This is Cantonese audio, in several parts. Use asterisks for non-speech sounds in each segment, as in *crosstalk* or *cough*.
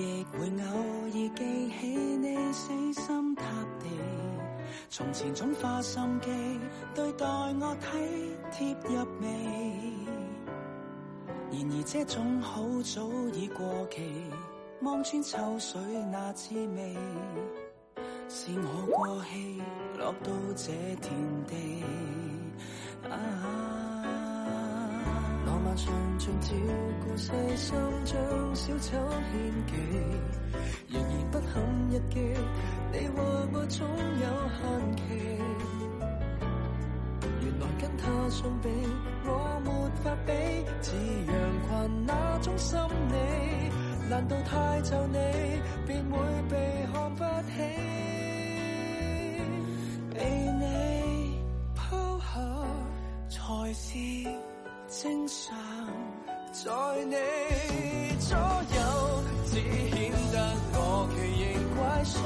亦會偶爾記起你死心塌地，從前總花心機對待我體貼入微。然而這種好早已過期，望穿秋水那滋味，是我過氣落到這田地，啊。唱盡照顧細心，將小丑獻技，然而不堪一擊。你話愛總有限期，原來跟他相比，我沒法比。只陽關那種心理，難道太咒你，便會被看不起？被你拋下才是。正常在你左右，只顯得我奇形怪相，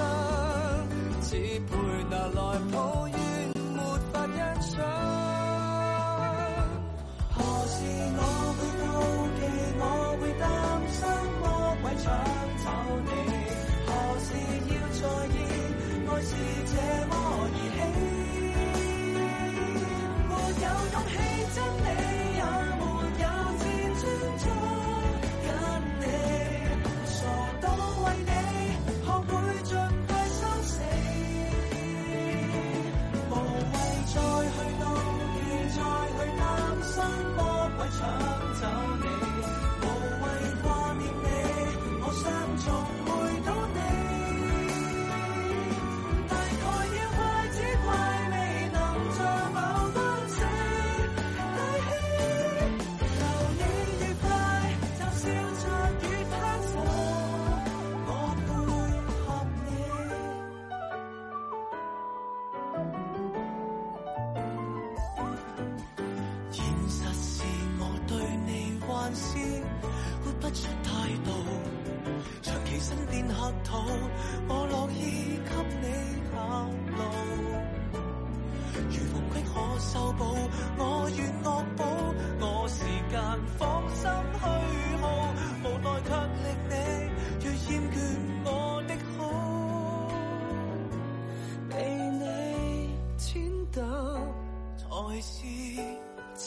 只配拿來抱怨，沒法欣賞。何時我會妒忌，我會擔心，魔鬼搶走？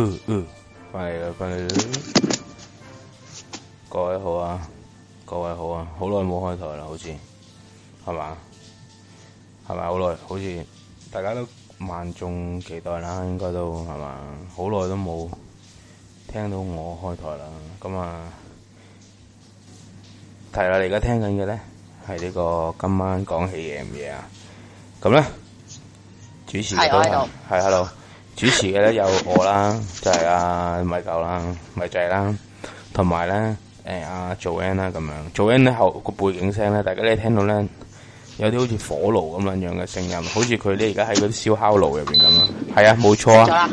嗯嗯，翻嚟啦，翻嚟啦！各位好啊，各位好啊，好耐冇開台啦，好似係嘛？係咪好耐？好似大家都萬眾期待啦，應該都係嘛？好耐都冇聽到我開台啦，咁啊，係啦，而家聽緊嘅咧係呢個今晚講戲夜唔夜啊？咁咧主持都係 hello。主持嘅咧有我啦，就係阿米九啦，米仔啦，同埋咧誒阿做恩啦咁樣，做恩咧後個背景聲咧，大家咧聽到咧有啲好似火爐咁樣樣嘅聲音，好似佢咧而家喺嗰啲燒烤爐入邊咁樣啊，係啊，冇錯啊，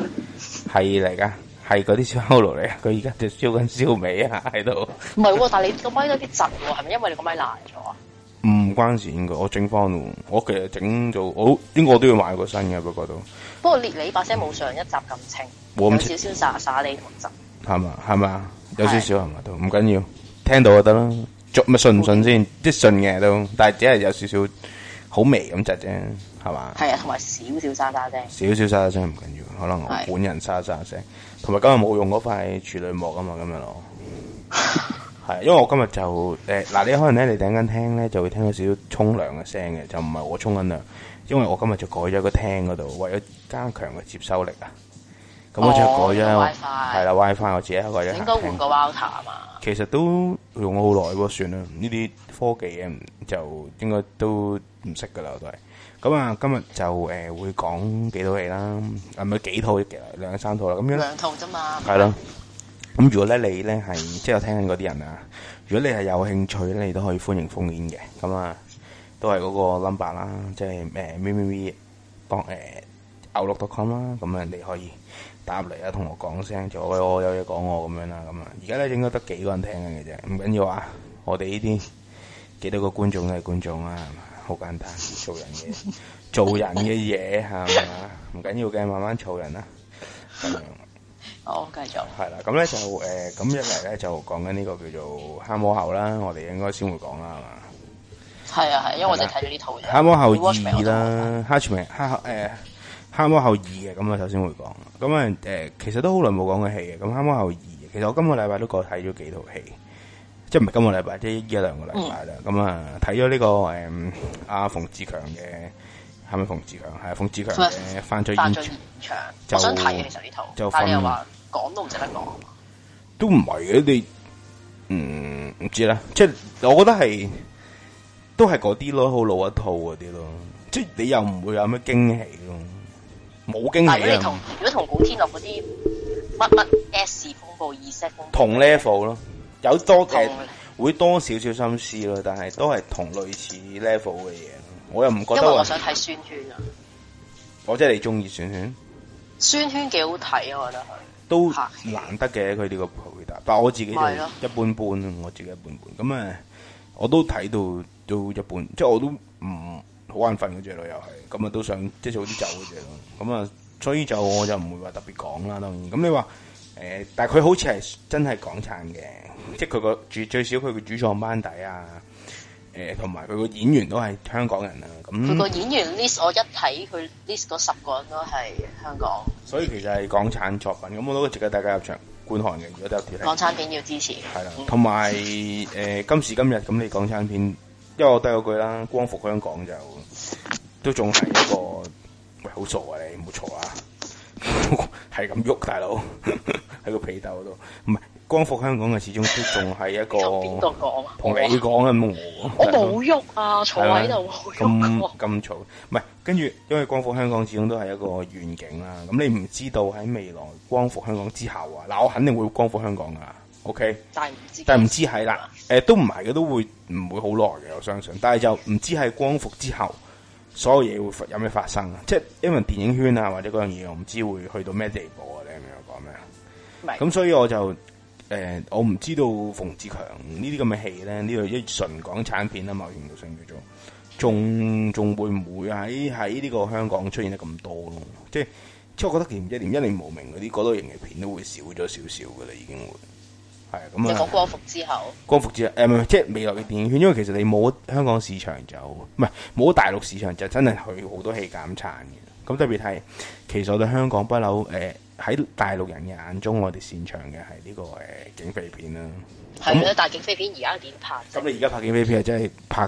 係嚟噶，係嗰啲燒烤爐嚟啊，佢而家就燒緊燒味啊喺度，唔係喎，但係你個麥都幾窒喎，係咪因為你個麥爛咗啊？關事應該，我整翻我其實整咗，我呢個都要買個新嘅，不、那、過、個、都。不過列你把聲冇上一集咁清，冇咁少少沙沙地同集。係嘛係嘛，有少少係嘛都，唔緊要，聽到就得啦。做乜順唔順先？即順嘅都，但係只係有少少好微咁窒啫，係嘛？係啊，同埋少少沙沙聲。少少沙沙聲唔緊要，可能我本人沙沙聲。同埋今日冇用嗰塊處理膜啊嘛，今日我。 *laughs* 係，因為我今日就誒，嗱、欸，你可能咧，你等緊聽咧就會聽到少少沖涼嘅聲嘅，就唔係我沖緊涼，因為我今日就改咗個廳嗰度，為咗加強嘅接收力啊。咁、哦、我就改咗、哦、，WiFi，係啦，WiFi，我自己改咗。應該換個 router 啊嘛。其實都用咗好耐喎，算啦，呢啲科技嘢就應該都唔識噶啦，我都係。咁啊，今日就誒、呃、會講幾套戲啦，唔、啊、咪？幾套，兩三套啦，咁樣。兩套啫嘛。係啦。咁、嗯、如果咧你咧係即係我聽緊嗰啲人啊，如果你係有興趣咧，你都可以歡迎烽煙嘅。咁啊，都係嗰個 number 啦，即係咩、呃、咪，咪，咪，咪？咩、呃、當誒 outlook.com 啦。咁啊，你可以打入嚟啊，同我講聲，咗喂我有嘢講我咁樣啦。咁啊，而家咧應該得幾個人聽緊嘅啫。唔緊要啊。我哋呢啲幾多個觀眾都係觀眾啊，好簡單做人嘅，做人嘅嘢係嘛？唔緊要嘅，慢慢做人啦、啊。嗯好，繼續係啦，咁咧就誒，咁、呃、一嚟咧就講緊呢個叫做《黑魔后》啦，我哋應該先會講啦，係嘛？係啊，係，因為我哋睇咗呢套《黑魔后二》啦，《哈全明、呃》《誒，《黑魔后二》嘅，咁啊，首先會講，咁啊，誒、呃，其實都好耐冇講過戲嘅，咁《黑魔后二》，其實我今個禮拜都過睇咗幾套戲，即係唔係今個禮拜，即一兩個禮拜啦，咁、嗯這個嗯、啊，睇咗呢個誒阿馮志強嘅。係咪馮志強？係啊，馮志強嘅犯罪現場，就我想睇其實呢套，但係又話講都唔值得講，都唔係嘅，你唔唔、嗯、知啦。即係我覺得係都係嗰啲咯，好老一套嗰啲咯。即係你又唔會有咩驚喜咯，冇驚喜如。如果同如果同古天樂嗰啲乜乜 S 恐怖意識，同 level 咯，有多嘅會多少少心思咯，但係都係同類似 level 嘅嘢。我又唔覺得，因為我想睇《宣圈》啊！我即係你中意《宣圈》？《宣圈》幾好睇，我覺得，選選、啊、我覺得都難得嘅佢哋個回答，但係我自己都一般般，我自己一般般咁啊！我都睇到都一般，即係我都唔好眼瞓嗰隻咯，又係咁啊！都、就是就是就是、想即係早啲走嗰隻咯，咁啊！所以就我就唔會話特別講啦，當然咁你話誒、呃，但係佢好似係真係港產嘅，即係佢個主最少佢個主創班底啊。誒，同埋佢個演員都係香港人啊。咁佢個演員 list 我一睇佢 list 十個人都係香港，所以其實係港產作品，咁我都值得大家入場觀看嘅，如果都有港產片要支持，係啦，同埋誒今時今日咁你港產片，因為我得嗰句啦，光復香港就都仲係一個喂好傻啊你，冇錯啊，係咁喐大佬喺個被竇度，唔係。光復香港嘅，始終都仲係一個，同你講啊，我我冇喐啊，坐喺度咁咁嘈，唔係跟住，因為光復香港始終都係一個願景啦。咁你唔知道喺未來光復香港之後啊，嗱，我肯定會光復香港噶，OK？但係唔知，但係唔知係啦，誒，都唔係嘅，都會唔會好耐嘅，我相信。但係就唔知係光復之後，所有嘢會有咩發生啊？即係因為電影圈啊，或者嗰樣嘢，我唔知會去到咩地步啊。你明我講咩？咁所以我就。誒、呃，我唔知道馮志強這這呢啲咁嘅戲咧，呢個一純港產片啊嘛，年度性叫做，仲仲會唔會喺喺呢個香港出現得咁多咯？即係，即係我覺得其實唔知點，一零無名嗰啲嗰類型嘅片都會少咗少少噶啦，已經會係咁啊。即係光復之後，光復之後，呃、即係未來嘅電影圈，因為其實你冇香港市場就唔係冇大陸市場，就真係去好多戲減產嘅。咁特別係，其實我哋香港不嬲誒。呃喺大陸人嘅眼中，我哋擅長嘅係呢個誒警匪片啦。係啊，但係警匪片而家點拍？咁你而家拍警匪片啊，即係拍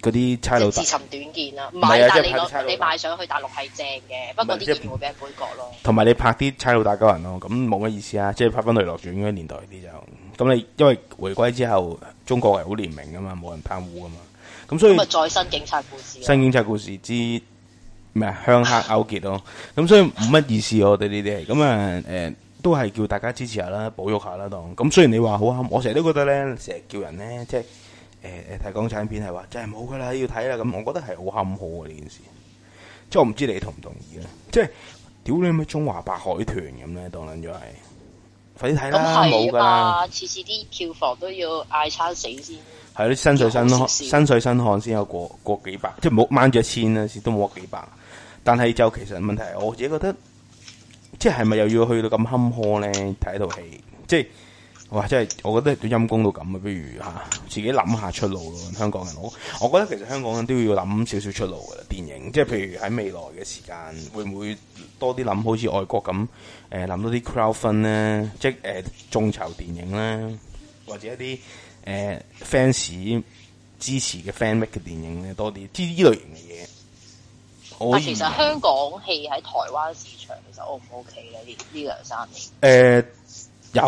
嗰啲差佬。即自尋短見啦，唔係，但你你買上去大陸係正嘅，不過啲錢會俾人攪局咯。同埋你拍啲差佬打鳩人咯，咁冇乜意思啊！即係拍翻雷洛傳嗰啲年代啲就咁。你因為回歸之後，中國係好廉明噶嘛，冇人貪污噶嘛，咁所以咪再新警察故事，新警察故事之。咩啊？向黑勾結咯、啊，咁所以冇乜意思。我哋呢啲咁啊，誒、呃、都係叫大家支持下啦，保育下啦，當咁。雖然你話好啱，我成日都覺得咧，成日叫人咧，即係誒誒睇港產片係話真係冇噶啦，要睇啦。咁我覺得係好坎坷喎呢件事。即係我唔知你同唔同意咧。即係屌你咩？《中華白海豚》咁咧，當撚咗係，快啲睇啦，冇噶。次次啲票房都要嗌餐死先。係咯，新水新新水新汗先有過過幾百，即係冇掹咗一千啦，都冇幾百。但係就其實問題，我自己覺得，即係咪又要去到咁坎坷咧睇套戲？即係哇，即係我覺得陰公到咁啊！不如嚇、啊、自己諗下出路咯，香港人我，我覺得其實香港人都要諗少少出路噶啦。電影即係譬如喺未來嘅時間，會唔會多啲諗好似外國咁誒諗多啲 crowdfunding 咧，即係誒、呃、眾籌電影咧，或者一啲誒 fans 支持嘅 fan make 嘅電影咧多啲，呢類型嘅嘢。啊、其實香港戲喺台灣市場，其實 O 唔 O K 咧？呢呢兩三年誒、呃，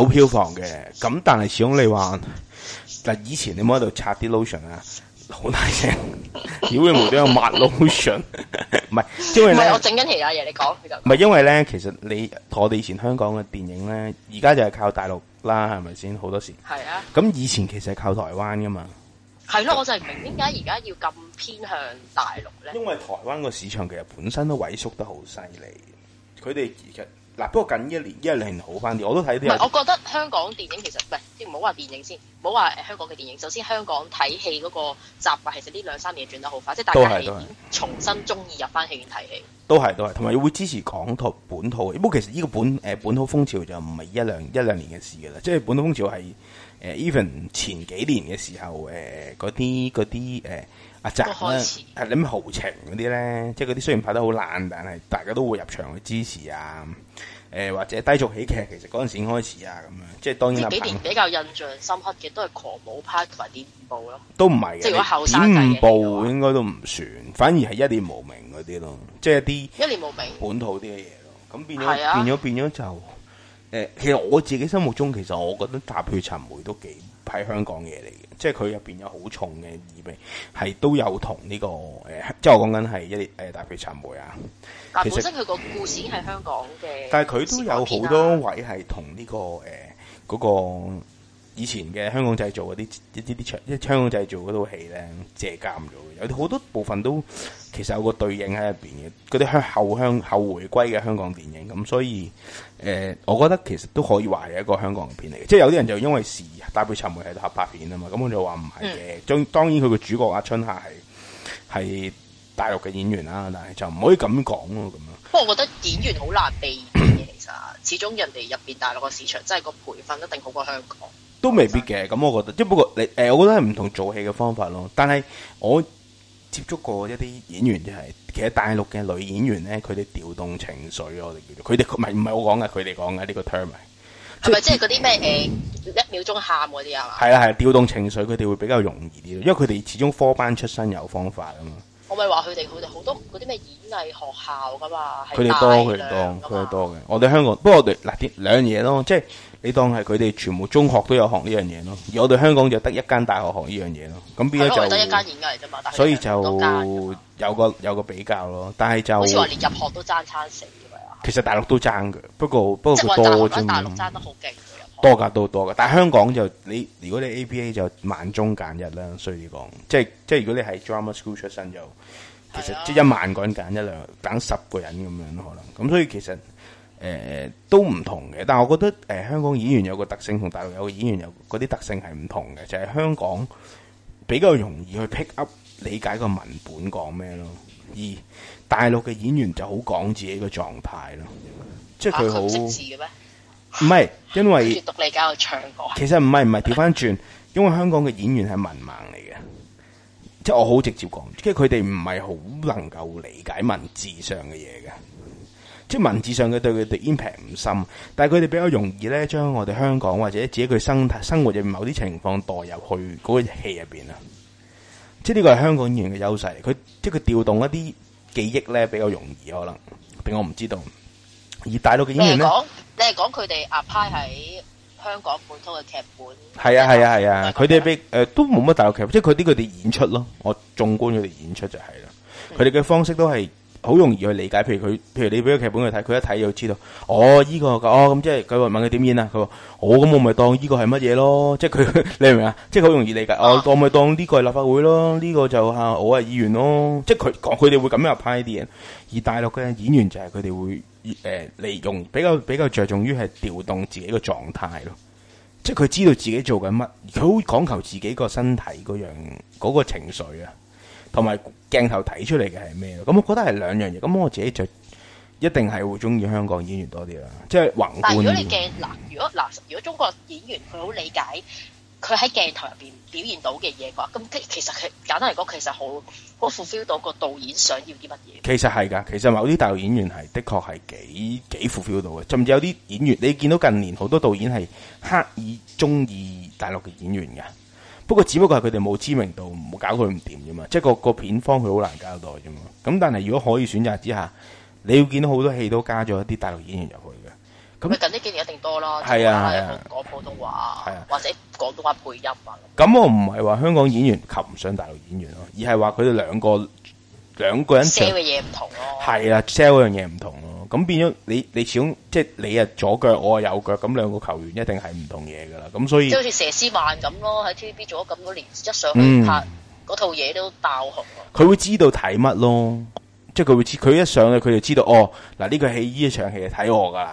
有票房嘅，咁但係始終你話嗱，以前你唔好喺度擦啲 lotion 啊，好大聲，妖 *laughs* 你會無端端抹 lotion，唔 *laughs* 係， *laughs* 因為我整緊其他嘢，你講唔係因為咧，其實你我哋以前香港嘅電影咧，而家就係靠大陸啦，係咪先？好多時係啊，咁以前其實係靠台灣噶嘛。係咯，我就唔明點解而家要咁偏向大陸咧？因為台灣個市場其實本身都萎縮得好犀利，佢哋其實嗱、啊，不過近一年一兩年好翻啲，我都睇啲。唔係，我覺得香港電影其實唔係，唔好話電影先，唔好話誒香港嘅電影。首先，香港睇戲嗰個習慣，其實呢兩三年轉得好快，即係大家已經重新中意入翻戲院睇戲。都係都係，同埋會支持港台本土嘅。不過其實呢個本誒本土風潮就唔係一兩一兩年嘅事噶啦，即係本土風潮係。Even 前幾年嘅時候，誒嗰啲嗰啲誒阿澤開始、啊，係諗豪情嗰啲咧，即係嗰啲雖然拍得好爛，但係大家都會入場去支持啊。誒、呃、或者低俗喜劇，其實嗰陣時已經開始啊，咁樣即係當然、啊。幾年比較印象深刻嘅都係狂舞派同埋啲五部咯，都唔係嘅。即係後生嘅五部應該都唔算，反而係一念無明嗰啲咯，即係一啲一念無明本土啲嘅嘢咯。咁變咗、啊、變咗變咗就。誒、呃，其實我自己心目中，其實我覺得《踏血尋梅》都幾喺香港嘢嚟嘅，即係佢入邊有好重嘅意味，係都有同呢、這個誒、呃，即係我講緊係一誒《踏血尋梅》啊。嗱，本身佢個故事係香港嘅、啊，但係佢都有好多位係同呢個誒嗰、呃那個以前嘅香港製造嗰啲一啲啲即係香港製造嗰套戲咧，借鑑咗，有啲好多部分都。其實有個對應喺入邊嘅嗰啲向後香後回歸嘅香港電影，咁所以誒、呃，我覺得其實都可以話係一個香港片嚟嘅。即係有啲人就因為時、嗯、大表層面係合拍片啊嘛，咁我就話唔係嘅。當當然佢個主角阿春夏係係大陸嘅演員啦，但係就唔可以咁講咯。咁樣。不過，我覺得演員好難比嘅，其實始終人哋入邊大陸個市場 *coughs* 真係個培訓一定好過香港。都未必嘅，咁我覺得即係不過你誒，我覺得係唔同做戲嘅方法咯。但係我。接觸過一啲演員就係，其實大陸嘅女演員咧，佢哋調動情緒我哋叫做，佢哋唔係唔係我講嘅，佢哋講嘅呢個 term 係咪？即係嗰啲咩誒一秒鐘喊嗰啲啊，係啊係調動情緒，佢哋會比較容易啲，因為佢哋始終科班出身有方法啊嘛。我咪話佢哋佢哋好多嗰啲咩演藝學校噶嘛，佢哋多佢哋多佢哋多嘅、嗯，我哋香港，不過我哋嗱啲兩樣嘢咯，即係。你當係佢哋全部中學都有學呢樣嘢咯，而我哋香港就得一間大學學呢樣嘢咯。咁得一間嚟啫嘛，所以就有個有個比較咯。但係就，好似話你入學都爭爭死㗎。其實大陸都爭㗎。不過不過佢多啫、就是。大陸爭得好勁，多㗎都多㗎。但係香港就你如果你 APA 就萬中揀一啦，所以講即係即係如果你係 drama school 出身就，其實、啊、即一萬個人揀一兩揀十個人咁樣可能咁所以其實。誒，都唔同嘅，但係我覺得誒、呃，香港演員有個特性，同大陸有個演員有嗰啲特性係唔同嘅，就係、是、香港比較容易去 pick up 理解個文本講咩咯，而大陸嘅演員就好講自己嘅狀態咯，即係佢好唔識字嘅咩？唔係，因為閱讀理解我唱歌，其實唔係唔係調翻轉，因為香港嘅演員係文盲嚟嘅，即係我好直接講，即係佢哋唔係好能夠理解文字上嘅嘢嘅。即文字上佢對佢哋 impact 唔深，但係佢哋比較容易咧將我哋香港或者自己佢生生活嘅某啲情況代入去嗰個戲入邊啊！即呢個係香港演員嘅優勢，佢即佢調動一啲記憶咧比較容易可能，但我唔知道。而大陸嘅演員咧，你係講佢哋 a 派喺香港本土嘅劇本？係啊係啊係啊！佢哋俾誒都冇乜大陸劇本，即係佢啲佢哋演出咯。我縱觀佢哋演出就係啦，佢哋嘅方式都係。好容易去理解，譬如佢，譬如你俾個劇本去睇，佢一睇就知道。嗯、哦，呢、這個，哦，咁即係佢問問佢點演啊？佢話、哦、我咁我咪當呢個係乜嘢咯。即係佢，你明唔明啊？即係好容易理解。嗯哦、我當咪當呢個係立法會咯。呢、這個就吓、啊、我係議員咯。即係佢講，佢哋會咁樣派啲人，而大陸嘅演員就係佢哋會，誒、呃，利用比較比較着重於係調動自己嘅狀態咯。即係佢知道自己做緊乜，佢好講求自己個身體嗰樣嗰、那個情緒啊，同埋。鏡頭睇出嚟嘅係咩？咁我覺得係兩樣嘢。咁我自己就一定係會中意香港演員多啲啦。即係橫掂。但如果你鏡嗱、嗯，如果嗱，如果中國演員佢好理解佢喺鏡頭入邊表現到嘅嘢嘅話，咁其實佢簡單嚟講，其實好好 fulfill 到個導演想要啲乜嘢。其實係㗎，其實某啲大陸演員係的確係幾幾 fulfill 到嘅，甚至有啲演員你見到近年好多導演係刻意中意大陸嘅演員嘅。不過，只不過係佢哋冇知名度，唔好搞佢唔掂啫嘛。即係個個片方佢好難交代啫嘛。咁但係如果可以選擇之下，你要見到好多戲都加咗一啲大陸演員入去嘅。咁近呢幾年一定多啦，係啊，係啊，係啊，講普通話，啊、或者講廣東話配音啊。咁我唔係話香港演員及唔上大陸演員咯，而係話佢哋兩個兩個人 sell 嘅嘢唔同咯、啊。係啊，sell 嗰樣嘢唔同咯、啊。咁變咗你你始終即係你啊，左腳我啊右腳，咁兩個球員一定係唔同嘢噶啦，咁所以即係好似佘詩曼咁咯，喺 TVB 做咗咁多年，一上去拍嗰套嘢都爆紅。佢會知道睇乜咯，即係佢會知佢一上去佢就知道哦嗱呢、這個係依一場戲係睇我噶，呢、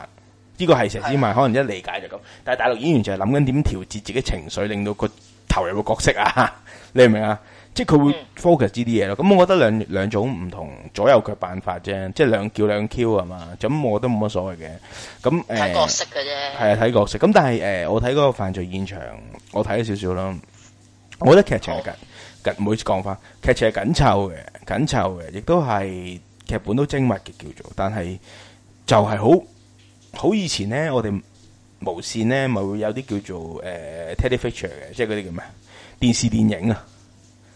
這個係佘詩曼、哎、可能一理解就咁，但係大陸演員就係諗緊點調節自己情緒，令到佢投入個角色啊， *laughs* 你明唔明啊？即係佢會 focus 呢啲嘢咯，咁、嗯、我覺得兩兩種唔同左右腳辦法啫，即係兩叫兩 Q 啊嘛，咁我都冇乜所謂嘅。咁誒，角色嘅啫。係、呃、啊，睇角色。咁但係誒、呃，我睇嗰個犯罪現場，我睇咗少少啦。我覺得劇情係緊緊，每次講翻，劇情係緊湊嘅，緊湊嘅，亦都係劇本都精密嘅叫做。但係就係好好以前咧，我哋無綫咧咪會有啲叫做誒 telefeature 嘅，即係嗰啲叫咩？電視電影啊。嗯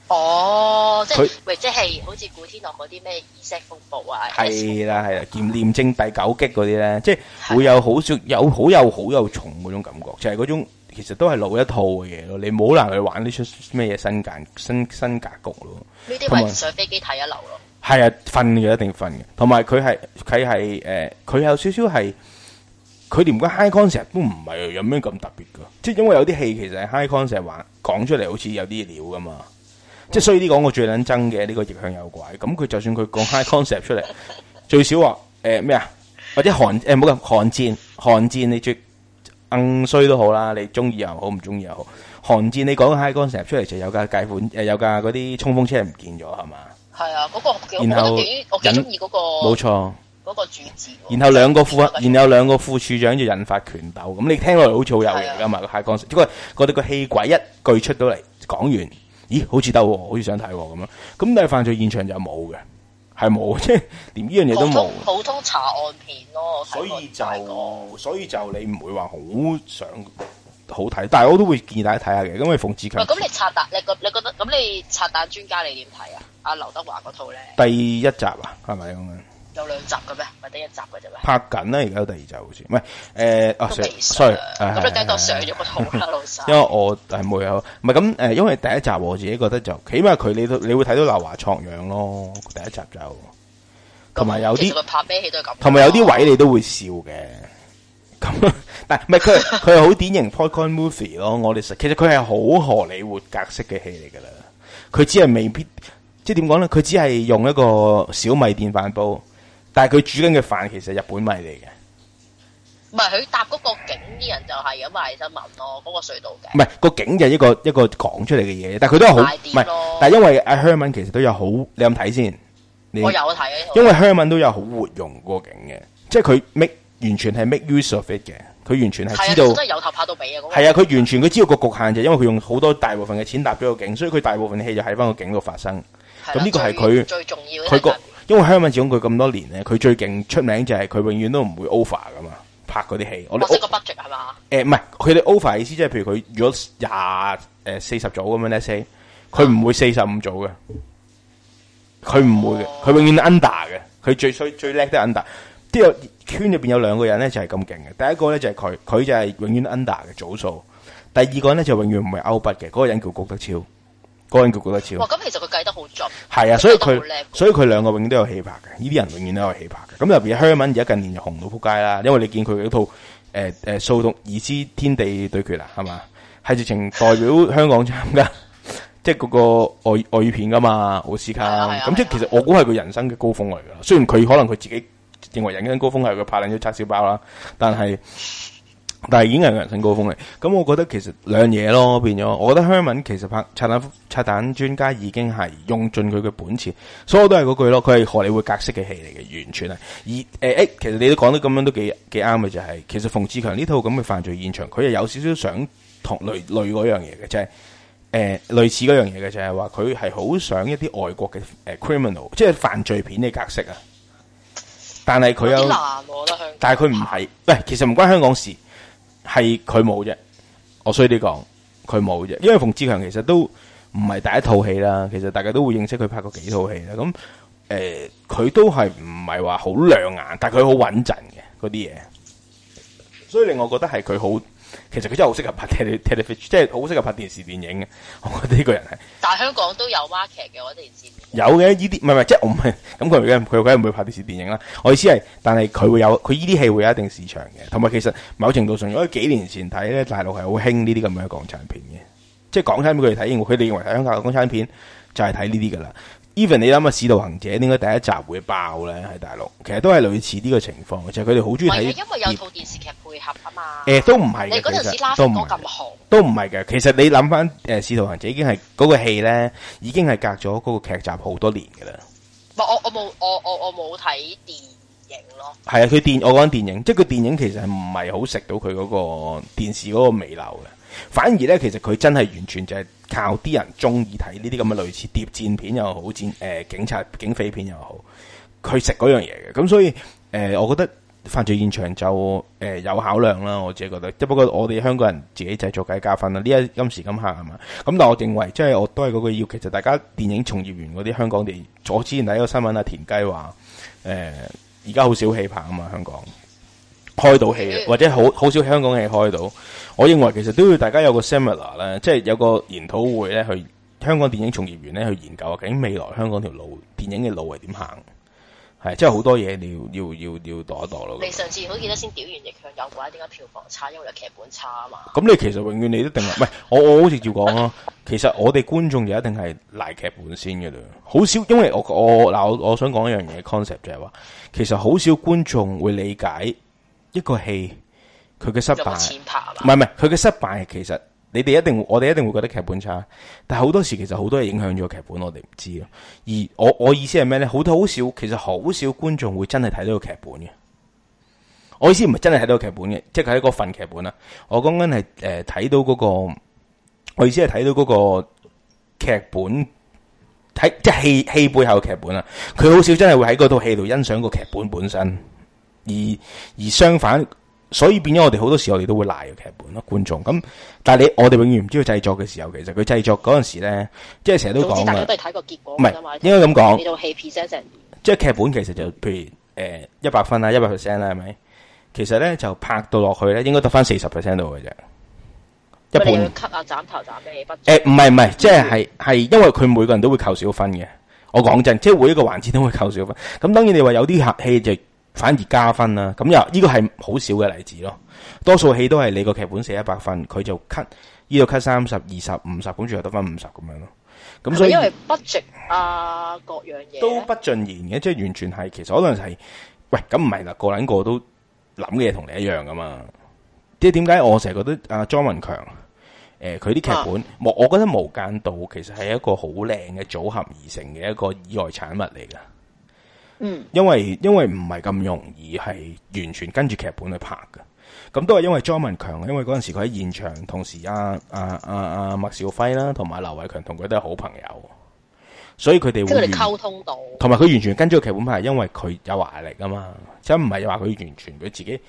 哦、oh，喂，即係好似古天樂嗰啲咩意識風暴啊，係啦係啦，《劍念、精第九擊》嗰啲咧，即係會有好少有好有好有重嗰種感覺，就係、是、嗰種其實都係老一套嘅嘢咯。你冇難去玩呢出咩嘢新間新新格局咯。呢啲位唔上飛機睇一流咯。係啊，瞓嘅一定瞓嘅，同埋佢係佢係誒，佢、呃、有少少係佢連個 high concept 都唔係有咩咁特別㗎，即係因為有啲戲其實係 high concept 玩講出嚟，好似有啲料㗎嘛。即係衰啲呢個講過最撚憎嘅呢個逆向有鬼，咁佢就算佢講 high concept 出嚟， *laughs* 最少話誒咩啊，或者寒誒冇嘅寒戰，寒戰你最硬衰都好啦，你中意又好唔中意又好，寒戰你講 high concept 出嚟就有架解款誒有架嗰啲衝鋒車唔見咗係嘛？係啊，嗰、嗰個幾我覺得幾我中意嗰個冇錯，嗰、嗰個主旨。然後兩個副，嗰個、然後兩個、嗰個、個副處長就引發拳鬥，咁你聽落嚟好似好有型㗎嘛個 high concept，只不過覺得個戲鬼一句出到嚟講完。咦，好似得、哦，好似想睇喎咁啊！咁但係犯罪現場就冇嘅，係冇，即係連呢樣嘢都冇。普通查案片咯，所以就所以就你唔會話好想好睇，但係我都會建議大家睇下嘅，因為馮志強梓。咁你拆彈，你覺你覺得咁你拆彈專家你點睇啊？阿、啊、劉德華嗰套咧？第一集啊，係咪咁啊？有兩集嘅咩？唔係得一集嘅啫咩？拍緊啦，而家第二集好似唔係誒，都未上。咁你第一個上咗個《紅黑老三》啊。因為我係冇有，唔係咁誒。因為第一集我自己覺得就，起碼佢你你會睇到劉華創樣咯。第一集就同埋有啲拍咩戲都係咁，啊，同埋有啲位你都會笑嘅。咁但係唔係佢佢係好典型 popcorn movie 咯。我哋其實佢係好荷里活格式嘅戲嚟噶啦。佢只係未必即係點講咧？佢只係用一個小米電飯煲。但係佢煮緊嘅飯其實日本米嚟嘅，唔係佢搭嗰個景啲人就係咁埋新聞咯，嗰個隧道嘅唔係個景就一個一個講出嚟嘅嘢，但係佢都係好唔但係因為阿香文其實都有好，你有冇睇先？我有睇。因為香文都有好活用個景嘅，即係佢 make 完全係 make use of it 嘅，佢完全係知道。即係由頭拍到尾啊！係啊，佢完全佢知道個局限就係因為佢用好多大部分嘅錢搭咗個景，所以佢大部分嘅戲就喺翻個景度發生。咁呢個係佢最重要。佢個因為香港始做佢咁多年咧，佢最勁出名就係佢永遠都唔會 over 噶嘛，拍嗰啲戲。我哋識個 budget 係嘛？誒、呃，唔係，佢哋 over 意思即係，譬如佢如果廿誒四十組咁樣咧，佢唔會四十五組嘅，佢唔會嘅，佢永遠 under 嘅，佢最衰最叻都 under。啲有圈入邊有兩個人咧就係咁勁嘅，第一個咧就係佢，佢就係永遠 under 嘅組數。第二個咧就永遠唔係 out 不嘅，嗰個人叫郭德超。那個個都超。哇！咁其實佢計得好準。係啊，所以佢所以佢兩個永遠都有氣拍嘅，呢啲人永遠都有氣拍嘅。咁入邊香 h 而家近年就紅到撲街啦，因為你見佢嗰套誒誒《掃毒二天地對決，啊》啦，係嘛？係直情代表香港參加，即係嗰個外外語片㗎嘛奧斯卡。咁即係其實我估係佢人生嘅高峰嚟㗎、啊。雖然佢可能佢自己認為人生高峰係佢拍兩張拆小包啦，但係。但係已經係人生高峰嚟，咁我覺得其實兩嘢咯變咗，我覺得香港其實拍拆彈拆彈專家已經係用盡佢嘅本錢，所有都係嗰句咯，佢係荷里活格式嘅戲嚟嘅，完全係！而、欸欸、其實你都講得咁樣都幾幾啱嘅，就係、是、其實馮志強呢套咁嘅犯罪現場，佢係有少少想同類類嗰樣嘢嘅，即係誒、呃、類似嗰樣嘢嘅，就係話佢係好想一啲外國嘅 criminal，即係犯罪片嘅格式啊！但係佢有但係佢唔係，喂、欸，其實唔關香港事。係佢冇啫，我衰啲講佢冇啫，因為馮志強其實都唔係第一套戲啦。其實大家都會認識佢拍過幾套戲啦。咁誒，佢都係唔係話好亮眼，但係佢好穩陣嘅嗰啲嘢，所以令我覺得係佢好。其實佢真係好適合拍 telefilm 即係好適合拍電視電影嘅、就是。我覺得呢個人係，但係香港都有 market 嘅，我哋知。有嘅呢啲唔係唔係，即係、就是、我唔係咁佢嘅，佢佢梗唔會拍電視電影啦。我意思係，但係佢會有佢呢啲戲會有一定市場嘅。同埋其實某程度上，如果幾年前睇咧，大陸係好興呢啲咁嘅港產片嘅，即、就、係、是、港產片佢哋睇，佢哋認為香港嘅港產片就係睇呢啲噶啦。even 你諗下《使徒行者》點解第一集會爆咧？喺大陸其實都係類似呢個情況，就係佢哋好中意睇。係因為有套電視劇配合啊嘛。誒、欸，都唔係嘅，你陣時其實都唔好？都唔係嘅，其實你諗翻誒《使徒行者已經是、那個呢》已經係嗰個戲咧，已經係隔咗嗰個劇集好多年嘅啦。我我冇我我我冇睇電影咯。係啊，佢電我講緊電影，即係佢電影其實係唔係好食到佢嗰個電視嗰個尾流嘅，反而咧其實佢真係完全就係、是。靠啲人中意睇呢啲咁嘅類似諜戰片又好，戰誒警察警匪片又好，佢食嗰樣嘢嘅咁，所以誒、呃，我覺得犯罪現場就誒、呃、有考量啦。我自己覺得即係不過我哋香港人自己製作計加分啦。呢一今時今刻係嘛咁，但係我認為即係我都係嗰句要求，其實大家電影從業員嗰啲香港地，我之前睇個新聞啊，田雞話誒，而家好少戲拍啊嘛，香港。開到戲，或者好好少香港嘅戲開到。我認為其實都要大家有個 seminar 咧，即係有個研討會咧，去香港電影從業員咧去研究究究竟未來香港條路電影嘅路係點行？係，即係好多嘢你要要要要度一度咯。你上次好記得先屌完逆向有鬼，點解票房差？因為劇本差啊嘛。咁你其實永遠你都定唔係 *laughs* 我我好似接講啊。其實我哋觀眾就一定係賴劇本先嘅啦。好少，因為我我嗱，我我我想講一樣嘢 concept 就係話，其實好少觀眾會理解。呢個戲佢嘅失敗，唔係唔係佢嘅失敗是，其實你哋一定我哋一定會覺得劇本差，但係好多時其實好多嘢影響咗劇本，我哋唔知咯。而我我意思係咩咧？好好少，其實好少觀眾會真係睇到個劇本嘅。我意思唔係真係睇到個劇本嘅，即係喺個份劇本啊。我講緊係誒睇到嗰個，我意思係睇到嗰個劇本，睇即係戲戲背後嘅劇本啊。佢好少真係會喺嗰套戲度欣賞個劇本本身。而而相反，所以變咗我哋好多時候，我哋都會賴嘅劇本咯，觀眾。咁但係你，我哋永遠唔知道製作嘅時候，其實佢製作嗰陣時咧，即係成日都講，大家都係睇個結果，唔係應該咁講。呢套戲 percent，即係劇本其實就譬如誒一百分啦，一百 percent 啦，係咪？其實咧就拍到落去咧，應該得返四十 percent 度嘅啫。一盤。咪你要 cut 啊，斬頭斬尾不？誒唔係唔係，即係係係，因為佢每個人都會扣少分嘅。我講真，即係每一個環節都會扣少分。咁當然你話有啲客氣就，反而加分啦，咁又呢個係好少嘅例子咯。多數戲都係你個劇本寫一百分，佢就 cut 呢度 cut 三十二十五十，本住就得返五十咁樣咯。咁所以係咪因為 budget 啊，各樣嘢都不盡然嘅，即係完全係其實可能係喂咁唔係啦，個卵個都諗嘅嘢同你一樣噶嘛。即係點解我成日覺得阿莊文強誒佢啲劇本、冇、我覺得無間道其實係一個好靚嘅組合而成嘅一個意外產物嚟噶。嗯，因為因為唔係咁容易，係完全跟住劇本去拍嘅。咁都係因為莊文強，因為嗰陣時佢喺現場，同時阿阿阿阿麥兆輝啦、啊，同埋劉偉強同佢都係好朋友，所以佢哋即係佢哋溝通到，同埋佢完全跟住劇本拍，因為佢有壓力啊嘛，即係唔係話佢完全佢自己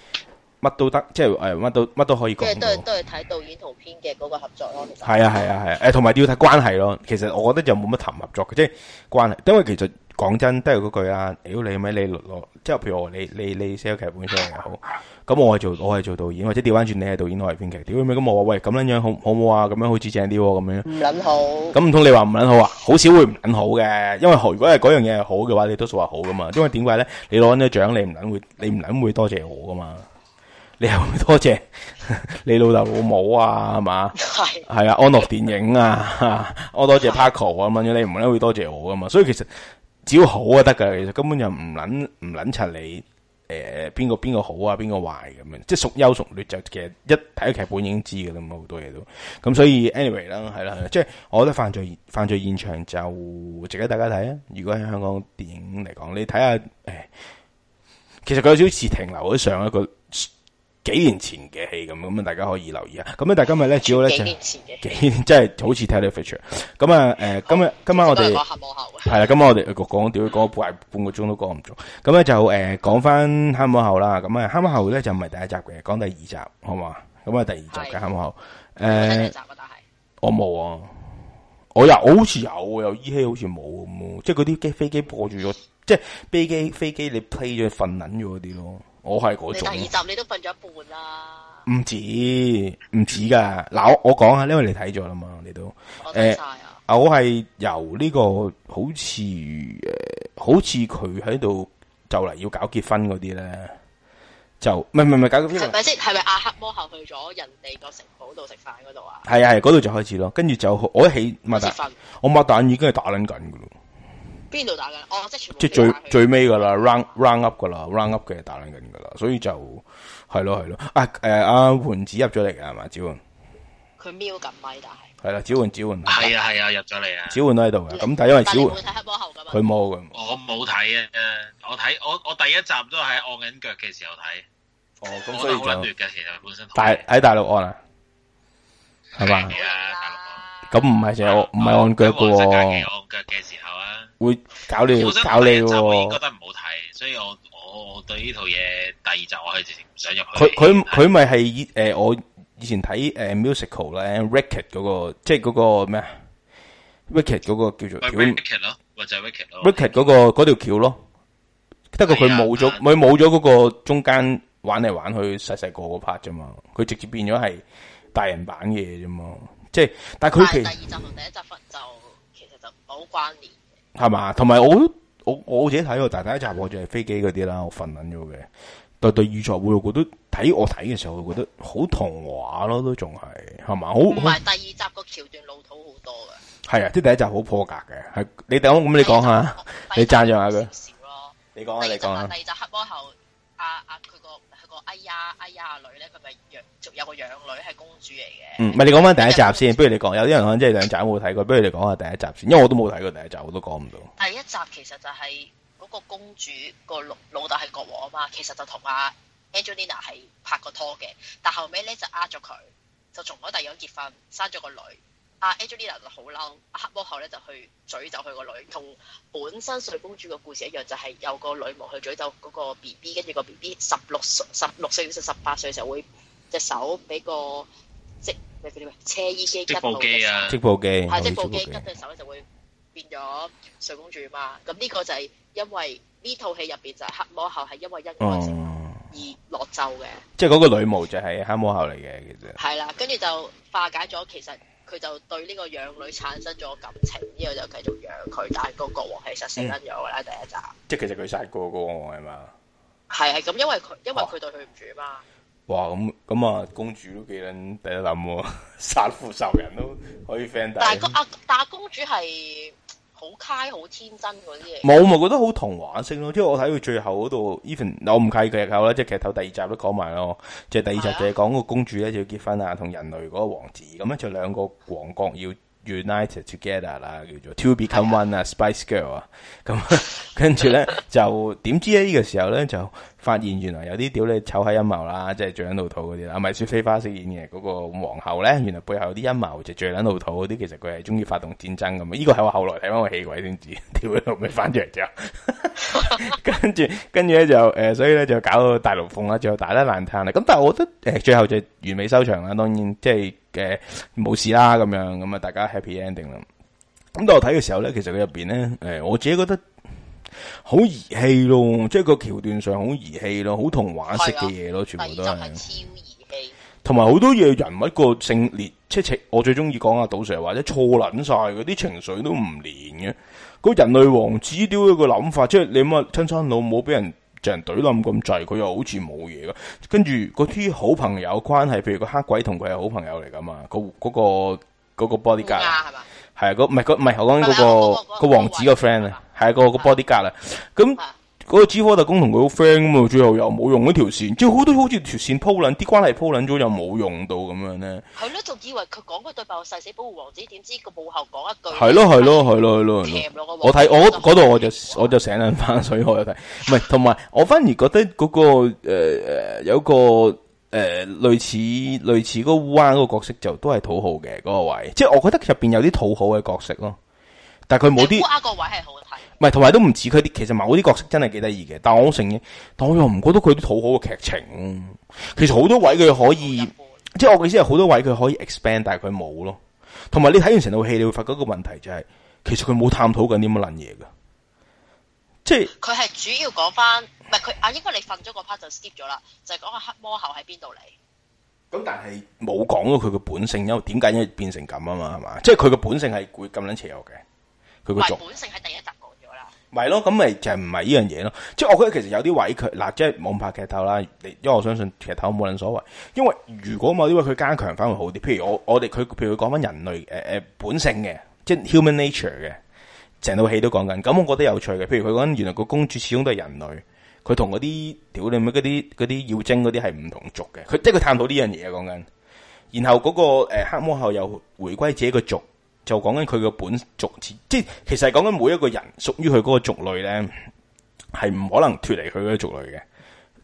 乜都得，即係誒乜都乜都可以講。即係都係都係睇導演同片嘅嗰個合作咯。係啊係啊係啊，誒同埋要睇關係咯。其實我覺得就冇乜談合作嘅，即係關係，因為其實。講真，都係嗰句啊！屌、哎、你咪你即係譬如你你你劇我你你你寫劇本上又好，咁我係做我係做導演，或者調翻轉你係導演，我係編劇，屌你咪咁我，我喂咁樣樣好好唔好啊？咁樣好似正啲咁樣，唔捻好。咁唔通你話唔捻好啊？好少會唔捻好嘅，因為如果係嗰樣嘢係好嘅話，你都說話好噶嘛。因為點解咧？你攞咗獎，你唔捻會你唔捻會多謝我噶嘛？你又會多謝 *laughs* 你老豆老母啊？係嘛？係 *laughs* 是啊，安 *laughs* 樂電影啊， *laughs* 我多謝 Paco 啊，問 *laughs* 咗你唔捻會多謝我噶嘛？所以其實。只要好啊得噶，其實根本就唔捻唔捻出你誒邊、呃、個邊個好啊邊個壞咁樣，即係孰優孰劣就其實一睇劇本已經知噶啦，咁好多嘢都咁，所以 anyway 啦係啦，即係我覺得犯罪犯罪現場就值得大家睇啊！如果喺香港電影嚟講，你睇下誒，其實佢有少似停留喺上一個。幾年前嘅戲，咁咁大家可以留意啊。咁但係今日咧，主要咧就幾年前嘅，幾即係好似 telefeature。咁、嗯、啊，誒、呃，今日、哦、今晚我哋講黑魔后係、呃、啦。我哋講到，半個個鐘都講唔足。咁咧就誒，講翻《黑魔后》啦。咁啊，《黑魔后》咧就唔係第一集嘅，講第二集好嘛？咁、嗯、啊，第二集嘅《黑魔后》誒、呃，我冇啊，我又好似有，、啊有，有，啊、有，又依稀好似冇咁。 *laughs* 即係嗰啲機飛機破住咗，即係飛機飛機你 play 咗瞓撚咗嗰啲咯。我係嗰種。你第二集你都瞓咗一半啦。唔止，唔止噶。嗱、啊，我講講因為你睇咗啦嘛，你都。我睇晒啊。我係由呢、這個好似，誒，好似佢喺度就嚟要搞結婚嗰啲咧，就唔係唔係唔係搞結婚。係咪咪阿黑魔后去咗人哋個城堡度食飯嗰度啊？係啊係，嗰度就開始咯。跟住就我一起，我擘大眼已經係打撚緊㗎。邊度打噶？哦、oh，即係最最尾噶啦，run run up 噶啦，run up 嘅打緊噶啦，所以就係咯係咯，啊誒阿盤子入咗嚟啊嘛，子煥佢瞄緊咪？但係係啦，子煥子煥，係啊係啊，入咗嚟啊，子煥都喺度嘅，咁但因為子煥佢冇噶，我冇睇啊，我睇我我第一集都係按緊腳嘅時候睇，哦咁所以就好嘅其實本身喺大陸按啊，係嘛？咁唔係就唔係按腳噶喎，按腳嘅時候。會搞你，搞你嘅喎。我覺得唔好睇，所以我我我對呢套嘢第二集，我係直情唔想入去。佢佢佢咪係誒，我以前睇誒 musical 咧，Wicked 嗰個，即係嗰個咩啊？Wicked 嗰個叫做。咪 Wicked 咯，或者係 Wicked 咯。Wicked 嗰個嗰條橋咯，不過佢冇咗，佢冇咗嗰個中間玩嚟玩去細細個嗰 part 啫嘛，佢直接變咗係大人版嘅嘢啫嘛，即係。但係第二集同第一集分就其實就冇關聯。係嘛，同埋我我我自己睇喎，但第一集我就係飛機嗰啲啦，我瞓捻咗嘅。但對對宇宙，我會覺得睇我睇嘅時候，我覺得好童話咯，都仲係係嘛，好。唔係第二集個橋段老土好多嘅。係啊，即第一集好破格嘅，係你講咁，你講下，你讚揚下佢。咯。你講啊，你講啊。第二集，啊、第二集黑魔后，阿阿佢個。哎呀，哎呀，女咧佢咪養仲有個養女係公主嚟嘅。嗯，唔係你講翻第一集先，不如你講，有啲人可能即係兩集都冇睇過，不如你講下第一集先，因為我都冇睇過第一集，我都講唔到。第一集其實就係嗰個公主，那個老老豆係國王啊嘛，其實就同阿 Angelina 係拍過拖嘅，但後尾咧就呃咗佢，就同咗第二個人結婚，生咗個女。阿、uh, Angelina 就好嬲，黑魔后咧就去詛咒佢個女，同本身睡公主個故事一樣，就係、是、有個女巫去詛咒嗰個 B B，跟住個 B B 十六歲、十六歲十八歲嘅時候會隻手俾個即車衣機吉織布機啊，織布機係織，織，織，織，織布機，拮隻手咧就會變咗睡公主嘛。咁呢個就係因為呢套戲入邊就黑魔后係因為一個人而落咒嘅，即係嗰個女巫就係黑魔后嚟嘅，其實係啦，跟住就化解咗其實。佢就對呢個養女產生咗感情，之後就繼續養佢，但係個國王係實死親咗㗎啦，第一集。即係其實佢殺過個國王係嘛？係係咁，因為佢因為佢對佢唔住啊嘛。哇！咁咁啊，公主都幾撚第一諗殺父仇人都可以 friend，但係個啊，但係公主係。好開好天真嗰啲嘢，冇咪覺得好童話式咯。即係我睇佢最後嗰度，even 我唔介意佢劇透啦，即係劇透第二集都講埋咯，即係第二集就係講個公主咧就要結婚啊，同人類嗰個王子咁咧就兩個王國要。United together 啦，叫做 To become one 啊、 *noise* uh,，Spice Girl 啊、uh, *laughs* 咁跟住咧就點知咧呢個時候咧就發現原來有啲屌你醜喺陰謀啦，即係最撚老土嗰啲啦，咪、啊、雪飛花飾演嘅嗰、那個皇后咧，原來背後有啲陰謀就最撚老土嗰啲，其實佢係中意發動戰爭咁呢、這個係我後來睇翻個戲鬼先知，屌你老味翻出嚟啫。跟住跟住咧就誒、呃，所以咧就搞到大龍鳳啦、呃，最後打得難堪啦。咁但係我覺得誒，最後就完美收場啦。當然即係。誒，冇事啦，咁樣咁啊，大家 happy ending 啦。咁當我睇嘅時候咧，其實佢入邊咧，誒，我自己覺得好兒戲咯，即係個橋段上好兒戲咯，好童話式嘅嘢咯，全部都係超兒戲。同埋好多嘢人物個性烈，即係情，我最中意講阿賭 Sir 或者錯捻晒，嗰啲情緒都唔連嘅。個人類王子屌一個諗法，即係你咁啊，親親老母俾人。就人懟冧咁滯，佢又好似冇嘢嘅。跟住嗰啲好朋友關係，譬如個黑鬼同佢係好朋友嚟噶嘛，嗰、嗰個嗰、嗰個 bodyguard 係啊，嗰唔係嗰唔係我講嗰、嗰個、啊嗰個嗰個嗰個王子、嗰個 friend 啊，係、啊嗰個個 bodyguard 啦，咁。嗰、那個紙科特工同佢好 friend 吖嘛，最後又冇用呢條線，即係好多好似條線鋪捻，啲關係鋪捻咗又冇用到咁樣咧。係咯，仲以為佢講佢對白誓死保護王子，點知個母后講一句。係咯係咯係咯係咯，我睇我嗰度我，我，我就我就醒諗翻，所以我又睇。唔 *laughs* 係，同埋我反而覺得嗰、那個誒誒、呃、有個誒、呃、類似類似嗰烏鴉個角色就都係討好嘅嗰、那個位，即係我覺得入邊有啲討好嘅角色咯，但係佢冇啲烏鴉個位係好。唔係，同埋都唔似佢啲。其實某啲角色真係幾得意嘅，但係我成，但我又唔覺得佢啲討好嘅劇情。其實好多位佢可以，即係我嘅意思係好多位佢可以 expand，但係佢冇咯。同埋你睇完成套戲，你會發覺一個問題就係、是，其實佢冇探討緊啲乜樣嘢嘅，即係佢係主要講翻唔係佢啊？應該你瞓咗個 part 就 skip 咗啦，就係、是、講個黑魔后喺邊度嚟。咁但係冇講到佢嘅本性，因為點解因為變成咁啊？嘛係嘛，即係佢嘅本性係會咁樣邪惡嘅。佢嘅本性係第一集。咪咯，咁咪就係唔係呢樣嘢咯？即係我覺得其實有啲委曲，嗱，即係網拍劇透啦。你因為我相信劇透冇人所謂，因為如果冇呢個佢加強反而好啲。譬如我我哋佢譬如講翻人類誒誒、呃、本性嘅，即係 human nature 嘅，成套戲都講緊。咁我覺得有趣嘅，譬如佢講原來個公主始終都係人類，佢同嗰啲屌你嗰啲嗰啲妖精嗰啲係唔同族嘅。佢即係佢探討呢樣嘢啊，講緊。然後嗰個誒黑魔后又回歸自己個族。就講緊佢個本族字，即係其實係講緊每一個人屬於佢嗰個族類咧，係唔可能脫離佢嗰個族類嘅，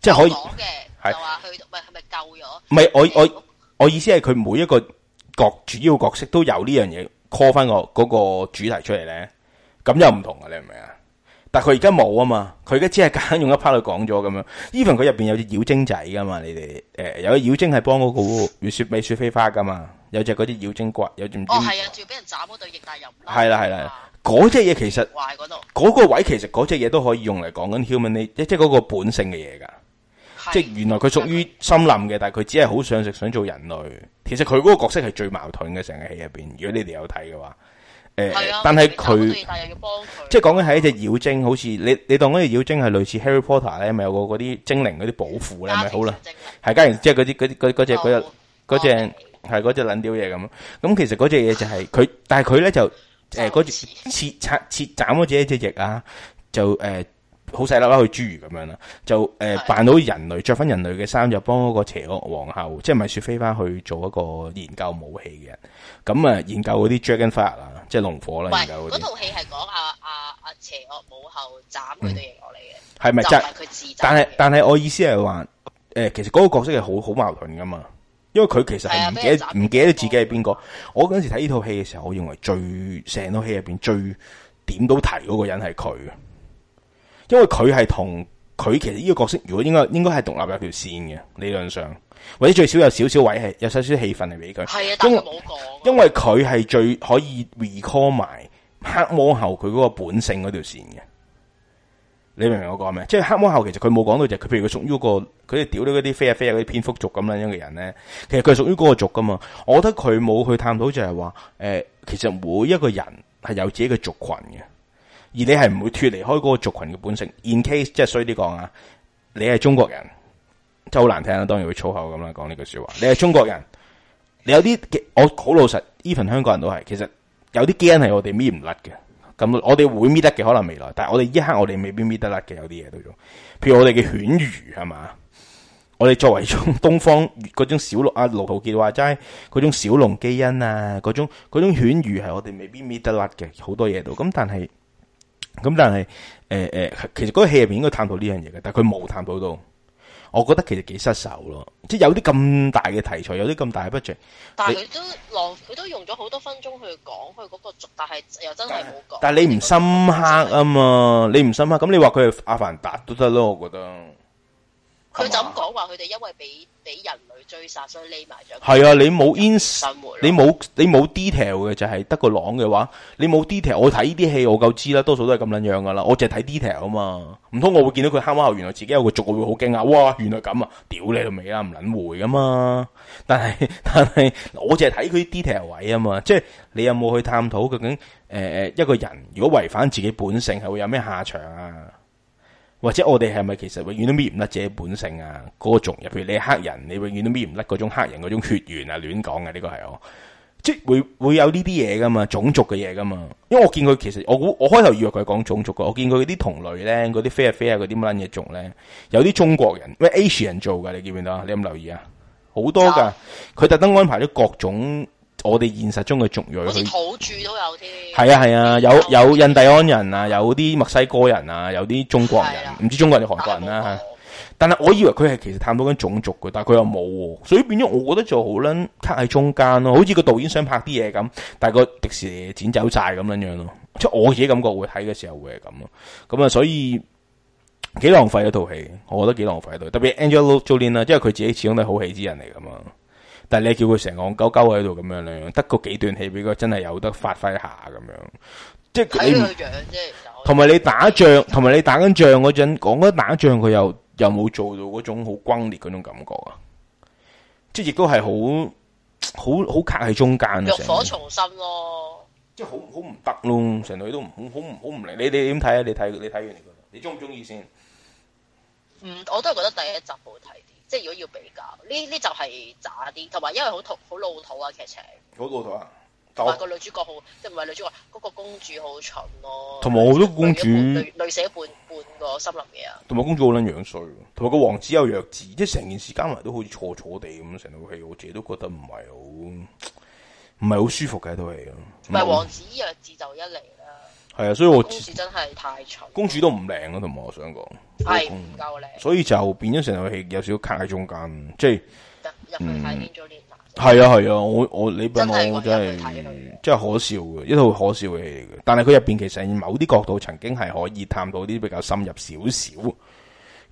即係可以。講嘅就話佢唔係唔係救咗，唔係我我我，我意思係佢每一個角主要角色都有呢樣嘢 call 翻個嗰個主題出嚟咧，咁又唔同噶，你明唔明啊？但係佢而家冇啊嘛，佢而家只係揀用一 part 去講咗咁樣。Even 佢入邊有隻妖精仔噶嘛，你哋誒、呃、有個妖精係幫嗰個月雪美雪飛花噶嘛？.有隻嗰隻妖精骨，有仲哦係啊，仲要俾人斬嗰對翼，但係又係啦係啦，嗰隻嘢其實，壞嗰度，嗰個位其實嗰隻嘢都可以用嚟講緊 humanity，即係嗰個本性嘅嘢噶。即係原來佢屬於森林嘅，但係佢只係好想食，想做人類。其實佢嗰個角色係最矛盾嘅成個戲入邊。如果你哋有睇嘅話，誒、呃，但係佢即係講緊係一隻妖精，好似你你當嗰隻妖精係類似 Harry Potter 咧，咪有、個嗰啲精靈嗰啲保護咧，咪好啦，係加完即係嗰啲只只只。係嗰隻撚屌嘢，咁咁其實嗰隻嘢就係佢、啊，但係佢咧就誒嗰隻切拆切斬嗰一隻翼啊，就誒好細粒啦，去侏儒咁樣啦，就誒、呃、扮到人類，着翻人類嘅衫，就幫嗰個邪惡皇后，即係米雪菲翻去做一個研究武器嘅人，咁啊研究嗰啲 dragon fire、嗯、啦，即係龍火啦，研究嗰啲。嗰套戲係講下阿阿邪惡母后斬佢哋落嚟嘅，係咪真？但係但係我意思係話，誒、呃、其實嗰個角色係好好矛盾噶嘛。因為佢其實係唔記得唔記得自己係邊個。我嗰陣時睇呢套戲嘅時候，我認為最成套戲入邊最點到題嗰個人係佢。因為佢係同佢其實呢個角色，如果應該應該係獨立有條線嘅，理論上或者最少有少少位係有少少氣氛嚟俾佢。係啊，冇講。因為佢係最可以 recall 埋黑魔后佢嗰個本性嗰條線嘅。你明唔明我講咩？即係黑魔后，其實佢冇講到就係佢，譬如佢屬於一個佢哋屌咗嗰啲飛啊飛啊嗰啲，啊、蝙蝠族咁樣樣嘅人咧，其實佢屬於嗰個族噶嘛。我覺得佢冇去探討就係話，誒、呃，其實每一個人係有自己嘅族群嘅，而你係唔會脫離開嗰個族群嘅本性。In case，即係衰啲你講啊，你係中國人，即係好難聽啦，當然會粗口咁啦講呢句說話。你係中國人，你有啲我好老實，even 香港人都係，其實有啲驚係我哋搣唔甩嘅。咁我哋會搣得嘅可能未來，但係我哋依一刻我哋未必搣得甩嘅有啲嘢都，譬如我哋嘅犬儒係嘛，我哋作為中東方嗰種小龍啊，羅浩傑話齋嗰種小龍基因啊，嗰種嗰種犬儒係我哋未必搣得甩嘅好多嘢都，咁但係，咁但係，呃呃，其實嗰個戲入面應該探討呢樣嘢嘅，但係佢冇探討到。我覺得其實幾失手咯，即係有啲咁大嘅題材，有啲咁大嘅 budget，但係佢都浪，佢都用咗好多分鐘去講佢嗰個，但係又真係冇講。但係你唔深刻啊嘛，你唔深刻，咁你話佢係阿凡達都得咯，我覺得。佢就咁講話，佢哋因為俾俾人類追殺，所以匿埋咗。係啊，你冇 ins 你冇你冇 detail 嘅，就係得個朗嘅話，你冇 detail。我睇啲戲，我夠知啦，多數都係咁撚樣噶啦。我淨係睇 detail 啊嘛，唔通我會見到佢喊哇！原來自己有個族會好驚訝！哇，原來咁啊，屌你老味啦，唔撚回噶嘛！但係但係，我淨係睇佢 detail 位啊嘛，即係你有冇去探討究竟誒誒、呃、一個人如果違反自己本性，係會有咩下場啊？或者我哋係咪其實永遠都搣唔甩自己本性啊？嗰個種入，譬如你是黑人，你永遠都搣唔甩嗰種黑人嗰種血緣啊！亂講嘅呢個係我，即係會會有呢啲嘢噶嘛，種族嘅嘢噶嘛。因為我見佢其實我估我開頭以為佢講種族嘅，我見佢啲同類咧，嗰啲飛啊飛啊嗰啲乜嘢族咧，有啲中國人咩 Asian 人做嘅，你見唔見到啊？你有冇留意啊？好多噶，佢特登安排咗各種。我哋現實中嘅族裔，我哋土著都有啲。係啊係啊，有有印第安人啊，有啲墨西哥人啊，有啲中國人，唔、啊、知中國人定韓國人啦、啊啊啊、但係我以為佢係其實探到緊種族嘅，但係佢又冇喎，所以變咗我覺得就好撚卡喺中間咯。好似個導演想拍啲嘢咁，但係個迪士尼剪走曬咁樣樣咯。即係我自己感覺會睇嘅時候會係咁咯。咁啊，所以幾浪費一套戲，我覺得幾浪費一套，特別是 Angelina Jolie 啊，因為佢自己始終都係好戲之人嚟噶嘛。但係你叫佢成個戇鳩鳩喺度咁樣咧，得個幾段戲俾佢真係有得發揮下咁樣，即係佢同埋你打仗，同埋你打緊仗嗰陣講緊打仗，佢又又冇做到嗰種好轟烈嗰種感覺啊！即係亦都係好好好卡喺中間，欲火重生咯，即係好好唔得咯，成套都好好唔好唔嚟。你你點睇啊？你睇你睇完你覺得，你中唔中意先？嗯，我都係覺得第一集好睇啲。即係如果要比較呢啲就係渣啲，同埋因為好土好老土啊，劇情，好老土啊，同埋、那個、個女主角好，即係唔係女主角，嗰、那個公主好蠢咯，啊，同埋好多公主累，累，累死咗半半個森林嘅啊，同埋公主好撚樣衰，同埋個王子有弱智，即係成件事加埋都好似錯錯哋咁，成套戲我自己都覺得唔係好唔係好舒服嘅都係咯，唔係王子弱智就一嚟。係啊，所以我公主真係太蠢，公主都唔靚啊，同埋我，我想講係唔夠靚，所以就變咗成套戲有少少卡喺中間，即係入去睇變咗啲。係啊，係啊，我我你畀我真係真係可笑嘅一套可笑嘅戲嚟嘅，但係佢入邊其實某啲角度曾經係可以探討啲比較深入少少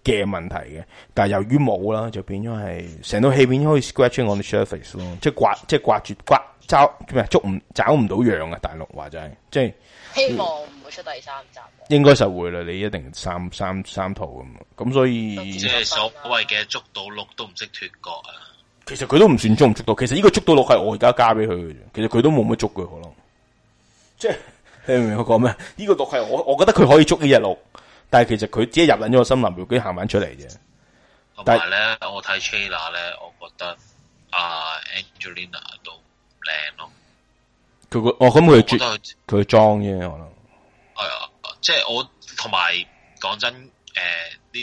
嘅問題嘅，但係由於冇啦，就變咗係成套戲片可以 scratching 我啲 surface 咯，即係刮，即係刮住刮，抓咩捉唔抓唔到癢啊。大陸話就係，即係希望唔會出第三集，應該就會啦。你一定三三三套咁啊，咁所以即係所謂嘅捉到鹿，都唔識脫角啊。其實佢都唔算捉唔捉到，其實呢個捉到鹿係我而家加俾佢嘅，其實佢都冇乜捉嘅可能。即係你明唔明我講咩？呢個鹿係我，我覺得佢可以捉呢隻鹿。但係其實佢只係入緊咗個森林，佢行翻出嚟嘅。但係咧，我睇 Chyna 咧，我覺得阿、uh, Angelina 都靚咯。佢個我咁佢，哦嗯、覺得佢裝啫可能。啊。Uh, uh, uh, 即係我同埋講真，誒呢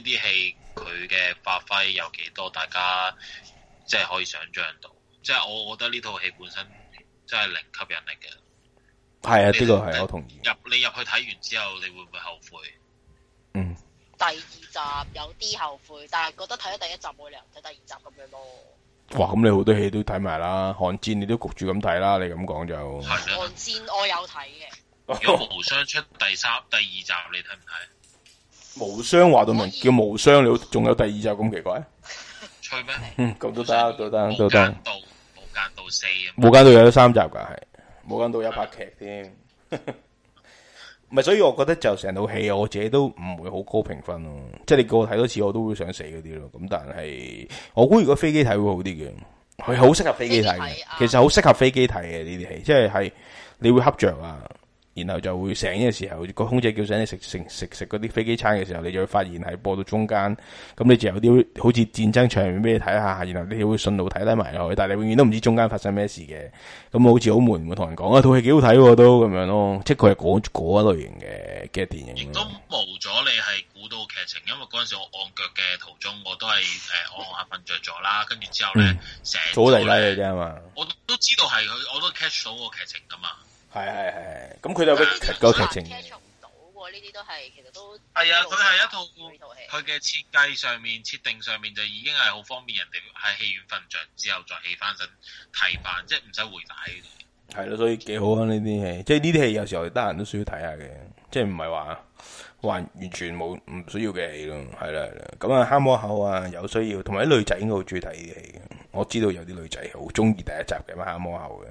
啲戲佢嘅發揮有幾多？大家即係可以想象到。即係我，我覺得呢套戲本身真係零吸引力嘅。係、嗯、啊，呢、這個係我同意。入你入去睇完之後，你會唔會後悔？第二集有啲後悔，但係覺得睇咗第一集冇理由睇第二集咁樣咯。哇，咁你好多戲都睇埋啦，《寒戰》你都焗住咁睇啦。你咁講就《寒戰》我有睇嘅。哦、如果《無雙》出第三、第二集你睇唔睇？《無雙》話到明叫《無雙》你仲有第二集咁奇怪？吹 *laughs* 咩？ *laughs* 嗯，咁都得，都得，都得。《無間道》《無間道四》啊，《無間道》有三集噶，係《無間道》有拍劇添。唔係，所以我覺得就成套戲，我自己都唔會好高評分咯。即係你叫我睇多次，我都會想死嗰啲咯。咁但係，我估如果飛機睇會好啲嘅，佢好適合飛機睇嘅。啊、其實好適合飛機睇嘅呢啲戲，即係係你會恰著啊。然後就會醒嘅時候，個空姐叫醒你食食食食嗰啲飛機餐嘅時候，你就會發現係播到中間，咁你就有啲好似戰爭場面俾你睇下，然後你會順路睇低埋，但係你永遠都唔知中間發生咩事嘅，咁好似好悶。同人講一套戲幾好睇都咁樣咯，即係佢係嗰一類型嘅嘅電影。亦都冇咗你係估到劇情，因為嗰陣時我按腳嘅途中，我都係誒按下瞓着咗啦，跟住之後咧，成早地拉嘅啫嘛。我都知道係佢，我都 catch 到個劇情噶嘛。係係係係，咁佢就嗰啲故事情。所以 catch 唔到喎，呢啲都係其實都。係啊，佢係一套佢嘅設計上面、設定上面就已經係好方便人哋喺戲院瞓着之後再起翻身提飯，即係唔使回帶。係咯，所以幾好啊呢啲戲，即係呢啲戲有時候得閒都需要睇下嘅，即係唔係話話完全冇唔需要嘅戲咯。係啦，係啦，咁啊，黑魔后啊有需要，同埋啲女仔應該好中意睇啲戲。我知道有啲女仔好中意第一集嘅嘛，黑魔后嘅。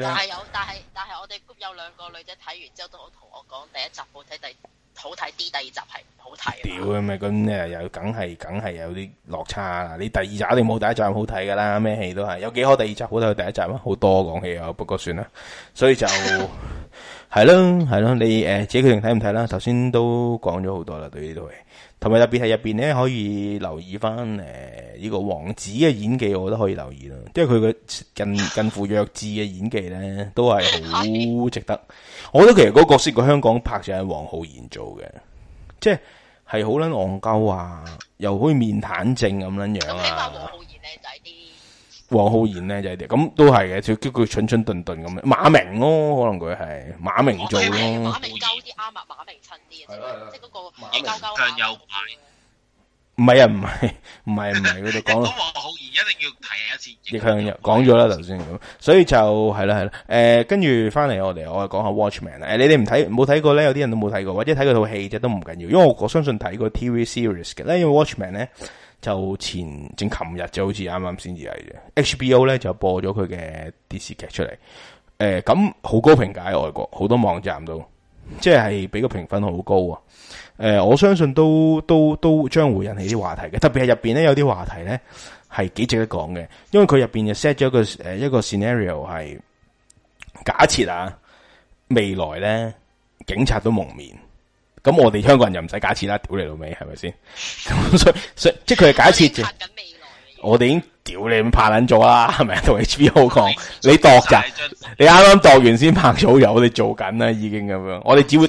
但係有，但係但係，我哋有兩個女仔睇完之後都同我講，第一集好睇，第好睇啲，第二集係唔好睇。屌嘅咪咁誒，又梗係梗係有啲落差啦。你第二集一定冇第一集咁好睇噶啦，咩戲都係有幾可第二集好睇過第一集啊，好多講戲啊。不過算啦，所以就係咯係咯，你誒自己決定睇唔睇啦。頭先都講咗好多啦，對於呢套戲。同埋特別係入邊咧，可以留意翻誒呢個王子嘅演技，我覺得可以留意啦。因為佢嘅近近乎弱智嘅演技咧，都係好值得。我覺得其實嗰個角色喺香港拍就係黃浩然做嘅，即係係好撚戇鳩啊，又可以面癱症咁撚樣啊。起碼黃浩然靚仔啲。王浩然咧就係啲咁都係嘅，叫叫佢蠢蠢頓頓咁樣。馬明咯，可能佢係馬明做咯。馬明鳩啲啱啊，馬明襯啲啊，即係嗰個。亦向右拐。唔係啊，唔係唔係唔係，佢哋講。講黃浩然一定要提一次。亦向日講咗啦，頭先咁，所以就係啦係啦。誒，跟住翻嚟我哋，我啊講下 Watchmen 啦。誒，你哋唔睇冇睇過咧？有啲人都冇睇過，或者睇嗰套戲啫，都唔緊要。因為我我相信睇過 TV series 嘅咧，因為 Watchmen 咧。就前正琴日就好似啱啱先至嚟嘅，HBO 咧就播咗佢嘅電視劇出嚟。誒、呃，咁好高評價、啊，外國好多網站都，即係俾個評分好高啊。誒、呃，我相信都都都將會引起啲話題嘅，特別係入邊咧有啲話題咧係幾值得講嘅，因為佢入邊就 set 咗個誒一個 scenario 係假設啊，未來咧警察都蒙面。咁我哋香港人又唔使假設啦，屌你老味，係咪先？咁所以所以即係佢係假設啫。我哋已經屌你咁怕卵咗啦，係咪同 HBO 講？你度咋？你啱啱度完先拍咗好有我哋做緊啦，已經咁樣。我哋只會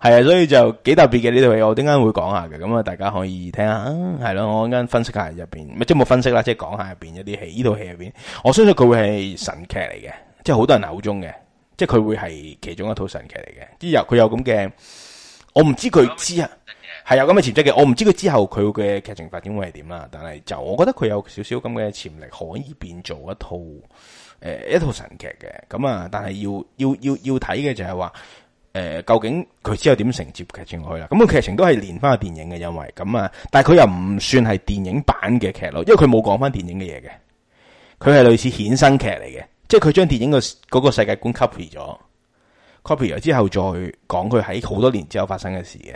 係啊，所以就幾特別嘅呢套戲。我陣間會講下嘅？咁啊，大家可以聽下係咯。我陣間分析下入邊咪即係冇分析啦，即係講下入邊一啲戲呢套戲入邊，我相信佢會係神劇嚟嘅，即係好多人口中嘅，即係佢會係其中一套神劇嚟嘅。啲有佢有咁嘅。我唔知佢知啊，係有咁嘅潛質嘅。我唔知佢之後佢嘅劇情發展會係點啦。但係就我覺得佢有少少咁嘅潛力，可以變做一套誒、呃、一套神劇嘅。咁啊，但係要要要要睇嘅就係話誒，究竟佢之後點承接劇情去啦？咁個劇情都係連翻個電影嘅，因為咁啊，但係佢又唔算係電影版嘅劇咯，因為佢冇講翻電影嘅嘢嘅。佢係類似衍生劇嚟嘅，即係佢將電影個嗰個世界觀 copy 咗。之後再講佢喺好多年之後發生嘅事嘅，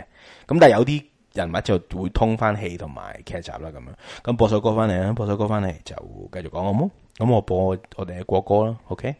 咁但係有啲人物就會通翻戲同埋劇集啦咁樣。咁播首歌翻嚟啦，播首歌翻嚟就繼續講好唔好？咁我播我哋嘅國歌啦，OK。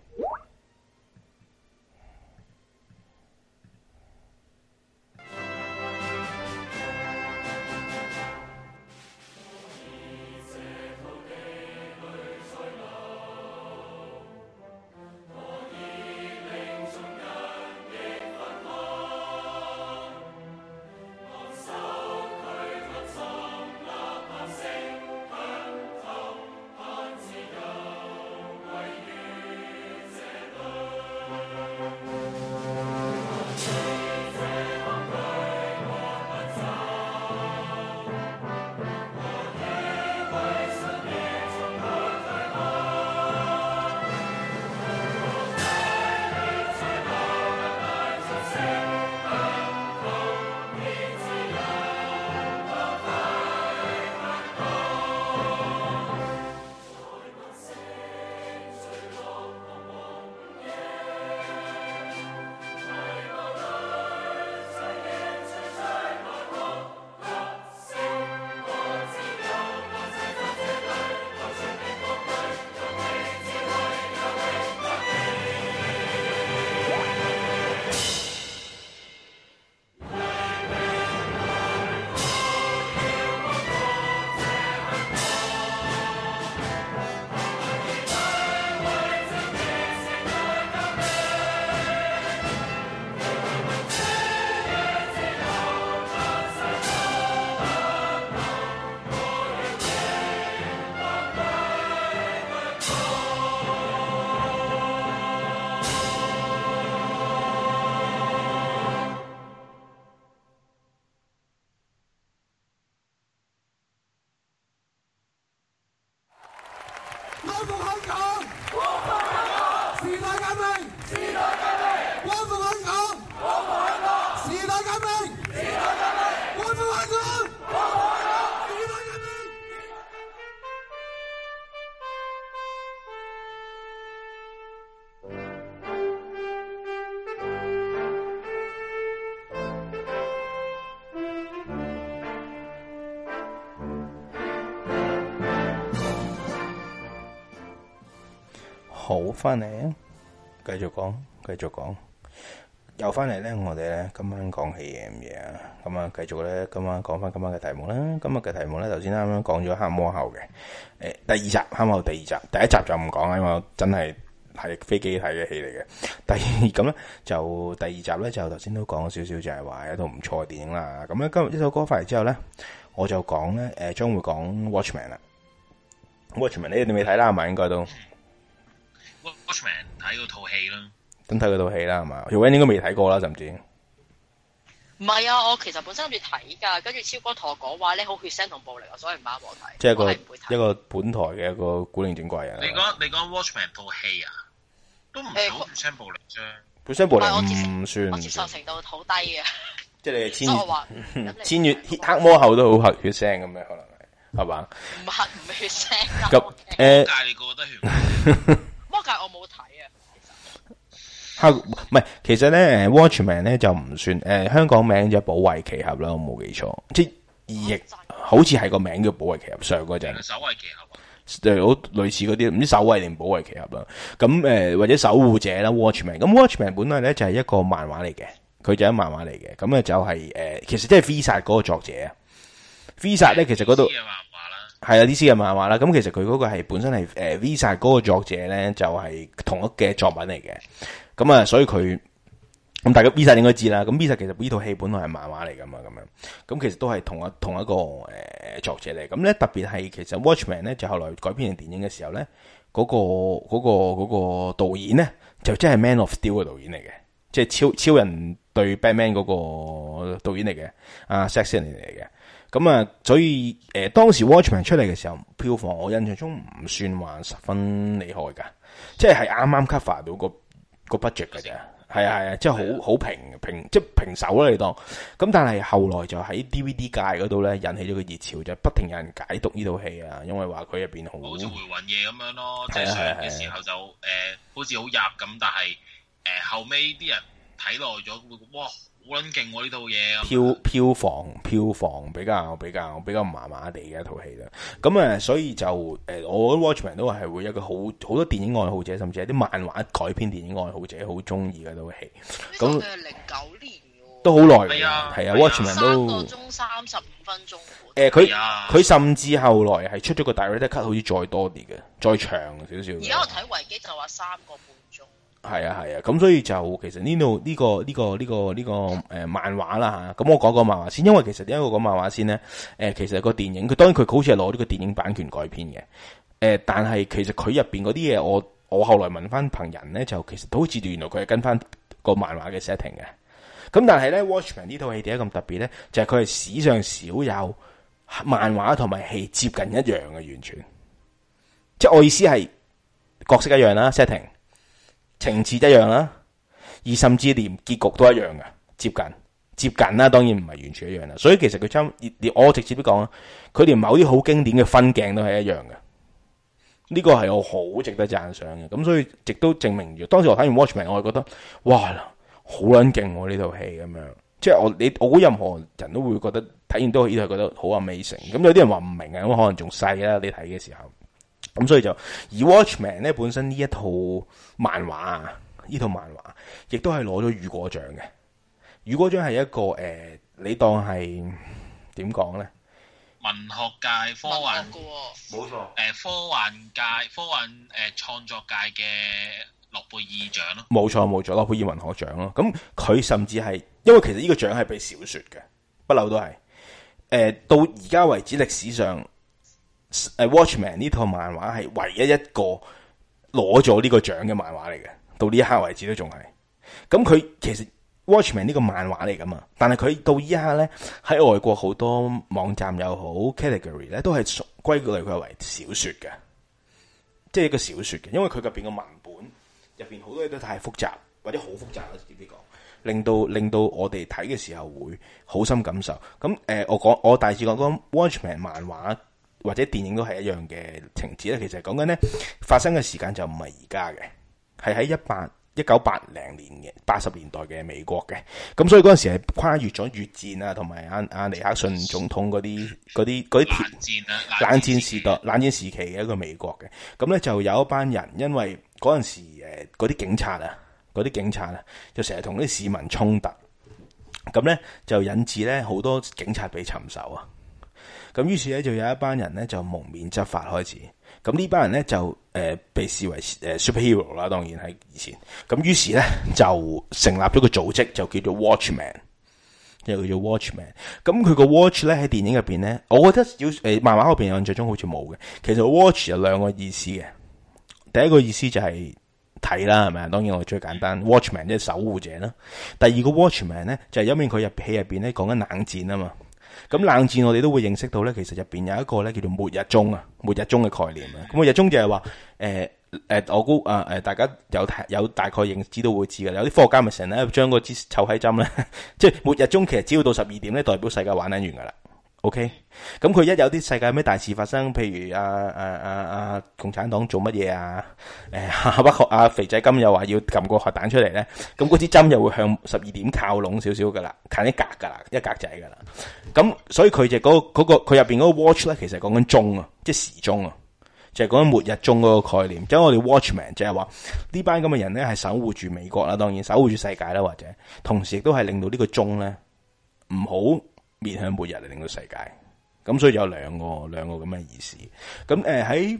翻嚟啊！繼續講，繼續講，又翻嚟咧。我哋咧今晚講戲夜唔夜啊。咁啊，繼續咧，今晚講翻今晚嘅題目啦。今日嘅題目咧，頭先啱啱講咗《黑魔后》嘅、欸、誒，第二集《黑魔后》第二集，第一集就唔講啦，因為我真係係飛機睇嘅戲嚟嘅。第二咁咧就第二集咧就頭先都講少少，就係話一套唔錯嘅電影啦。咁咧今日呢首歌翻嚟之後咧，我就講咧誒，將、呃、會講《Watchmen》啦，《Watchmen》呢你未睇啦係咪應該都。睇嗰套戲啦，等睇嗰套戲啦，係嘛？Joanne 應該未睇過啦，甚至唔係啊！我其實本身諗住睇噶，跟住超哥同我講話咧，好血腥同暴力，啊，所以唔啱我睇。即係一個一個本台嘅一個古靈精怪啊！你講你講 Watchmen 套戲啊，都唔係好血腥暴力啫，血、欸、腥暴力唔算接，接受程度好低嘅。 *laughs* 即係你千 *laughs* 千月黑魔后都好黑血腥咁樣， *laughs* 可能係係嘛？唔黑唔血腥咁誒， *laughs* okay。但你個都血。 *laughs* *laughs* 我冇睇啊，係唔係？其實咧，誒，Watchmen 咧就唔算誒、呃，香港名就保衛奇俠啦，我冇記錯，即係亦好似係個名叫保衛奇俠上嗰陣，守衛奇俠，就好類似嗰啲，唔知守衛定保衛奇俠啊。咁誒、呃，或者守護者啦，Watchmen。咁 Watchmen 本來咧就係、是、一個漫畫嚟嘅，佢就係漫畫嚟嘅。咁啊就係、是、誒、呃，其實即係 V 煞嗰個作者啊，V 煞咧其實嗰度。係啊，DC 嘅漫畫啦，咁其實佢嗰個係本身係誒 V 煞嗰個作者咧，就係、是、同一嘅作品嚟嘅，咁啊，所以佢咁大家 V 煞應該知啦，咁 V 煞其實呢套戲本係漫畫嚟噶嘛，咁樣，咁其實都係同一同一個誒、呃、作者嚟，咁咧特別係其實 Watchmen 咧就後來改編成電影嘅時候咧，嗰、那個嗰、那個嗰、那個導演咧就真係 Man of Steel 嘅導演嚟嘅，即、就、係、是、超超人對 Batman 嗰個導演嚟嘅，阿 Saxion 嚟嘅。咁、嗯、啊，所以誒、呃、當時 Watchmen 出嚟嘅時候，票房我印象中唔算話十分厲害噶，即係啱啱 cover 到，個個 budget 㗎啫。係啊係啊，即係好好平平即係平手啦你當。咁但係後來就喺 DVD 界嗰度咧，引起咗個熱潮，就不停有人解讀呢套戲啊，因為話佢入面好好似回魂夜咁樣咯，即係上嘅時候就誒、呃、好似好入咁，但係誒、呃、後尾啲人睇耐咗哇～好卵勁喎呢套嘢！票票房票房比較比較比較麻麻地嘅一套戲啦。咁啊，所以就誒，我 Watchmen 都係會一個好好多電影愛好者，甚至係啲漫畫改編電影愛好者好中意嘅套戲。咁佢零九年都好耐。係啊係啊，Watchmen 都三個鐘三十五分鐘。誒，佢佢甚至後來係出咗個 director cut，好似再多啲嘅，再長少少。而家我睇維基就話三個半。係啊係啊，咁、啊、所以就其實呢度呢個呢、這個呢、這個呢、這個誒、呃、漫畫啦吓，咁我講個漫畫先，因為其實點解我講漫畫先咧？誒、呃，其實個電影佢當然佢好似係攞呢個電影版權改編嘅，誒、呃，但係其實佢入邊嗰啲嘢，我我後來問翻朋友呢，咧，就其實都好似原來佢係跟翻個漫畫嘅 setting 嘅，咁但係咧 Watchmen 呢套戲點解咁特別咧？就係佢係史上少有漫畫同埋戲接近一樣嘅完全，即係我意思係角色一樣啦、啊、，setting。情次一樣啦，而甚至連結局都一樣嘅，接近接近啦，當然唔係完全一樣啦。所以其實佢將連我直接都講啦，佢連某啲好經典嘅分鏡都係一樣嘅。呢個係我好值得讚賞嘅。咁所以，亦都證明住。當時我睇完 Watchmen，我就覺得哇，好撚勁呢套戲咁樣。即係我你我任何人都會覺得睇完都呢度覺得好 amazing。咁有啲人話唔明啊，咁可能仲細啦，你睇嘅時候。咁所以就而 Watchmen 咧本身呢一套漫畫啊，呢套漫畫亦都係攞咗雨果獎嘅。雨果獎係一個誒、呃，你當係點講咧？文學界科幻，冇錯。誒、呃，科幻界科幻誒創、呃、作界嘅諾貝爾獎咯。冇錯冇錯，諾貝爾文學獎咯。咁佢甚至係因為其實呢個獎係俾小說嘅，不嬲都係。誒、呃，到而家為止歷史上。誒，Watchman 呢套漫畫係唯一一個攞咗呢個獎嘅漫畫嚟嘅，到呢一刻為止都仲係。咁佢其實 Watchman 呢個漫畫嚟噶嘛，但係佢到依家呢，咧，喺外國好多網站又好，category 咧都係歸類佢為小說嘅，即係一個小說嘅，因為佢入邊嘅文本入邊好多嘢都太複雜或者好複雜啦，直接啲講，令到令到我哋睇嘅時候會好深感受。咁誒，我講我大致講，二講講 Watchman 漫畫。或者電影都係一樣嘅情節咧，其實講緊咧發生嘅時間就唔係而家嘅，係喺一八一九八零年嘅八十年代嘅美國嘅。咁所以嗰陣時係跨越咗越戰啊，同埋阿阿尼克遜總統嗰啲嗰啲嗰啲冷戰啊，冷戰冷戰冷戰時代冷戰時期嘅一個美國嘅。咁咧就有一班人，因為嗰陣時誒嗰啲警察啊，嗰啲警察啊，就成日同啲市民衝突，咁咧就引致咧好多警察被尋仇啊。咁於是咧就有一班人咧就蒙面執法開始，咁呢班人咧就、呃、被視為 superhero 啦，當然係以前。咁於是咧就成立咗個組織，就叫做 Watchman，即係叫做 Watchman。咁佢個 watch 咧喺電影入面咧，我覺得要慢、呃、漫畫嗰邊有印象中好似冇嘅。其實 watch 有兩個意思嘅，第一個意思就係睇啦，係咪啊？當然我最簡單，Watchman 即係守護者啦。第二個 Watchman 咧就係、是、因為佢入戲入面咧講緊冷戰啊嘛。咁冷戰我哋都會認識到咧，其實入邊有一個咧叫做末日鐘啊，末日鐘嘅概念。咁末日鐘就係話，誒、呃、誒、呃，我估啊誒，大家有有大概認知都會知㗎。有啲科學家咪成日咧將個支臭喺針咧，即係末日鐘，其實只要到十二點咧，代表世界玩捻完噶啦。O K，咁佢一有啲世界咩大事發生，譬如啊啊啊啊，共產黨做乜嘢啊？誒、哎，不、啊、過，阿肥仔金又話要撳個核彈出嚟咧，咁嗰支針又會向十二點靠攏少少噶啦，近一格噶啦，一格仔噶啦。咁所以佢就嗰、嗰個佢入、嗰個、面嗰個 watch 咧，其實講緊鐘啊，即時鐘啊，就係講緊末日鐘嗰個概念。即、就係、我哋 watchman 就係話呢班咁嘅人咧，係守護住美國啦，當然守護住世界啦，或者同時亦都係令到個鐘呢個鐘咧唔好。面向每日嚟，令到世界咁，所以有兩個兩個咁嘅意思。咁誒喺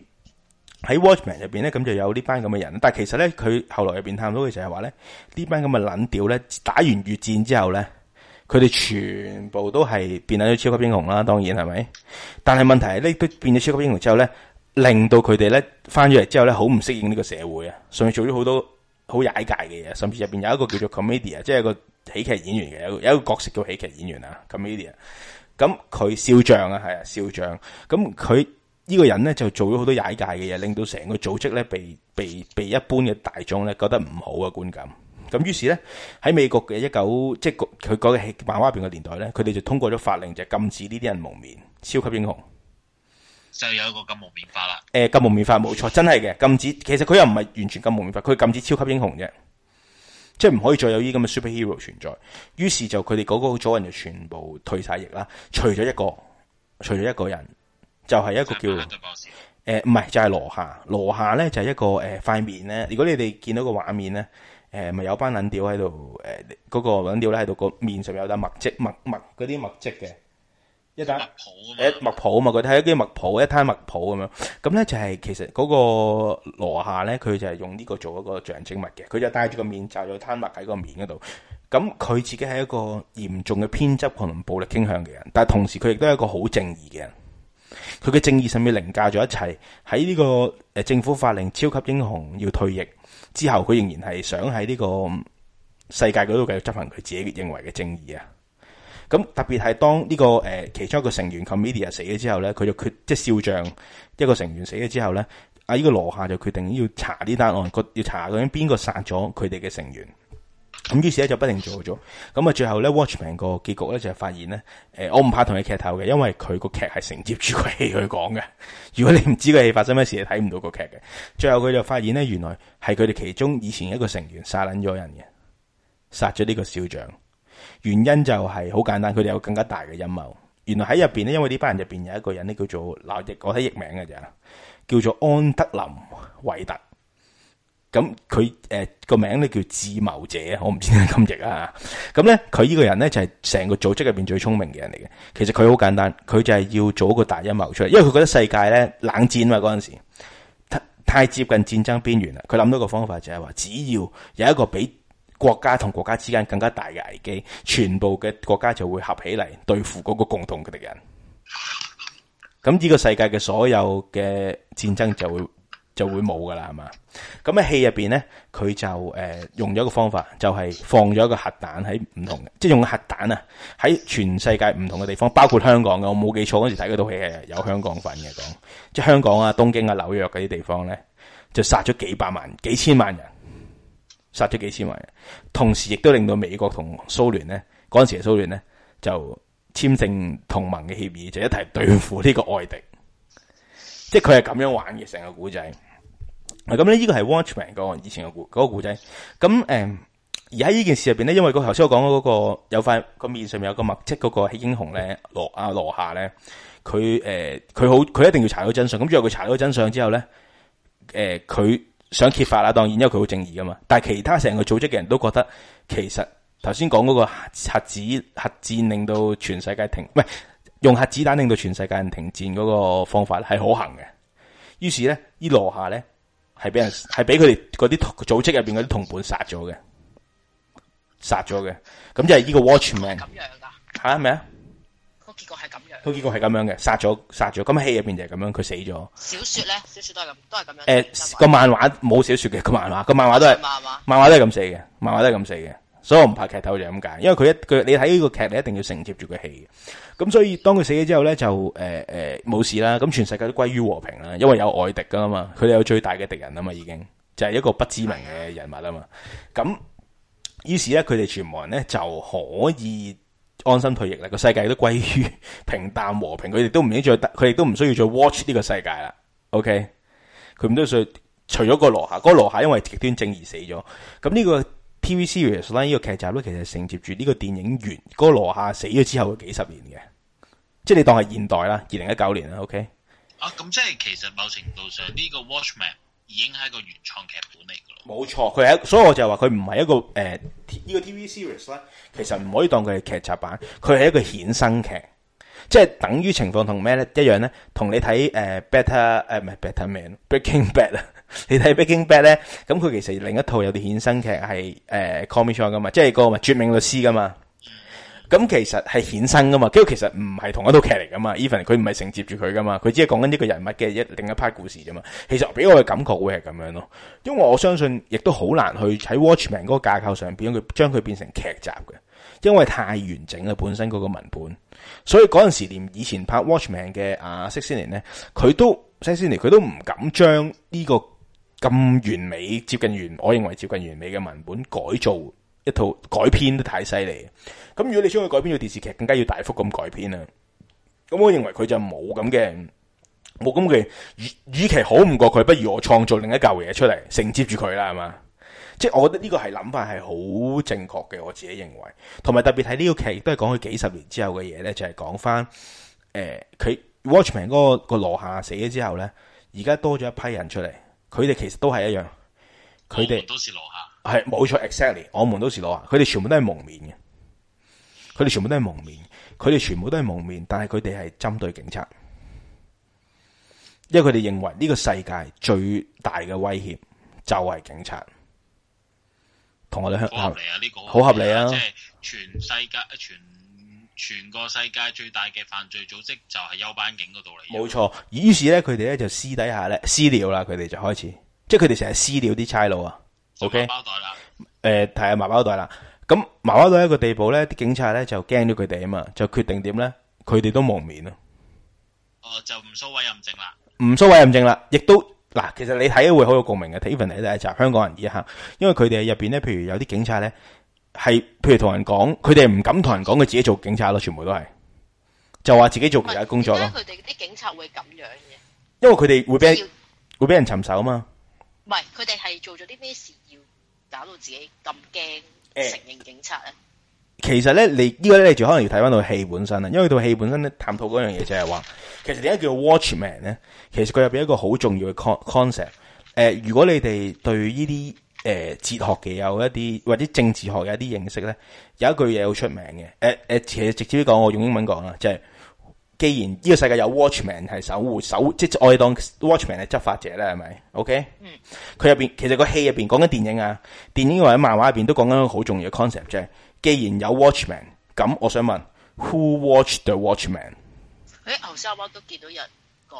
喺 Watchmen 入邊咧，咁就有呢班咁嘅人。但係其實咧，佢後來入邊探討嘅就係話咧，呢班咁嘅冷屌咧，打完越戰之後咧，佢哋全部都係變咗超級英雄啦。當然係咪？但係問題係呢都變咗超級英雄之後咧，令到佢哋咧翻咗嚟之後咧，好唔適應呢個社會啊。甚至做咗好多好曳界嘅嘢，甚至入邊有一個叫做 Comedian 即係個。喜劇演員嘅，有有一個角色叫喜劇演員啊，咁呢啲人，咁佢笑將啊係啊笑將，咁佢呢個人咧就做咗好多踩界嘅嘢，令到成個組織咧被被被一般嘅大眾咧覺得唔好嘅觀感，咁於是咧喺美國嘅一九即係佢佢嗰個係漫畫入邊嘅年代咧，佢哋就通過咗法令就是，禁止呢啲人蒙面，超級英雄就有一個禁蒙面法啦。誒、欸，禁蒙面法冇錯，真係嘅禁止，其實佢又唔係完全禁蒙面法，佢禁止超級英雄啫。即係唔可以再有呢咁嘅 superhero 存在，於是就佢哋嗰個組人就全部退晒役啦，除咗一個，除咗一個人，就係、是、一個叫誒，唔係就係、是、羅、呃就是、夏。羅夏咧就係、是、一個誒塊面咧。如果你哋見到個畫面咧，誒、呃、咪有班捻屌喺度，誒、呃、嗰、那個捻屌咧喺度個面上有粒墨跡，墨墨嗰啲墨跡嘅。一攤墨，一墨鋪啊嘛，佢睇一啲墨鋪，一攤墨鋪咁樣。咁咧就係，其實嗰個羅夏咧，佢就係用呢個做一個象徵物嘅。佢就戴住個面罩，又攤物喺個面嗰度。咁佢自己係一個嚴重嘅偏執同暴力傾向嘅人，但係同時佢亦都係一個好正義嘅人。佢嘅正義甚至凌駕咗一切。喺呢個誒政府法令超級英雄要退役之後，佢仍然係想喺呢個世界嗰度繼續執行佢自己認為嘅正義啊！咁特別係當呢、呢個其中一個成員 Commedia *music* 死咗之後咧，佢就決即係少將一個成員死咗之後咧，阿、呢、依個羅夏就決定要查呢單案，要查究竟邊個殺咗佢哋嘅成員。咁於是咧就不定做咗。咁啊最後咧 Watchmen 個結局咧就係發現咧、呃，我唔怕同你劇透嘅，因為佢個劇係承接住佢戲去講嘅。如果你唔知個戲發生咩事，你睇唔到個劇嘅。最後佢就發現咧，原來係佢哋其中以前一個成員殺撚咗人嘅，殺咗呢個少將。原因就係好簡單，佢哋有更加大嘅陰謀。原來喺入邊咧，因為呢班人入邊有一個人咧，叫做嗱，我睇譯名嘅咋，叫做安德林韋特。咁佢誒個名咧叫自謀者，我唔知點解咁譯啊。咁咧佢呢個人咧就係、是、成個組織入邊最聰明嘅人嚟嘅。其實佢好簡單，佢就係要做一個大陰謀出嚟，因為佢覺得世界咧冷戰嘛，嗰陣時太接近戰爭邊緣啦。佢諗到個方法就係、是、話，只要有一個俾。國家同國家之間更加大嘅危機，全部嘅國家就會合起嚟對付嗰個共同嘅敵人。咁呢個世界嘅所有嘅戰爭就會就會冇噶啦，係嘛？咁喺戲入邊咧，佢就誒、呃、用咗個方法，就係、是、放咗個核彈喺唔同，即、就、係、是、用個核彈啊喺全世界唔同嘅地方，包括香港嘅，我冇記錯嗰時睇嗰套戲係有香港份嘅，即係、就是、香港啊、東京啊、紐約嗰啲地方咧，就殺咗幾百萬、幾千萬人。殺咗幾千萬人，同時亦都令到美國同蘇聯咧，嗰陣時嘅蘇聯咧就簽訂同盟嘅協議，就一齊對付呢個外敵，即係佢係咁樣玩嘅成個古仔。咁呢呢個係 Watchmen 講以前嘅古嗰個古仔。咁、嗯、誒，而喺呢件事入邊咧，因為、那個頭先我講嗰個有塊個面上面有個墨跡嗰個英雄咧，羅啊羅夏咧，佢誒佢好佢一定要查到真相。咁之後佢查到真相之後咧，誒、呃、佢。想揭發啦，當然，因為佢好正義噶嘛。但係其他成個組織嘅人都覺得，其實頭先講個核子核戰令到全世界停，唔係用核子彈令到全世界人停戰嗰個方法係可行嘅。於是咧，伊羅下咧係俾人係俾佢哋啲組織入邊啲同伴殺咗嘅，殺咗嘅。咁就係呢個 Watchmen。咁樣噶吓係咪啊？個結果係咁。佢結局係咁樣嘅，殺咗殺咗。咁戲入邊就係咁樣，佢死咗。小説咧，小説都係咁，都係咁樣。誒、欸，個漫畫冇小説嘅，個、嗯、漫畫個漫，漫畫都係漫畫，漫畫都係咁死嘅、嗯，漫畫都係咁死嘅、嗯。所以我唔怕劇透就係咁解，因為佢一句你睇呢個劇，你一定要承接住個戲嘅。咁所以當佢死咗之後咧，就誒誒冇事啦。咁全世界都歸於和平啦，因為有外敵噶啦嘛，佢哋有最大嘅敵人啊嘛，已經就係、是、一個不知名嘅人物啊嘛。咁、嗯、於是咧，佢哋全部人咧就可以。安心退役啦，個世界都歸於平淡和平，佢哋都唔需要再，佢哋都唔需要再 watch 呢個世界啦。OK，佢唔多再除咗個羅夏，嗰個羅夏因為極端正義死咗。咁呢個 TV series 呢個劇集咧，其實是承接住呢個電影完，嗰個羅夏死咗之後嘅幾十年嘅，即係你當係現代啦，二零一九年啦。OK，啊，咁即係其實某程度上呢個 Watchmen。已經係一個原創劇本嚟嘅咯，冇錯，佢係，所以我就話佢唔係一個誒呢、呃這個 TV series 咧，其實唔可以當佢係劇集版，佢係一個衍生劇，即係等於情況同咩咧一樣咧，同你睇誒 Better 誒唔係 Better Man Breaking Bad 啊， *laughs* 你睇 Breaking Bad 咧，咁佢其實另一套有啲衍生劇係誒 Better Call Saul 噶嘛，即係個絕命律師噶嘛。咁其實係衍生噶嘛，跟住其實唔係同一套劇嚟噶嘛。Even 佢唔係承接住佢噶嘛，佢只係講緊呢個人物嘅一另一批故事啫嘛。其實俾我嘅感覺會係咁樣咯，因為我相信亦都好難去喺 Watchmen 嗰個架構上面佢將佢變成劇集嘅，因為太完整啦，本身嗰個文本。所以嗰陣時連以前拍 Watchmen 嘅阿 n 斯尼咧，佢、啊、都 n 斯尼佢都唔敢將呢個咁完美接近完，我認為接近完美嘅文本改造。一套改編都太犀利，咁如果你將佢改編到電視劇，更加要大幅咁改編啦。咁我認為佢就冇咁嘅，冇咁嘅。與與其好唔過佢，不如我創造另一舊嘢出嚟承接住佢啦，係嘛？即係我覺得呢個係諗法係好正確嘅，我自己認為。同埋特別睇呢個劇，都係講佢幾十年之後嘅嘢咧，就係講翻誒佢 Watchmen 嗰個個羅夏死咗之後咧，而家多咗一批人出嚟，佢哋其實都係一樣，佢哋。係冇錯，exactly，我們到時攞佢哋全部都係蒙面嘅，佢哋全部都係蒙面，佢哋全部都係蒙面，但係佢哋係針對警察，因為佢哋認為呢個世界最大嘅威脅就係警察，同我哋好合理啊，呢、呢個好合理啊，即係、就是、全世界全全個世界最大嘅犯罪組織就係休班警嗰度嚟，冇錯，於是咧佢哋咧就私底下咧私了啦，佢哋就開始，即係佢哋成日私了啲差佬啊。O K，麻包袋啦，誒，係啊，麻包袋啦。咁麻包袋一個地步咧，啲警察咧就驚咗佢哋啊嘛，就決定點咧，佢哋都蒙面啊。哦，就唔使委任證啦，唔使委任證啦，亦都嗱，其實你睇會好有共鳴嘅，even 喺第一集香港人以下，因為佢哋喺入邊咧，譬如有啲警察咧係，譬如同人講，佢哋唔敢同人講佢自己做警察咯，全部都係就話自己做其他工作咯。點解佢哋啲警察會咁樣嘅？因為佢哋會俾會俾人尋仇啊嘛。唔係，佢哋係做咗啲咩事？搞到自己咁驚，承認警察咧？其實咧，你呢、這個咧，就可能要睇翻到戲本身啦。因為套戲本身咧，探討嗰樣嘢就係話，其實點解叫 Watchmen 咧？其實佢入邊一個好重要嘅 con concept。誒，如果你哋對呢啲誒哲學嘅有一啲或者政治學嘅一啲認識咧，有一句嘢好出名嘅。誒誒，其實直接講，我用英文講啦，就係、是。既然呢個世界有 Watchman 係守護守，即係我哋當 Watchman 係執法者咧，係咪？OK？嗯，佢入邊其實個戲入邊講緊電影啊，電影或者漫畫入邊都講緊一個好重要嘅 concept，啫。既然有 Watchman，咁我想問，Who watched the Watchman？喺、欸、牛沙灣都見到人，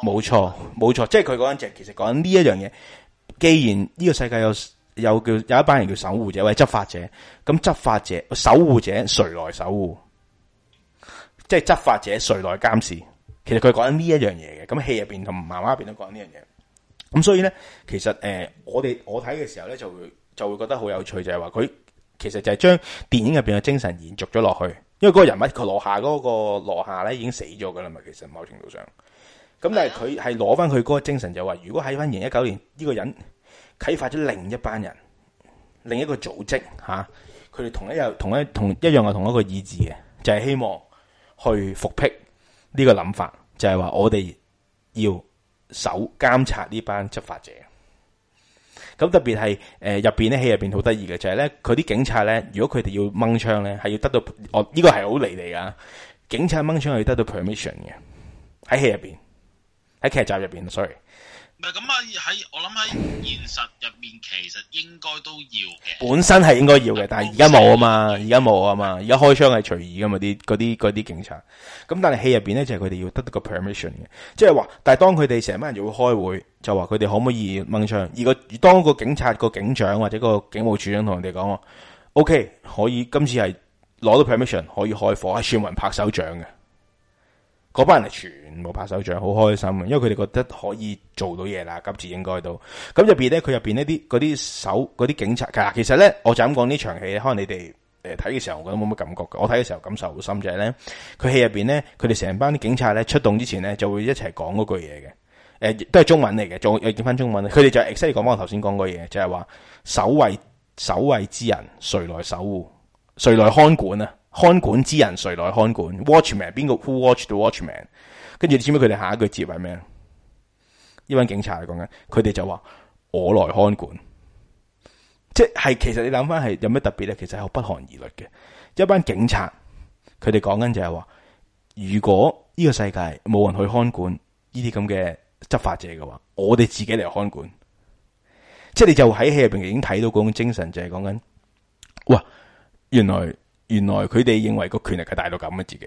冇錯，冇錯，即係佢嗰陣時其實講緊呢一樣嘢。既然呢個世界有有叫有一班人叫守護者或者執法者，咁執法者守護者誰來守護？即係執法者，誰來監視？其實佢講緊呢一樣嘢嘅。咁戲入邊同漫畫入邊都講緊呢樣嘢。咁所以咧，其實誒、呃，我哋我睇嘅時候咧，就會就會覺得好有趣，就係話佢其實就係將電影入邊嘅精神延續咗落去。因為嗰個人物，佢羅夏嗰個羅夏咧，已經死咗噶啦嘛。其實某程度上，咁但係佢係攞翻佢嗰個精神，就話如果喺翻二零一九年呢、這個人啟發咗另一班人，另一個組織吓，佢、啊、哋同一又同一同一，同同一樣係同一個意志嘅，就係、是、希望。去復辟呢個諗法，就係話我哋要守監察呢班執法者。咁特別係誒入邊咧，戲入邊好得意嘅就係咧，佢啲警察咧，如果佢哋要掹槍咧，係要得到，哦，呢個係好離嚟㗎。警察掹槍係要得到 permission 嘅，喺戲入邊，喺劇集入邊，sorry。唔係咁啊，喺我諗喺現實入面，其實應該都要嘅。本身係應該要嘅，但係而家冇啊嘛，而家冇啊嘛，而家開槍係隨意噶嘛啲嗰啲嗰啲警察。咁但係戲入邊咧，就係佢哋要得到個 permission 嘅，即係話。但係當佢哋成班人就會開會，就話佢哋可唔可以掹槍？而個而當個警察、個警長或者個警務處長同人哋講，OK，可以今次係攞到 permission，可以開火，阿小文拍手掌嘅。嗰班人係全部拍手掌，好開心啊！因為佢哋覺得可以做到嘢啦，今次應該都咁入邊咧，佢入邊呢啲嗰啲手啲警察，其實其實咧，我就咁講呢場戲，可能你哋誒睇嘅時候我什麼感覺的，我覺得冇乜感覺嘅。我睇嘅時候感受好深，就係、是、咧，佢戲入邊咧，佢哋成班啲警察咧出動之前咧，就會一齊講嗰句嘢嘅，亦、呃、都係中文嚟嘅，仲又見翻中文佢哋就即係講翻我頭先講嗰句嘢，就係、是、話守衞守衞之人，誰來守護？誰來看管啊？看管之人誰來看管？Watchman 邊個？Who watch the watchman？跟住你知唔知佢哋下一句接係咩？呢班警察嚟講緊，佢哋就話我來看管，即係其實你諗翻係有咩特別咧？其實係好不寒而栗嘅。一班警察，佢哋講緊就係話，如果呢個世界冇人去看管呢啲咁嘅執法者嘅話，我哋自己嚟看管。即係你就喺戲入邊已經睇到嗰種精神，就係講緊，哇，原來。原來佢哋認為個權力係大到咁嘅自己，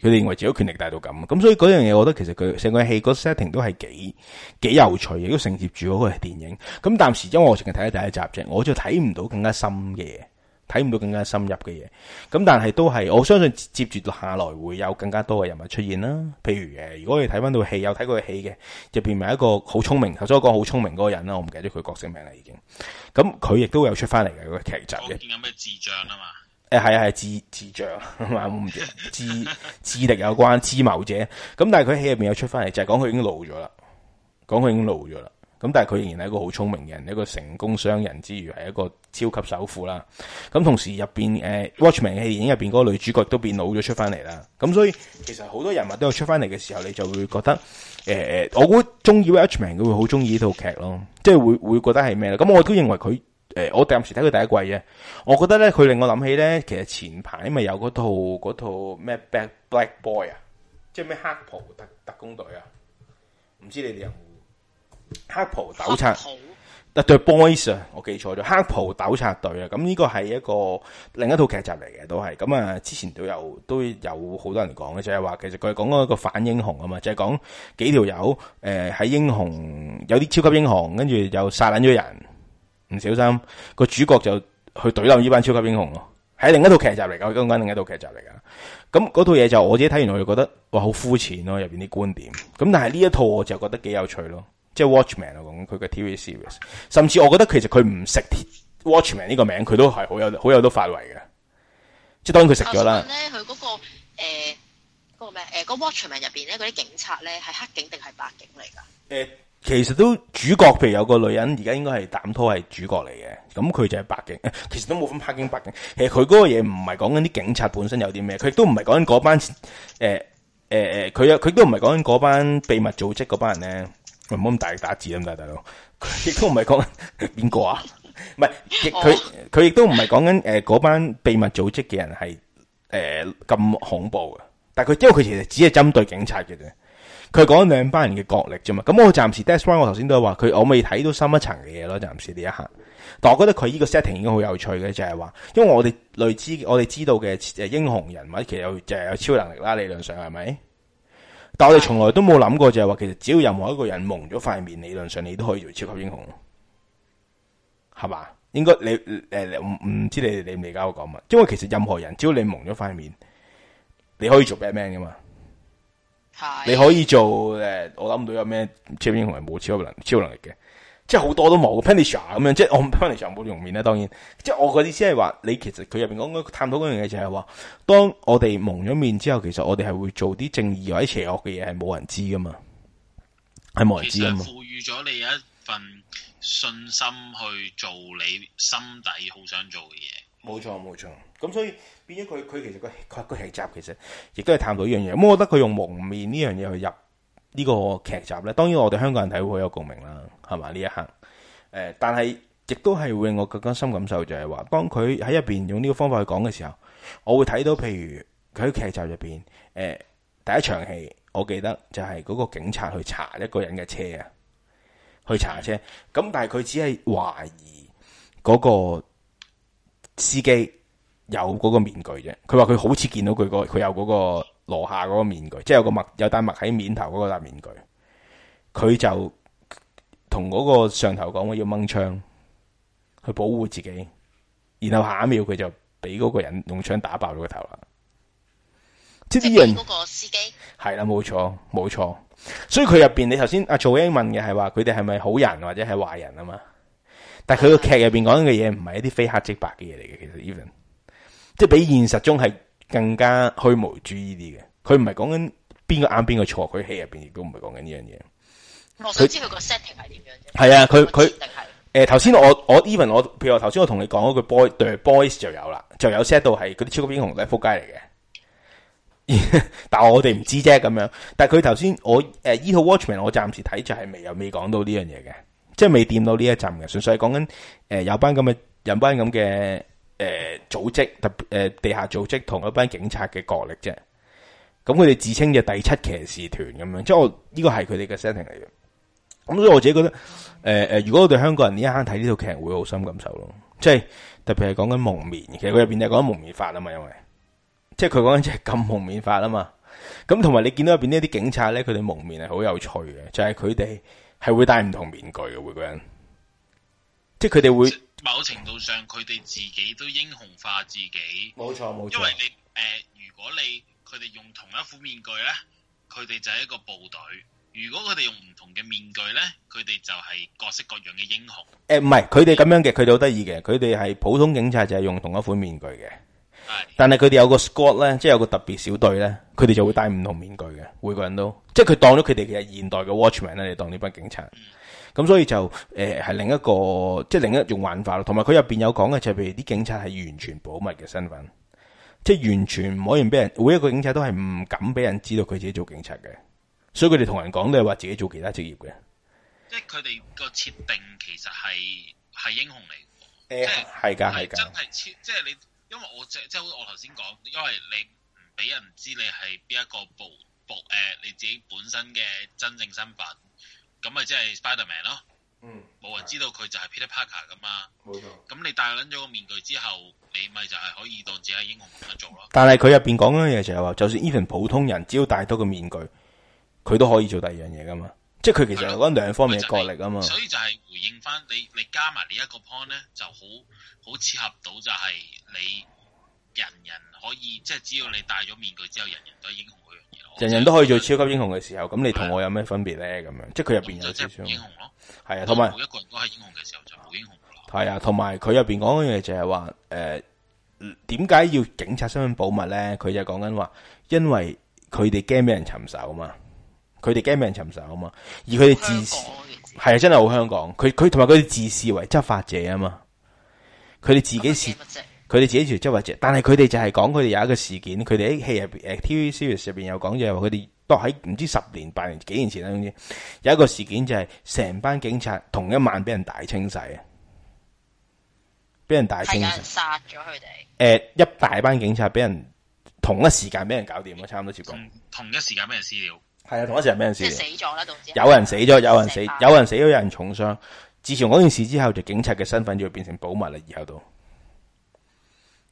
佢哋認為自己權力大到咁，咁所以嗰樣嘢，我覺得其實佢成個戲個 setting 都係幾幾有趣，亦都承接住嗰個電影。咁但係，因為我淨係睇咗第一集啫，我就睇唔到更加深嘅嘢，睇唔到更加深入嘅嘢。咁但係都係，我相信接住到下來會有更加多嘅人物出現啦。譬如，誒，如果你睇翻到戲，有睇過嘅戲嘅，入邊咪一個好聰明，頭先我講好聰明嗰個人啦，我唔記得佢角色名啦已經。咁佢亦都有出翻嚟嘅嗰個劇集嘅。我見有咩智障啊嘛～誒，係係智智障，智智，呵呵智，智力有關，智謀者。咁但係佢戲入邊又出翻嚟，就係講佢已經老咗啦，講佢已經老咗啦。咁但係佢仍然係一個好聰明嘅人，一個成功商人之餘，係一個超級首富啦。咁同時入邊誒、呃、，Watchmen 嘅戲入邊嗰個女主角都變老咗出翻嚟啦。咁所以其實好多人物都有出翻嚟嘅時候，你就會覺得誒誒、呃，我估中意 Watchmen，佢會好中意呢套劇咯，即係會會覺得係咩咧？咁我都認為佢。誒、欸，我暫時睇佢第一季嘅，我覺得咧佢令我諗起咧，其實前排咪有嗰套嗰套咩《Black Black Boy》啊，即係咩黑袍特特工隊啊，唔知你哋有冇黑袍鬥賊特隊 The Boys 啊？我記錯咗，黑袍鬥賊隊啊，咁呢個係一個另一套劇集嚟嘅，都係咁啊。之前都有都有好多人講嘅，就係、是、話其實佢係講一個反英雄啊嘛，就係、是、講幾條友誒喺英雄有啲超級英雄，跟住又殺撚咗人。唔小心，個主角就去懟冧呢班超級英雄咯，係另一套劇集嚟噶，講緊另一套劇集嚟噶。咁嗰套嘢就我自己睇完，我就覺得哇好膚淺咯，入邊啲觀點。咁但係呢一套我就覺得幾有趣咯，即、就是、係 Watchmen 啊，咁佢嘅 TV series。甚至我覺得其實佢唔食 Watchmen 呢個名，佢都係好有好有多範圍嘅。即係當然佢食咗啦。咧，佢嗰、嗰個誒，嗰、呃嗰個咩誒，呃嗰個 Watchmen 入邊咧，嗰啲警察咧係黑警定係白警嚟噶？誒、欸。其實都主角，譬如有個女人，而家應該係膽拖係主角嚟嘅，咁佢就係白警。其實都冇咁黑警白警。其實佢嗰個嘢唔係講緊啲警察本身有啲咩，佢亦都唔係講緊嗰班誒誒誒，佢佢都唔係講緊班秘密組織嗰班人咧。唔好咁大打字咁大，大佬佢亦都唔係講緊邊個啊？唔係，亦佢佢亦都唔係講緊誒嗰班秘密組織嘅人係誒咁恐怖嘅。但係佢因為佢其實只係針對警察嘅啫。佢講兩班人嘅角力啫嘛，咁我暫時 that's one，我頭先都話佢我未睇到深一層嘅嘢咯，暫時呢一刻。但我覺得佢呢個 setting 已經好有趣嘅，就係話，因為我哋類似我哋知道嘅英雄人物，其實有就係有超能力啦，理論上係咪？但我哋從來都冇諗過就係話，其實只要任何一個人蒙咗塊面，理論上你都可以做超級英雄，係嘛？應該你唔唔知你你唔理解我講乜？因為其實任何人只要你蒙咗塊面，你可以做 Batman 噶嘛。你可以做誒、呃，我諗唔到有咩超英雄係冇超能超能力嘅，即係好多都冇。Punisher 咁樣，即係我 Punisher 冇用面咧。當然，即、就、係、是、我嘅意思係話，你其實佢入邊講嗰探討嗰樣嘢就係話，當我哋蒙咗面之後，其實我哋係會做啲正義或者邪惡嘅嘢，係冇人知噶嘛，係冇人知啊嘛。賦予咗你一份信心去做你心底好想做嘅嘢。冇錯冇錯，咁所以。變咗佢，佢其實個佢個劇集其實亦都係探到一樣嘢。咁、嗯、我覺得佢用蒙面呢樣嘢去入呢個劇集咧，當然我哋香港人睇會好有共鳴啦，係嘛呢一刻。誒，但係亦都係會令我更加深感受，就係話，當佢喺入邊用呢個方法去講嘅時候，我會睇到譬如佢喺劇集入邊，誒、欸，第一場戲我記得就係嗰個警察去查一個人嘅車啊，去查車，咁但係佢只係懷疑嗰個司機。有嗰個面具啫，佢話佢好似見到佢個，佢有嗰個羅夏嗰個面具，即係有個墨有戴墨喺面頭嗰個戴面具，佢就同嗰個上頭講要掹槍去保護自己，然後下一秒佢就俾嗰個人用槍打爆咗個頭啦。即係啲人，係啦，冇錯冇錯，所以佢入邊你頭先阿曹英問嘅係話佢哋係咪好人或者係壞人啊嘛？但係佢個劇入邊講緊嘅嘢唔係一啲非黑即白嘅嘢嚟嘅，其實。即係比現實中係更加虛無主義啲嘅，佢唔係講緊邊個啱邊個錯，佢戲入邊亦都唔係講緊呢樣嘢。佢知佢個 setting 係點樣啫。係啊，佢佢誒，頭先、呃、我我 even 我，譬如話頭先我同你講嗰個 boy 對 boys 就有啦，就有 set 到係嗰啲超級英雄嚟仆街嚟嘅。但係我哋唔知啫咁樣。但係佢頭先我誒呢套 Watchmen 我暫時睇就係未有未講到呢樣嘢嘅，即係未掂到呢一浸嘅，純粹係講緊誒有班咁嘅有班咁嘅。有班誒，組織特別誒，地下組織同一班警察嘅角力啫。咁佢哋自稱嘅第七騎士團咁樣，即係我呢個係佢哋嘅 setting 嚟嘅。咁所以我自己覺得，誒、呃、誒，如果我哋香港人呢一刻睇呢套劇，會好深感受咯。即係特別係講緊蒙面，其實佢入邊就講緊蒙面法啊嘛，因為即係佢講緊即係禁蒙面法啊嘛。咁同埋你見到入邊呢啲警察咧，佢哋蒙面係好有趣嘅，就係佢哋係會戴唔同面具嘅每個人，即係佢哋會。某程度上，佢哋自己都英雄化自己。冇錯冇錯，因為你誒、呃，如果你佢哋用同一款面具咧，佢哋就係一個部隊；如果佢哋用唔同嘅面具咧，佢哋就係各式各樣嘅英雄。誒、呃，唔係，佢哋咁樣嘅，佢哋好得意嘅，佢哋係普通警察就係用同一款面具嘅。係，但係佢哋有個 score 咧，即係有個特別小隊咧，佢哋就會戴唔同面具嘅，每個人都，即係佢當咗佢哋嘅現代嘅 watchman 咧，你當呢班警察。嗯咁所以就誒係、欸、另一個即係、就是、另一種玩法咯，同埋佢入面有講嘅就係譬如啲警察係完全保密嘅身份，即、就、係、是、完全唔可以俾人，每一個警察都係唔敢俾人知道佢自己做警察嘅，所以佢哋同人講都係話自己做其他職業嘅。即係佢哋個設定其實係係英雄嚟嘅，係㗎係㗎，真係超即係你，因為我即即係我頭先講，因為你唔俾人知你係邊一個部部你自己本身嘅真正身份。咁咪即係 Spiderman 咯，嗯，冇人知道佢就係 Peter Parker 噶嘛，冇錯。咁你戴緊咗個面具之後，你咪就係可以當自己係英雄咁做咯。但係佢入邊講嗰嘢，就係話，就算 even 普通人，只要戴多個面具，佢都可以做第二樣嘢噶嘛。即係佢其實有兩方面嘅角力啊嘛。所以就係回應翻你，你加埋呢一個 point 咧，就好好切合到就係你人人可以，即係只要你戴咗面具之後，人人都係英雄去。人人都可以做超級英雄嘅時候，咁你同我有咩分別咧？咁樣，即係佢入邊有啲英雄咯。係啊，同埋、啊、每一個人都係英雄嘅時候就冇英雄。係啊，同埋佢入邊講嘅嘢就係話，誒、呃，點解要警察身份保密咧？佢就講緊話，因為佢哋驚俾人尋仇嘛，佢哋驚俾人尋仇嘛。而佢哋自係啊，真係好香港，佢佢同埋佢哋自視為執法者啊嘛，佢哋自己是。佢哋自己住，即係或者，但係佢哋就係講佢哋有一個事件，佢哋喺戲入邊，誒，TV series 入邊有講就係話佢哋都喺唔知十年八年幾年前啦，總之有一個事件就係、是、成班警察同一晚俾人大清洗啊，俾人大清洗殺咗佢哋，誒、呃，一大班警察俾人同一時間俾人搞掂咯，差唔多結局，同一時間俾人私了，係啊，同一時間俾人私了，即係死咗啦、就是，有人死咗，有人死，有人死咗，有人重傷。自從嗰件事之後，就警察嘅身份就變成保密啦，以後都。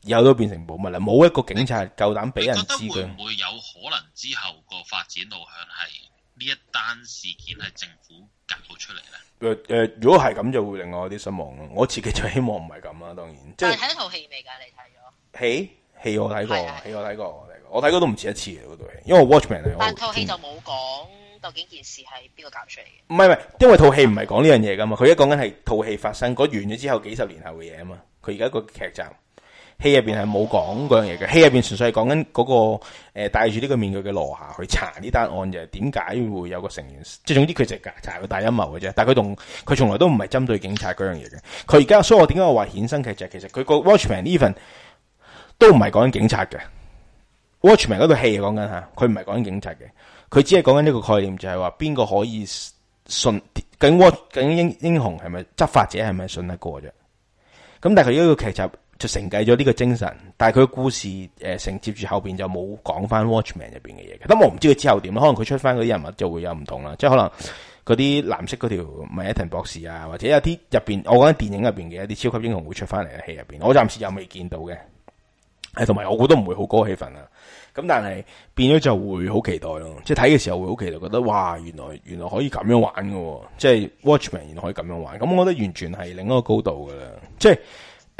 有都變成保密啦，冇一個警察夠膽俾人知佢。你，你覺得會唔會有可能之後個發展路向係呢一單事件係政府搞出嚟咧？誒誒，如果係咁就會令我有啲失望咯。我自己最希望唔係咁啦，當然。即但係睇一套戲未？噶你睇咗？戲戲我睇過，戲、嗯、我睇過，嗯、我睇過、嗯、我睇過都唔止一次嗰套戲，因為我 Watchmen 但套戲就冇講究竟件事係邊個搞出嚟嘅。唔係唔係，因為套戲唔係講呢樣嘢噶嘛，佢一講緊係套戲發生嗰完咗之後幾十年後嘅嘢啊嘛，佢而家個劇集。戲入邊係冇講嗰樣嘢嘅，戲入邊純粹係講緊嗰個誒，戴住呢個面具嘅羅夏去查呢單案，嘅。係點解會有個成員，即係總之佢就查個大陰謀嘅啫。但係佢同佢從來都唔係針對警察嗰樣嘢嘅。佢而家，所以為什麼我點解我話衍生劇就係、是，其實佢個 Watchmen even 都唔係講緊警察嘅。Watchmen 嗰套戲講緊吓，佢唔係講緊警察嘅，佢只係講緊呢個概念，就是說，就係話邊個可以信警 w 英英雄係咪執法者係咪信得過啫？咁但係佢呢個劇集。就承繼咗呢個精神，但係佢嘅故事誒、呃，承接住後邊就冇講翻《Watchman》入邊嘅嘢。咁我唔知佢之後點，可能佢出翻嗰啲人物就會有唔同啦。即係可能嗰啲藍色嗰條曼哈頓博士啊，或者有啲入邊，我覺得電影入邊嘅一啲超級英雄會出翻嚟嘅戲入邊，我暫時又未見到嘅。誒，同埋我估都唔會好高氣氛啊。咁但係變咗就會好期待咯。即係睇嘅時候會好期待，覺得哇，原來原來可以咁樣玩噶，哦，即係《Watchman》原來可以咁樣玩。咁我覺得完全係另一個高度噶啦，即係。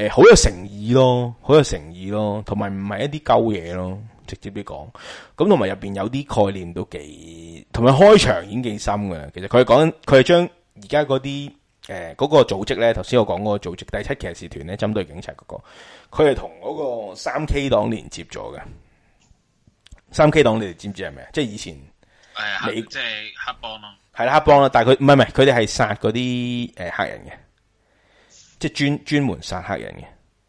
誒，好有誠意咯，好有誠意咯，同埋唔係一啲鳩嘢咯，直接啲講。咁同埋入邊有啲概念都幾，同埋開場已經幾深嘅。其實佢係講，佢係將而家嗰啲誒嗰個組織咧，頭先我講嗰個組織第七騎士團咧，針對警察嗰個，佢係同嗰個三 K 黨連接咗嘅。三 K 黨你哋知唔知係咩？即係以前誒，即係黑幫咯，係啦黑幫啦。但係佢唔係唔係，佢哋係殺嗰啲誒黑人嘅。即係專專門殺黑人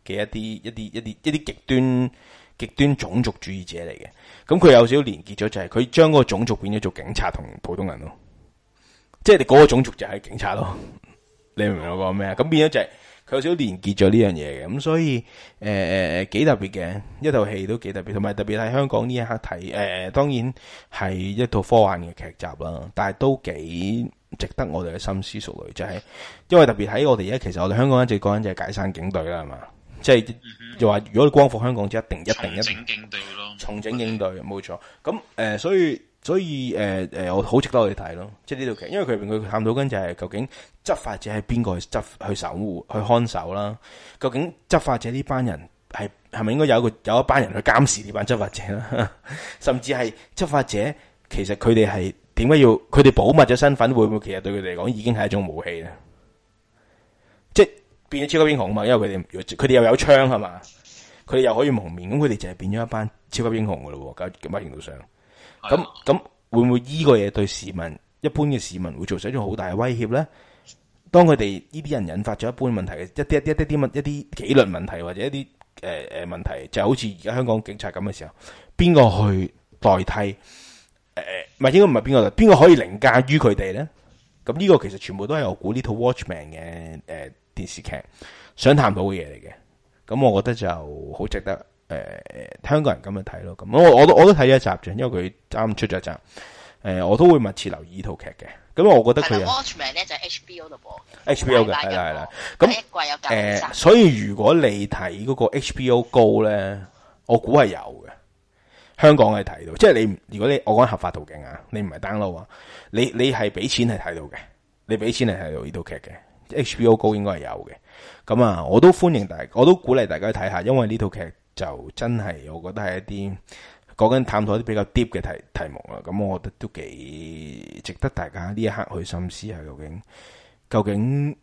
嘅嘅一啲一啲一啲一啲極端極端種族主義者嚟嘅，咁佢有少少連結咗，就係佢將個種族變咗做警察同普通人咯，即係你嗰個種族就係警察咯，你明唔明我講咩啊？咁變咗就係佢有少少連結咗呢樣嘢嘅，咁所以誒誒幾特別嘅，一套戲都幾特別，同埋特別係香港呢一刻睇誒、呃，當然係一套科幻嘅劇集啦，但係都幾。值得我哋嘅深思熟慮，就係、是、因為特別喺我哋而家，其實我哋香港人一直講緊就係解散警隊啦，係嘛？即係就話如果你光復香港，就一定一定一定重整警隊咯。重整警隊，冇錯。咁誒、呃，所以所以誒誒，我、呃、好值得我哋睇咯。即係呢套劇，因為佢佢探討緊就係究竟執法者係邊個執去守護、去看守啦？究竟執法者呢班人係係咪應該有一個有一班人去監視呢班執法者啦？甚至係執法者，其實佢哋係。點解要佢哋保密咗身份？會唔會其實對佢哋嚟講已經係一種武器咧？即係變咗超級英雄啊嘛！因為佢哋佢哋又有槍係嘛，佢哋又可以蒙面，咁佢哋就係變咗一班超級英雄噶咯喎！咁咁程度上，咁咁會唔會呢個嘢對市民一般嘅市民會造成一種好大嘅威脅咧？當佢哋呢啲人引發咗一般問題，一啲一啲一啲一啲一啲紀律問題或者一啲誒誒問題，就好似而家香港警察咁嘅時候，邊個去代替？誒、呃，唔係應該唔係邊個邊個可以凌駕於佢哋咧？咁呢個其實全部都係我估呢套 Watchman 嘅誒、呃、電視劇想探討嘅嘢嚟嘅。咁我覺得就好值得誒，呃、香港人咁樣睇咯。咁我我都我都睇咗一集啫，因為佢啱出咗一集。誒、呃，我都會密切留意呢套劇嘅。咁我覺得，佢 Watchman 咧就 HBO 度播，HBO 嘅係啦係啦。咁、啊、所以如果你睇嗰個 HBO 高咧，我估係有嘅。香港係睇到，即係你，如果你我講合法途徑啊，你唔係 download 啊，你你係俾錢係睇到嘅，你俾錢係睇到呢套劇嘅，HBO 高應該係有嘅。咁啊，我都歡迎大家，我都鼓勵大家去睇下，因為呢套劇就真係，我覺得係一啲講緊探討一啲比較 deep 嘅題題目啊。咁、嗯、我覺得都幾值得大家呢一刻去深思下究，究竟究竟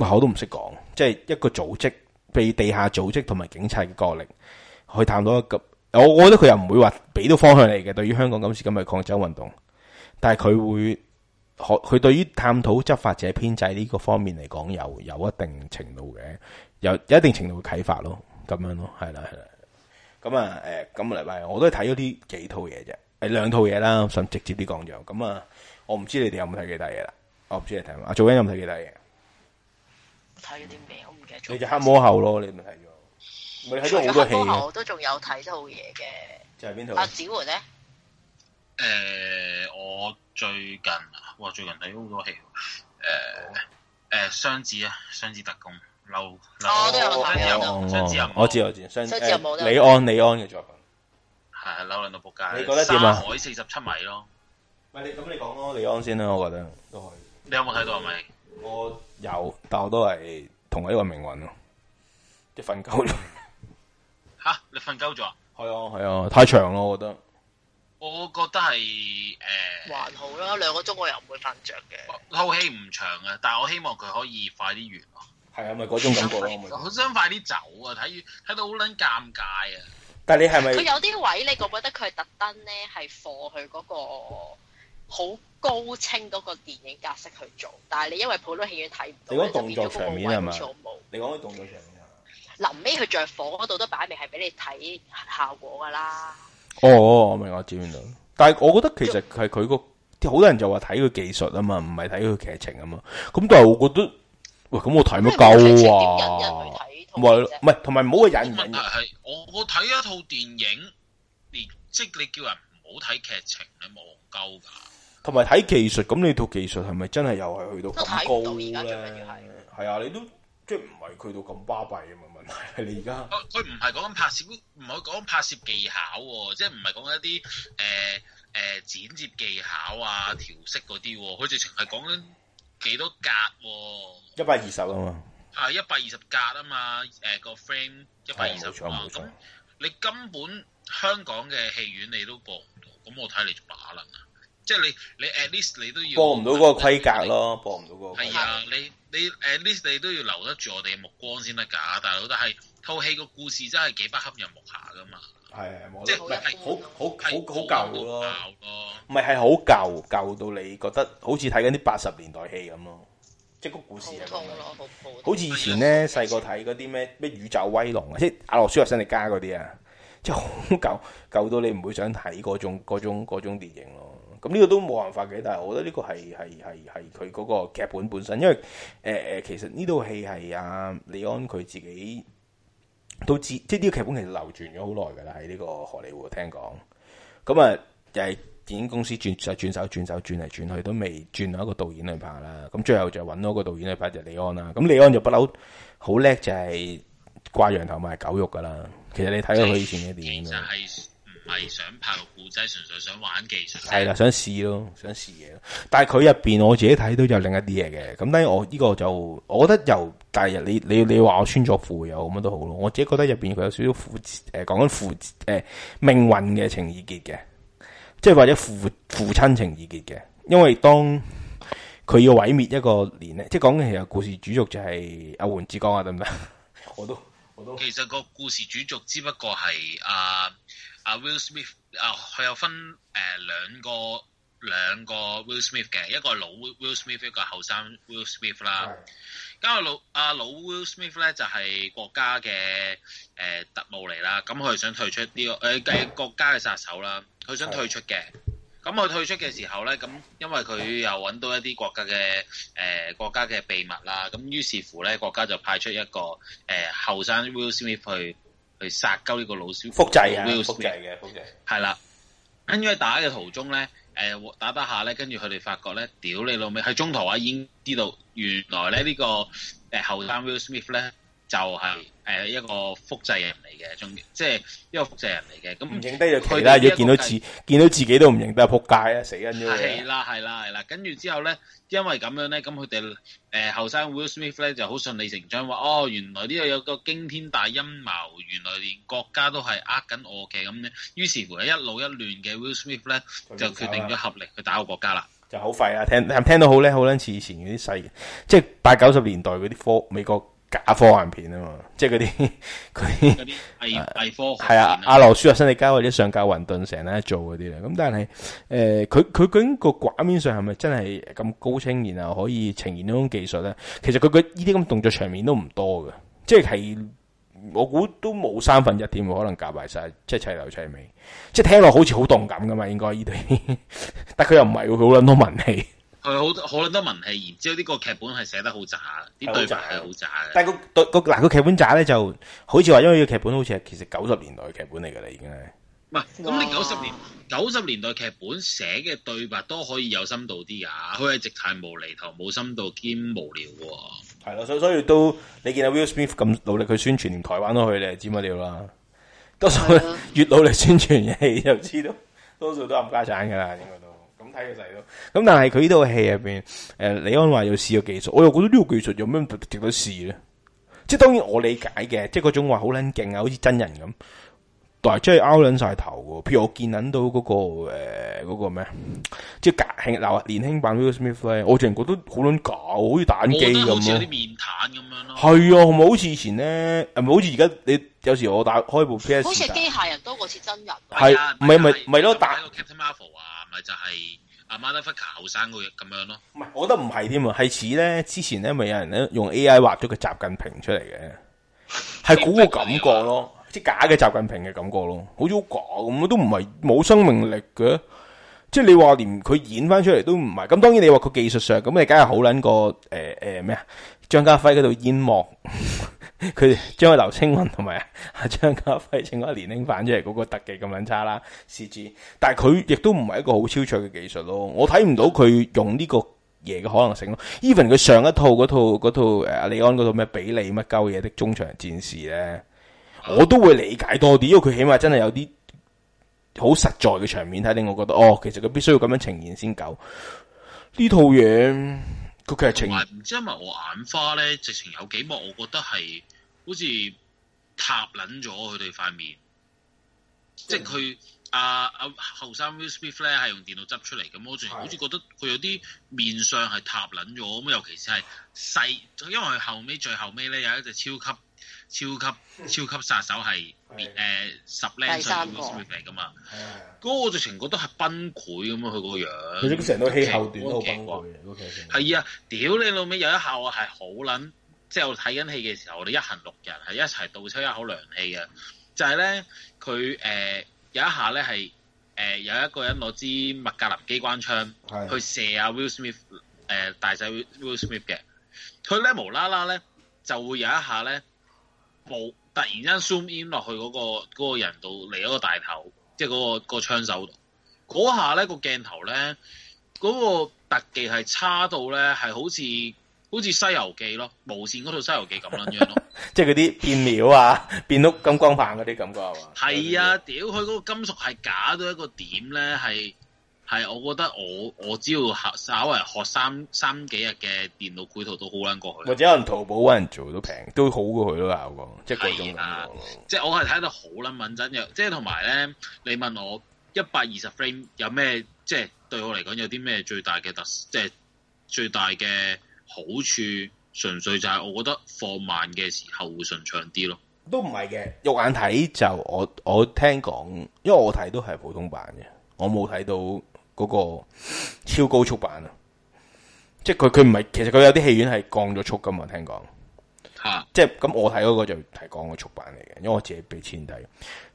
喂，我都唔識講，即係一個組織被地下組織同埋警察嘅角力去探討一個。我我覺得佢又唔會話俾到方向嚟嘅，對於香港今時今日抗爭運動，但係佢會，學佢對於探討執法者編制呢個方面嚟講，有有一定程度嘅，有有一定程度嘅啟發咯，咁樣咯，係啦係啦，咁啊，誒、欸，咁個禮拜，我都睇咗啲幾套嘢啫，誒，兩套嘢啦，想直接啲講咗，咁啊，我唔知你哋有冇睇幾多嘢啦，我唔知你睇冇，阿做緊有冇睇幾多嘢？睇咗啲咩？我唔記得咗。你就黑魔后咯，你咪睇。除咗好多戲，我都仲有睇套嘢嘅。就係邊套？阿紫活咧？誒，我最近哇最近睇好多戲。誒、呃、誒，雙子啊，雙子特工，溜、no, no, 哦哦。我都、哦、有睇嘅。雙子、嗯、雙雙子有，我知我知。雙子有冇？李安李安嘅作品。係流量度撲街。你覺得點啊？三海四十七米咯。唔係你咁，你講咯李安先啦，我覺得我都可以。你有冇睇到係咪？我有，但我都係同一個命運咯，即瞓覺。你瞓鳩咗啊？係啊，係啊，太長咯，我覺得。我覺得係誒、呃，還好啦，兩個鐘我又唔會瞓着嘅。套戲唔長啊，但係我希望佢可以快啲完咯。係啊，咪、就、嗰、是、種感覺咯。好 *laughs* 想快啲走啊！睇睇到好撚尷尬啊！但係你係咪？佢有啲位你覺唔覺得佢特登咧係放佢嗰個好高清嗰個電影格式去做？但係你因為普通戲院睇唔到，你講動作場面係嘛？你講動作場面臨尾佢着火嗰度都擺明係俾你睇效果噶啦。哦，我明我知邊度。但係我覺得其實係佢個，好多人就話睇佢技術啊嘛，唔係睇佢劇情啊嘛。咁都係我覺得，喂、嗯，咁、哎、我睇乜夠啊？睇，唔係唔係，同埋唔好引。問題係我我睇一套電影，即你，就是、你叫人唔好睇劇情，你冇夠噶。同埋睇技術，咁你套技術係咪真係又係去到咁高而家咧？係、就是、啊，你都即唔係去到咁巴閉啊嘛？係 *laughs* 你而家，佢唔係講緊拍攝，唔係講緊拍攝技巧、啊，即係唔係講緊一啲誒誒剪接技巧啊、調色嗰啲、啊。佢直情係講緊幾多格、啊，一百二十啊嘛，啊一百二十格啊嘛，誒個 frame 一百二十嘛。咁、哎、你根本香港嘅戲院你都播唔到，咁我睇你把能啊，即係你你 at least 你都要播唔到嗰個規格咯，播唔到嗰個係啊你。你誒呢？你都要留得住我哋嘅目光先得㗎，大佬。但係套戲個故事真係幾不堪入目下㗎嘛？係啊，即係係好好好好舊咯，唔係係好舊舊，舊，舊到你覺得好似睇緊啲八十年代戲咁咯，即係個故事啊，好老好似以前咧細個睇嗰啲咩咩宇宙威龍啊，即係阿諾舒華辛力加嗰啲啊，即係好舊舊到你唔會想睇嗰種嗰種，種電影咯。咁、這、呢個都冇辦法嘅，但係我覺得呢個係係係係佢嗰個劇本本身，因為誒誒、呃，其實呢套戲係啊，李安佢自己都知，即係呢個劇本其實流傳咗好耐噶啦，喺呢個荷里活聽講。咁、嗯、啊，又係電影公司轉轉手、轉手、轉嚟轉，轉去，都未轉到一個導演去拍啦。咁、嗯、最後就揾到一個導演去拍就李安啦。咁李安就不嬲好叻，就係、是嗯、掛羊頭賣狗肉噶啦。其實你睇到佢以前嘅電影。係想拍個古仔，純粹想玩技術。係啦，想試咯，想試嘢咯。但係佢入邊，我自己睇都有另一啲嘢嘅。咁當然，我呢個就我覺得由第日你你你話我穿鑿附會咁樣都好咯。我自己覺得入邊佢有少少父誒，講、呃、緊父誒、呃、命運嘅情意結嘅，即係或者父父親情意結嘅。因為當佢要毀滅一個年呢，即係講嘅其實故事主軸就係阿黃之光啊，得唔得？我都我都其實個故事主軸只不過係阿。呃阿 Will Smith 啊，佢有分誒兩個兩個 Will Smith 嘅，一個老 Will Smith，一個後生 Will Smith 啦。咁個老阿老 Will Smith 咧，就係國家嘅誒特務嚟啦。咁佢想退出呢個誒國家嘅殺手啦，佢想退出嘅。咁佢退出嘅時候咧，咁因為佢又揾到一啲國家嘅誒國家嘅秘密啦。咁於是乎咧，國家就派出一個誒後生 Will Smith 去。去殺鳩呢個老少複製啊，Will Smith 複製嘅，係啦。跟住打嘅途中咧，誒、呃，打打下咧，跟住佢哋發覺咧，屌你老味，喺中途啊已經知道，原來咧呢、這個誒、呃、後生 Will Smith 咧。就係誒一個複製人嚟嘅，仲即係一個複製人嚟嘅。咁唔認得就其他，如果見到自見到自己都唔認得，扑街啦，死緊啫。係啦，係啦，係啦。跟住之後咧，因為咁樣咧，咁佢哋誒後生 Will Smith 咧就好順理成章話哦，原來呢度有個驚天大陰謀，原來連國家都係呃緊我嘅。咁咧，於是乎一老一嫩嘅 Will Smith 咧就決定咗合力去打個國家啦，就好快啦。聽聽到好咧，好撚似以前嗰啲細，即係八九十年代嗰啲科美國。假科幻片啊嘛，即係嗰啲嗰啲藝科係啊，阿羅舒啊、新力佳或者上架雲頓成日做嗰啲啦。咁但係誒，佢佢究竟個畫面上係咪真係咁高清，然後可以呈現呢種技術咧？其實佢佢呢啲咁動作場面都唔多嘅，即係我估都冇三分一添，可能夾埋晒即係砌頭砌尾。即係聽落好似好動感噶嘛，應該呢啲，但佢又唔係，佢好撚多文氣。佢好好揾得文氣，然之後呢個劇本係寫得好渣，啲對白係好渣嘅。但係、嗰個嗱、嗰個嗰個嗰個劇本渣咧，就好似話，因為個劇本好似係其實九十年代嘅劇本嚟㗎啦，已經係。唔係，咁你九十年九十年代劇本寫嘅對白都可以有深度啲啊，佢係直太無厘頭、冇深度兼無聊㗎。係咯，所所以都你見到 Will Smith 咁努力去宣傳，連台灣都去，你知乜料啦？多數越努力宣傳戲，就知道多數都冚家產㗎啦，睇佢咯，咁但係佢呢套戲入邊，誒李安話要試個技術，我又覺得呢個技術有咩值得試咧？即係當然我理解嘅，即係個種話好撚勁啊，好似真人咁，代出去拗撚曬頭喎。譬如我見撚到嗰、那個誒嗰、呃那個咩，即係年輕嗱年輕版嗰個 Will Smith，我成個得,得好撚搞、哦啊，好似打機咁啊。少啲面癱咁樣咯。係啊，係咪好似以前咧？係咪好似而家你有時候我打開部 PS？好似機械人多過似真人。係咪咪咪咯？打、啊、個 Captain Marvel 啊，咪就係、是。阿馬德福卡後生佢咁樣咯，唔係，我覺得唔係添啊，係似咧之前咧，咪有人咧用 A I 畫咗個習近平出嚟嘅，係嗰個感覺咯，即係假嘅習近平嘅感覺咯，好似好假咁，都唔係冇生命力嘅，即係你話連佢演翻出嚟都唔係，咁當然你話佢技術上，咁你梗係好捻過誒誒咩啊，張、呃呃、家輝嗰度煙幕。 *laughs* 佢將個劉青雲同埋阿張家輝整個年輕版出嚟嗰個特技咁樣差啦，CG 但係佢亦都唔係一個好超卓嘅技術咯。我睇唔到佢用呢個嘢嘅可能性咯。Even 佢上一套嗰套嗰套誒，李安嗰套咩《比利乜鳩嘢》的中場戰士咧，我都會理解多啲，因為佢起碼真係有啲好實在嘅場面，睇令我覺得哦，其實佢必須要咁樣呈現先夠。呢套嘢個呈現唔知因為我眼花咧？直情有幾幕，我覺得係。好似塌捻咗佢哋塊面，即係佢後、啊、阿後、啊、生 Will Smith 咧，係用電腦執出嚟嘅，我仲好似覺得佢有啲面相係塌捻咗咁，尤其是係細，因為後尾最後尾咧有一隻超級超級超級殺手係誒、呃、十靚歲 Will Smith 㗎嘛，嗰個劇情我都係崩潰咁啊！佢個樣，佢都成到氣後段都好崩潰，係、嗯 okay, okay, okay, okay, okay. 啊！屌你老尾，有一下我係好捻。即係我睇緊戲嘅時候，我哋一行六人係一齊倒抽一口涼氣嘅。就係、是、咧，佢誒、呃、有一下咧係誒有一個人攞支麥格林機關槍去射阿、啊、Will Smith 誒、呃、大仔 Will Smith 嘅。佢咧無啦啦咧就會有一下咧暴突然間 zoom in 落去嗰個嗰個人度嚟一個大頭，即係、那、嗰個嗰槍、那個、手。嗰下咧、那個鏡頭咧嗰、那個特技係差到咧係好似。好似《西遊記》咯，無線嗰套《西遊記》咁樣樣咯，即係嗰啲變廟啊、 *laughs* 變屋金光棒嗰啲感覺係嘛？係啊，屌佢嗰個金屬係假到一個點咧，係係我覺得我我只要稍微學三三幾日嘅電腦繪圖都好撚過去。或者可能淘寶揾人做都平，都好過佢咯，就是啊、 *laughs* 是我講，即係嗰即係我係睇得好撚穩真嘅，即係同埋咧，你問我一百二十 frame 有咩，即係對我嚟講有啲咩最大嘅特，即係最大嘅。好處純粹就係我覺得放慢嘅時候會順暢啲咯，都唔係嘅。肉眼睇就我我聽講，因為我睇都係普通版嘅，我冇睇到嗰個超高速版速啊。即係佢佢唔係，其實佢有啲戲院係降咗速噶嘛。聽講即係咁我睇嗰個就係降個速版嚟嘅，因為我自己俾錢睇，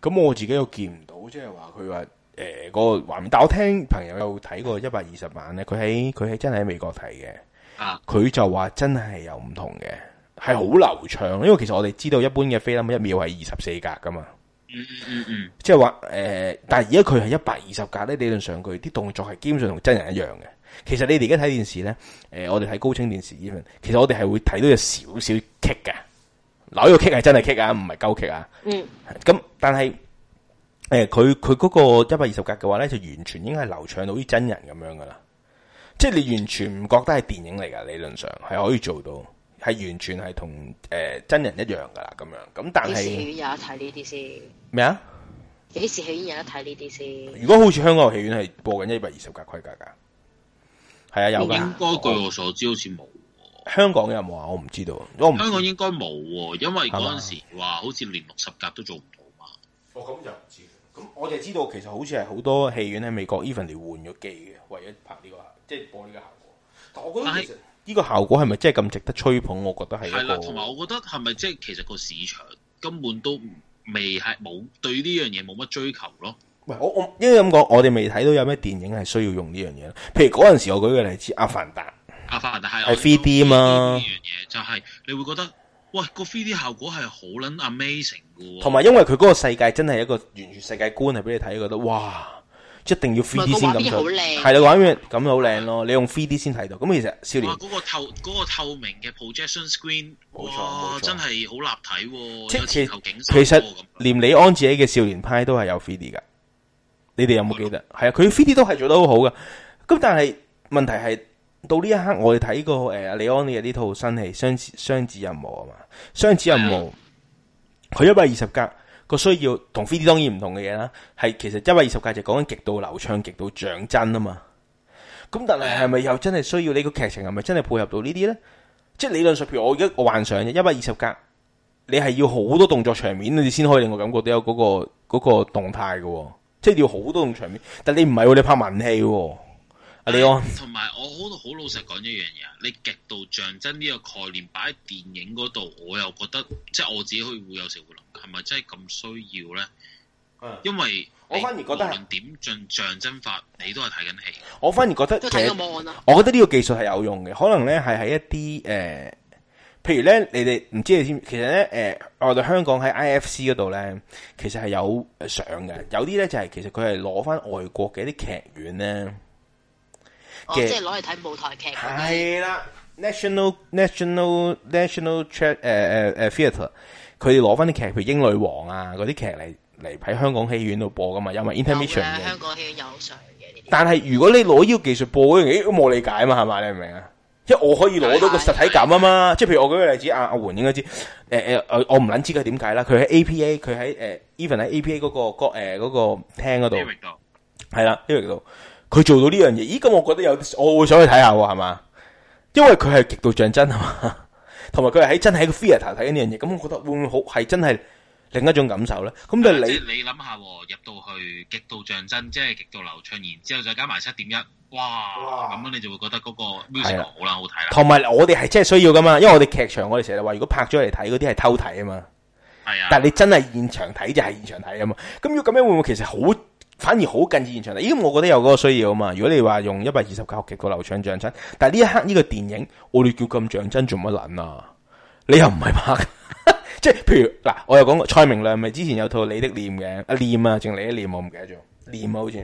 咁我自己又見唔到，即係話佢話誒個畫面。但我聽朋友有睇過一百二十萬咧，佢喺佢係真係喺美國睇嘅。佢就話真係有唔同嘅，係好流暢，因為其實我哋知道一般嘅菲林一秒係二十四格噶嘛，嗯嗯嗯嗯，即係話誒，但係而家佢係一百二十格咧，理論上佢啲動作係基本上同真人一樣嘅。其實你哋而家睇電視咧，誒、呃，我哋睇高清電視呢，份，其實我哋係會睇到有少少 kick 嘅，嗱、這、呢個 kick 係真係 kick 啊，唔係鳩 kick 啊，嗯，咁但係誒，佢佢嗰個一百二十格嘅話咧，就完全應該係流暢到啲真人咁樣噶啦。即係你完全唔覺得係電影嚟噶，理論上係可以做到，係完全係同誒真人一樣噶啦，咁樣咁但係。幾時戲院有得睇呢啲先？咩啊？幾時戲院有得睇呢啲先？如果好似香港戲院係播緊一百二十格規格噶，係啊，有噶。應該據我，我所知好似冇。香港有冇啊？我唔知道。我唔香港應該冇，因為嗰陣時話好似連六十格都做唔到嘛。我咁又唔知。我哋知道，其實好似係好多戲院喺美國 even 嚟換咗機嘅，為咗拍呢、呢個，即係播呢個效果。但係我覺得呢個效果係咪真係咁值得吹捧？我覺得係。係啦，同埋我覺得係咪即係其實個市場根本都未係冇對呢樣嘢冇乜追求咯。唔係我，我應該咁講，我哋未睇到有咩電影係需要用呢樣嘢。譬如嗰陣時我舉嘅例子，《阿凡達》、《阿凡達》係係 three D 嘛，呢樣嘢就係、是、你會覺得。喂，個 3D 效果係好捻 amazing 噶，同埋因為佢嗰個世界真係一個完全世界觀係俾你睇，覺得哇，一定要 3D 先咁，係啦，玩完咁好靚咯。你用 3D 先睇到，咁其實少年嗰個透嗰個透明嘅 projection screen，哇，冇錯真係好立體喎。即係其實連李安自己嘅《少年派》都係有 3D 噶，你哋有冇記得？係啊，佢 3D 都係做得好好噶。咁但係問題係。到呢一刻我，我哋睇過誒李安嘅呢套新戲《雙雙子,子任務》啊嘛，《雙子任務》佢一百二十格個需要同 three D 當然唔同嘅嘢啦，係其實一百二十格就講緊極度流暢、極度像真啊嘛。咁但係係咪又真係需要你個劇情係咪真係配合到呢啲呢？即係理論上，譬如我而家我幻想嘅一百二十格，你係要好多動作場面你先可以令我感覺到有、嗰、嗰個嗰、嗰個動態嘅，即係要好多動作場面。但你唔係喎，你拍文戲。同埋，我好好老實講一樣嘢，你極度象真呢個概念擺喺電影嗰度，我又覺得，即係我自己可以會有時會諗，係咪真係咁需要咧、嗯？因為我反而覺得，無論點進象真法，你都係睇緊戲。我反而覺得，即係我覺得呢個技術係有用嘅，可能咧係喺一啲誒、呃，譬如咧，你哋唔知道你知唔知道，其實咧，誒、呃，我哋香港喺 I F C 嗰度咧，其實係有誒相嘅，有啲咧就係、是、其實佢係攞翻外國嘅一啲劇院咧。哦、即係攞嚟睇舞台劇，啊。係啦，National，National，National，Theatre，Tra-、uh, uh, 誒誒誒 theatre 佢哋攞翻啲劇，譬如《英女王啊》啊嗰啲劇嚟嚟喺香港戲院度播噶嘛，因為 intermission 香港戲院有上嘅。但係如果你攞呢個技術播呢樣嘢，冇理解啊嘛，係嘛，你明唔明啊？即係我可以攞到個實體感啊嘛，嘛，即係譬如我舉個例子，阿阿媛應該知，誒、呃、誒、呃、我唔捻知佢點解啦，佢喺 APA，佢喺誒 even 喺 APA 嗰、嗰個歌誒嗰個廳嗰度，係啦呢度。佢做到呢樣嘢，咦？咁我覺得有，我會想去睇下，係嘛？因為佢係極度象真，係嘛？同埋佢係喺真係喺個 theater 睇緊呢樣嘢，咁我覺得會唔會好係真係另一種感受咧？咁你、啊就是、你諗下，入到去極度象真，即係極度流暢然之後再加埋七點一，哇咁樣你就會覺得嗰個 music 好啦，好睇。同埋我哋係真係需要噶嘛？因為我哋劇場我哋成日話，如果拍咗嚟睇嗰啲係偷睇啊嘛。係啊，但係你真係現場睇就係、是、現場睇啊嘛。咁要咁樣會唔會其實好？反而好近似現場地，咦？我覺得有嗰個需要啊嘛。如果你話用一百二十九集個流暢象真，但係呢一刻呢個電影，我哋叫咁象真做乜捻啊？你又唔係拍， *laughs* 即係譬如嗱，我又講個蔡明亮咪之前有套《你的臉》嘅，啊臉啊，剩你啲臉我唔記得咗，臉啊好似，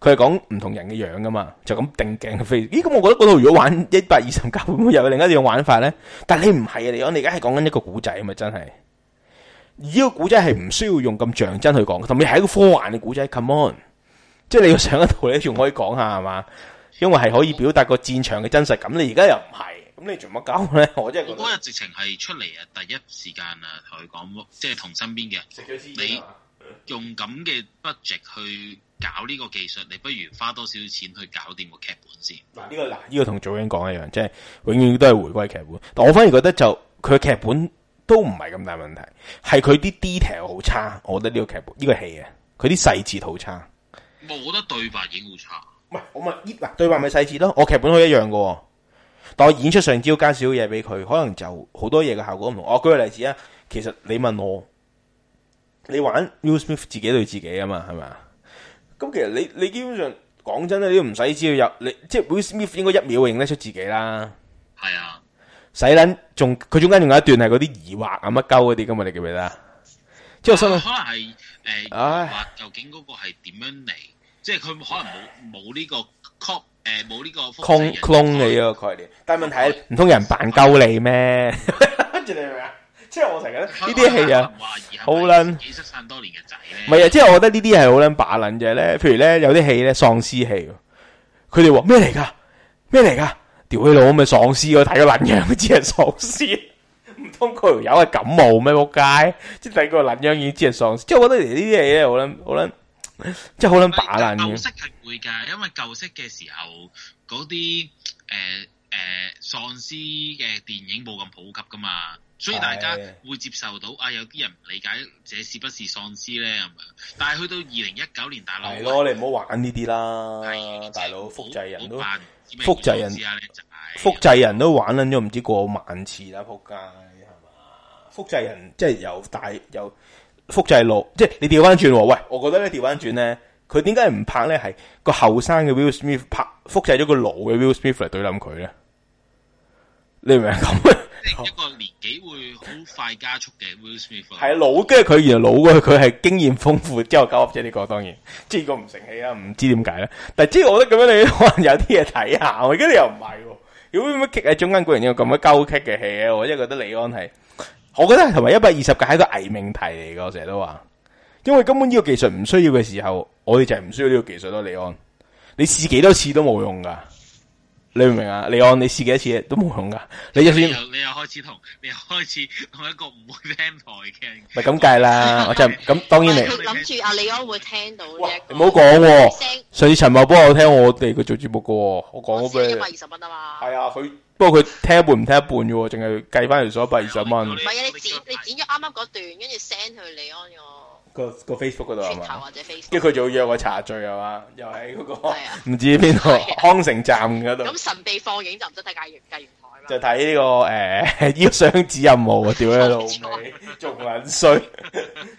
佢係講唔同人嘅樣噶嘛，就咁定鏡嘅飛。咦？咁我覺得嗰套如果玩一百二十九，會唔會有另一種玩法咧？但係你唔係啊，李安，你而家係講緊一個古仔嘛，真係。呢個古仔係唔需要用咁像真去講，同埋係一個科幻嘅古仔。Come on，即係你要上一套你仲可以講下係嘛？因為係可以表達個戰場嘅真實感。你而家又唔係，咁你做乜搞咧？我即係嗰日直情係出嚟啊，第一時間啊，同佢講，即係同身邊嘅，你用咁嘅 budget 去搞呢個技術，你不如花多少錢去搞掂個劇本先。嗱，呢個嗱，呢個同早英講一樣，即係永遠都係回歸劇本。但我反而覺得就佢嘅劇本。都唔係咁大問題，係佢啲 detail 好差。我覺得呢個劇本呢、這個戲啊，佢啲細節好差。冇得對白已經好差，唔係我咪，嗱，對白咪細節咯。我劇本都一樣噶，但我演出上只要加少少嘢俾佢，可能就好多嘢嘅效果唔同。我、啊、舉個例子啊，其實你問我，你玩 Will Smith 自己對自己啊嘛，係咪啊？咁其實你你基本上講真咧，你都唔使知要入，你即係、就是、Will Smith 應該一秒認得出自己啦。係啊。洗撚，仲佢中間仲有一段係嗰啲疑惑啊乜鳩嗰啲噶嘛？你記唔記得啊？即係我心諗、啊，可能係誒，呃、究竟嗰個係點樣嚟？即係佢可能冇冇呢個 copy 誒，冇、呃、呢個 clone 呢個概念。但係問題唔通人扮鳩你咩？跟住你係咪啊？即 *laughs* 係我成日呢啲戲啊，好撚，幾失散多年嘅仔咧。唔係啊，即係、啊啊就是、我覺得呢啲係好撚把撚嘅咧。譬如咧，有啲戲咧，喪屍戲，佢哋話咩嚟噶？咩嚟噶？條佬咪喪屍個喪，睇個捻樣咪知係喪屍，唔通佢條友係感冒咩撲街？即係睇二個捻樣已經知係喪屍，即、就、係、是、我覺得呢啲嘢我諗我諗即係好撚打爛。舊式係會噶，因為舊式嘅時候嗰啲誒誒喪屍嘅電影冇咁普及噶嘛，所以大家會接受到啊。有啲人唔理解這是不是喪屍咧，咁樣？但係去到二零一九年大佬，咯，你唔好玩呢啲啦，係、大佬複製人都。複製人，複製人都玩捻咗唔知過萬次啦！仆街係嘛，複製人即係由大又複製腦，即係你調翻轉。喂，我覺得咧調翻轉咧，佢點解唔拍咧？係個後生嘅 Will Smith 拍複製咗個老嘅 Will Smith 嚟對諗佢咧？你明唔明？ *laughs* 一個年紀會好快加速嘅，係老嘅佢，原嚟老嘅佢係經驗豐富之後交屋姐呢個當然，即、這、係個唔成器啊，唔知點解咧？但係即係我覺得咁樣你可能有啲嘢睇下，我而家你又唔係，如果咁樣夾喺中間固然有咁鬼交屋嘅戲啊，我真係覺得李安係，我覺得同埋一百二十個係一個偽命題嚟㗎。我成日都話，因為根本呢個技術唔需要嘅時候，我哋就係唔需要呢個技術咯。李安，你試幾多次都冇用㗎。你唔明啊？李安你試幾多次都冇用噶。你就算你又開始同，你又開始同一個唔會聽台傾，咪咁計啦。我就咁，當然嚟。佢諗住阿李安會聽到咧。你唔好講喎。send 上次陳茂波我聽我哋個做節目，我講咗聲一百二十蚊啊嘛。係啊，佢不過佢聽一半唔聽一半嘅，淨係計翻條數一百二十蚊。唔係啊，你剪你剪咗啱啱嗰段，跟住 send 去李安個。個、那個 Facebook 嗰度啊嘛，跟住佢仲要約我茶聚啊嘛，又喺嗰、那個唔、啊、知邊度、啊、康城站嗰度。咁神秘放映就唔使睇介介元海啦。就睇呢、這個誒、呃這個雙子任務，屌你老味，仲撚衰，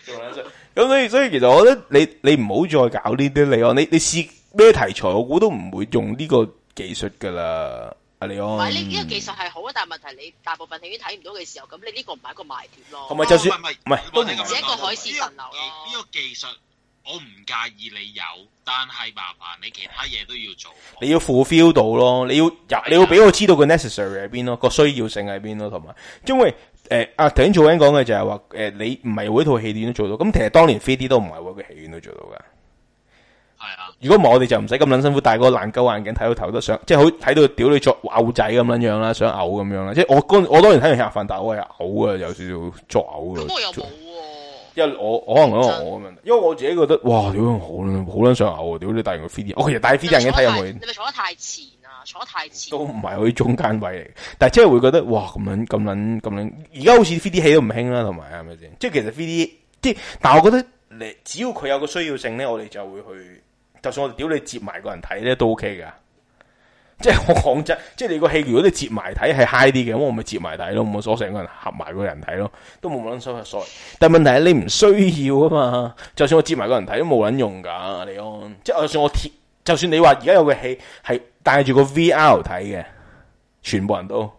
仲撚衰。咁所以所以其實我覺得你你唔好再搞呢啲你你你試咩題材，我估都唔會用呢個技術㗎喇。啊、是你唔係你呢個技術係好啊，但係問題你大部分戲院睇唔到嘅時候，咁你呢個唔係一個賣點咯。同、啊、埋就算唔係，都係一個海市蜃樓。呢、這個這個技術我唔介意你有，但係麻煩你其他嘢都要做。你要 fulfill 到咯，你要入，你要俾我知道個 necessary 喺邊咯，個需要性喺邊咯，同埋因為誒阿頂做緊講嘅就係、是、話，誒、呃、你唔係每套戲院都做到，咁其實當年 3D 都唔係每個戲院都做到嘅。如果唔係我哋就唔使咁捻辛苦，戴個爛鳩眼鏡睇到頭都想，即係好睇到屌你作嘔仔咁樣樣啦，想嘔咁樣啦。即係我嗰我當然睇完食飯，但係我係嘔啊，有少少作嘔啊。咁我又冇喎、啊，因為我，我可能可能我嘅問題因為我自己覺得哇屌好好捻想嘔，屌你戴完個 3D，我其實戴 3D 眼鏡睇入去，你咪坐得太前啊，坐得太前。都唔係我啲中間位嚟，但係即係會覺得哇咁捻咁捻咁捻，而家好似 3D 戲都唔興啦，同埋係咪先？即係其實 3D 即係，但係我覺得你只要佢有個需要性咧，我哋就會去。就算我屌你接埋個人睇咧都 OK 噶即係我講真，即係你個戲如果你接埋睇係 high 啲嘅，我咪接埋睇咯，我所成個人合埋個人睇咯，都冇冇所謂。但係問題係你唔需要啊嘛，就算我接埋個人睇都冇卵用噶，李安。即係就算我貼，就算你話而家有個戲係帶住個 VR 睇嘅，全部人都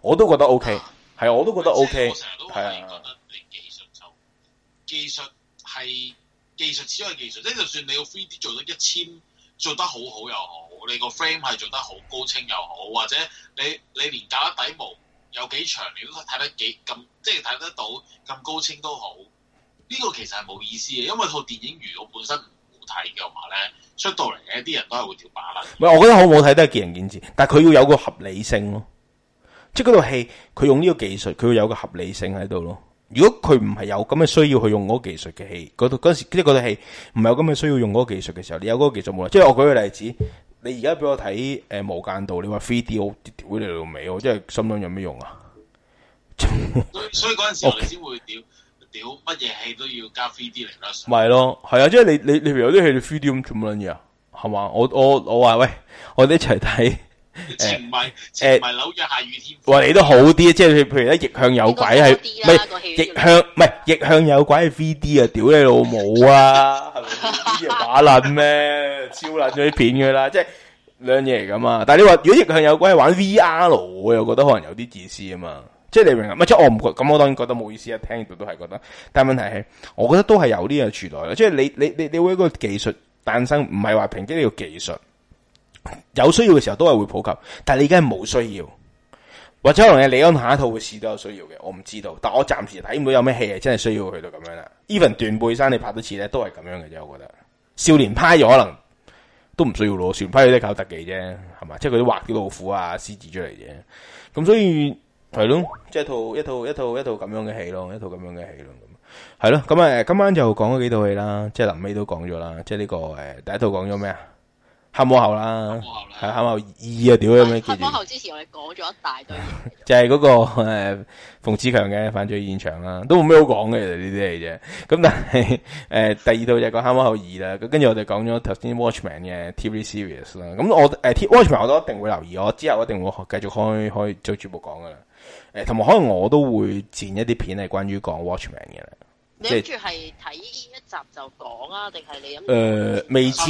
我都覺得 OK，係啊，我都覺得 OK，係啊。技術係。技術只係技術，即係就算你個 3D 做咗一千，做得好好又好，你個 frame 係做得好高清又好，或者你你連隔底毛有幾長，你都睇得幾咁，即係睇得到咁高清都好，呢個其實係冇意思嘅，因為套電影如果本身唔好睇嘅話咧，出到嚟咧，啲人都係會跳把啦。唔係，我覺得好唔好睇都係見仁見智，但係佢要有個合理性咯，即係嗰套戲佢用呢個技術，佢要有個合理性喺度咯。如果佢唔係有咁嘅需要去用嗰個技術嘅戲，嗰度嗰時呢、就是、個套戲唔係有咁嘅需要用嗰個技術嘅時候，你有嗰個技術冇啦。即係我舉個例子，你而家俾我睇誒、呃《無間道》你 3D，你話 three D 我屌你老味喎，即係心諗有咩用啊？所以嗰陣時我哋先會屌屌乜嘢戲都要加 three D 嚟啦，咪、就、咯、是，係啊，即係你你你有啲戲你 three D 咁做乜撚嘢啊？係嘛？我我我話喂，我哋一齊睇。誒，唔係，誒，唔係紐約下雨天，喂你都好啲，即係譬如咧逆向有鬼係，唔係逆向，唔係逆向有鬼係 VD 啊，屌你老母啊，係咪？打撚咩，超難做啲片噶啦，即係兩嘢嚟噶嘛。但係你話如果逆向有鬼係玩 VR，我又覺得可能有啲自私啊嘛。即係你明唔明？唔係即係我唔覺，咁我當然覺得冇意思啊。聽到都係覺得，但係問題係，我覺得都係有啲嘢存在咯。即係你你你你會一個技術誕生，唔係話憑啲呢個技術。有需要嘅時候都係會普及，但係你而家係冇需要，或者可能你諗下一套嘅事都有需要嘅，我唔知道。但我暫時睇唔到有咩戲係真係需要去到咁樣啦。even 斷背山你拍多次咧都係咁樣嘅啫，我覺得少年派咗可能都唔需要咯，全批都係靠特技啫，係嘛？即係佢啲畫啲老虎啊、獅子出嚟啫。咁所以係咯，即係、就是、一套一套一套一套咁樣嘅戲咯，一套咁樣嘅戲咯，係咯。咁誒，今晚就講咗幾套戲啦，即係臨尾都講咗啦。即係呢、這個誒，第一套講咗咩啊？黑魔后啦，係黑、黑魔后二啊，屌咁咩？黑魔后之前我哋講咗一大堆， *laughs* 就係嗰、那個誒馮志強嘅犯罪現場啦，都冇咩好講嘅其實就呢啲嚟啫。咁但係誒、呃、第二套就係個黑魔后二啦，跟住我哋講咗 t u s t i Watchmen 嘅 TV series 啦。咁我誒 T、呃、Watchmen 我都一定會留意，我之後一定會繼續開開做全部講噶啦。誒、呃，同埋可能我都會剪一啲片係關於講 Watchmen 嘅。你諗住係睇呢一集就講啊，定係你諗？誒、呃，未知。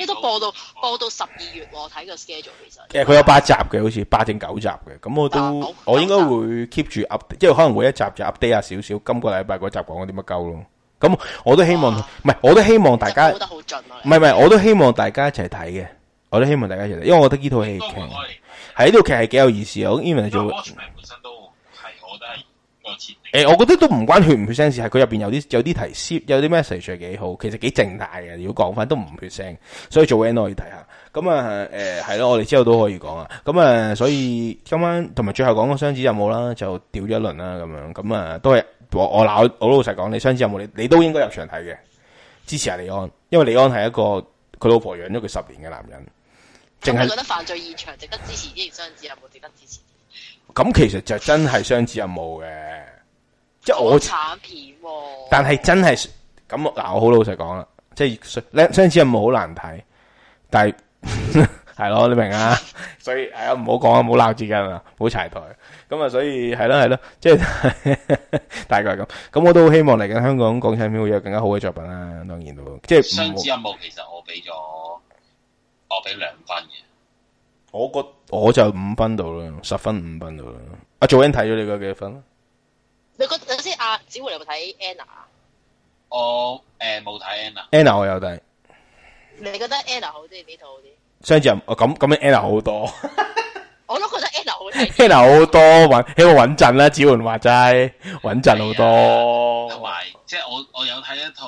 你都播到播到十二月喎，睇個 schedule 其實。其實佢有八集嘅，好似八定九集嘅。咁我都我應該會 keep 住 update，即係可能會一集就 update 下少少。今個禮拜嗰集講緊啲乜鳩咯？咁我都希望，唔、啊、係我都希望大家得好盡啊！唔係唔係，我都希望大家一齊睇嘅。我都希望大家一齊睇，因為我覺得呢套戲係呢套劇係幾有意思，嗯、做因為就。誒，我覺得都唔關血唔血腥事，係佢入邊有啲有啲提示，有啲 message 係幾好，其實幾正大嘅。如果講翻都唔血腥，所以做 Anal 可以睇下。咁啊，誒係咯，我哋之後都可以講啊。咁啊，所以今晚同埋最後講個雙子任務啦，就掉咗一輪啦，咁樣。咁啊，都係我我嗱，我老實講，你雙子任務你，你都應該入場睇嘅，支持下李安，因為李安係一個佢老婆養咗佢十年嘅男人。淨係覺得犯罪現場值，值得支持，呢而雙子任務值得支持？咁其實就真係雙子任務嘅。即係我、港產片哦、但係真係咁嗱，我好老實講啦，即係雙雙子任務好難睇，但係係咯，你明啊？所以係啊，唔好講啊，唔好鬧自己啦，唔好柴台。咁 *laughs* 啊，所以係咯係咯，即係 *laughs* 大概係咁。咁我都希望嚟緊香港港產片會有更加好嘅作品啦。當然都即係雙子任務，其實我俾咗我俾兩分嘅。我覺得我就五分到啦，十分五分到啦。阿做英睇咗你個幾分？你覺得先阿子煥有冇睇 Anna 啊？有有 Anna? 我誒冇睇 Anna。Anna 我有睇。你覺得 Anna 好啲，呢套啲？雙子哦，咁咁樣 Anna 好多。 *laughs* 我都覺得 Anna 好啲。Anna 好多穩，起穩陣啦！子煥話齋穩陣好多。同埋、啊，即係、就是、我我有睇一套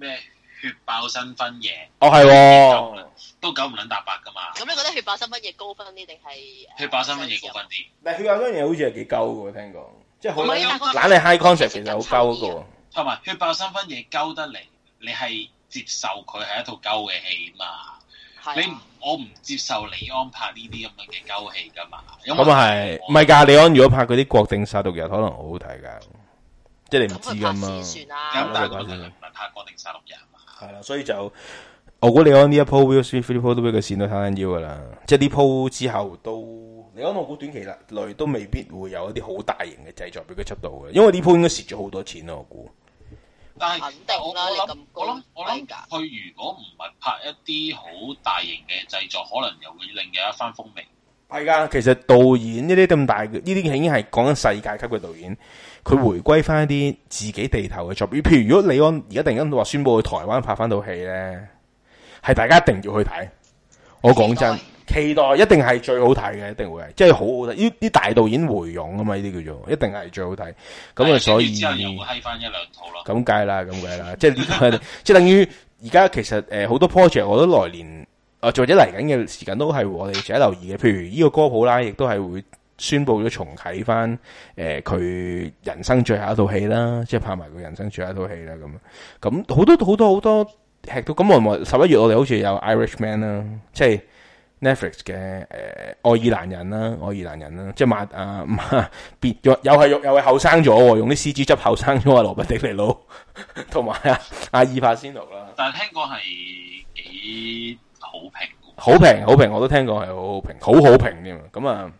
咩血爆新婚嘢。哦係，都九唔撚搭八噶嘛？咁、哦啊、你覺得血爆新婚嘢高分啲定係？血爆新婚嘢高分啲，但係血爆新婚嘢好似係幾高嘅，聽講。嗯嗯即係好，攬你 high concept 其實好鳩嗰個。同埋血爆三分嘢鳩得嚟，你係接受佢係一套鳩嘅戲嘛？你我唔接受李安拍呢啲咁樣嘅鳩戲㗎嘛？咁啊係，唔係㗎？李安如果拍嗰啲國定殺毒日，可能好好睇㗎。即係你唔知㗎嘛？咁但係佢唔係拍國定殺毒日嘛。係啦，所以就我估李安呢一鋪 Will Smith 都俾佢跣到伸緊腰㗎啦。即係呢鋪之後都。你講我估短期啦，來都未必會有一啲好大型嘅製作俾佢出到嘅，因為呢鋪應該蝕咗好多錢咯。我估，但係肯定，我諗，我諗，我諗，佢如果唔係拍一啲好大型嘅製作，可能又會另有一番風味。係噶，其實導演呢啲咁大嘅呢啲已經係講緊世界級嘅導演，佢回歸翻一啲自己地頭嘅作品、嗯。譬如如果李安而家突然間話宣布去台灣拍翻套戲咧，係大家一定要去睇。我講真。期待一定係最好睇嘅，一定會係，即係好好睇。呢啲大導演回勇啊嘛，呢啲叫做，一定係最好睇。咁啊，所以又翻一兩套囉，咁解啦，咁解啦。即係呢，即係等於而家其實誒，好多 project 我都來年啊，或者嚟緊嘅時間都係我哋值得留意嘅。譬如呢個歌普啦，亦都係會宣布咗重啟翻誒佢人生最後一套戲啦，即係拍埋佢人生最後一套戲啦。咁咁好多好多好多 hit 到咁，我十一月我哋好似有 Irish Man 啦，即係。Netflix 嘅誒愛爾蘭人啦，愛爾蘭人啦、啊啊，即係馬啊馬、啊、又係用又係後生咗，用啲 CG 汁後生咗阿羅伯迪尼佬同埋阿啊，阿爾法先奴啦，但係聽過係幾好評,好評，好評好評我都聽過係好好評，好好評添啊！咁啊，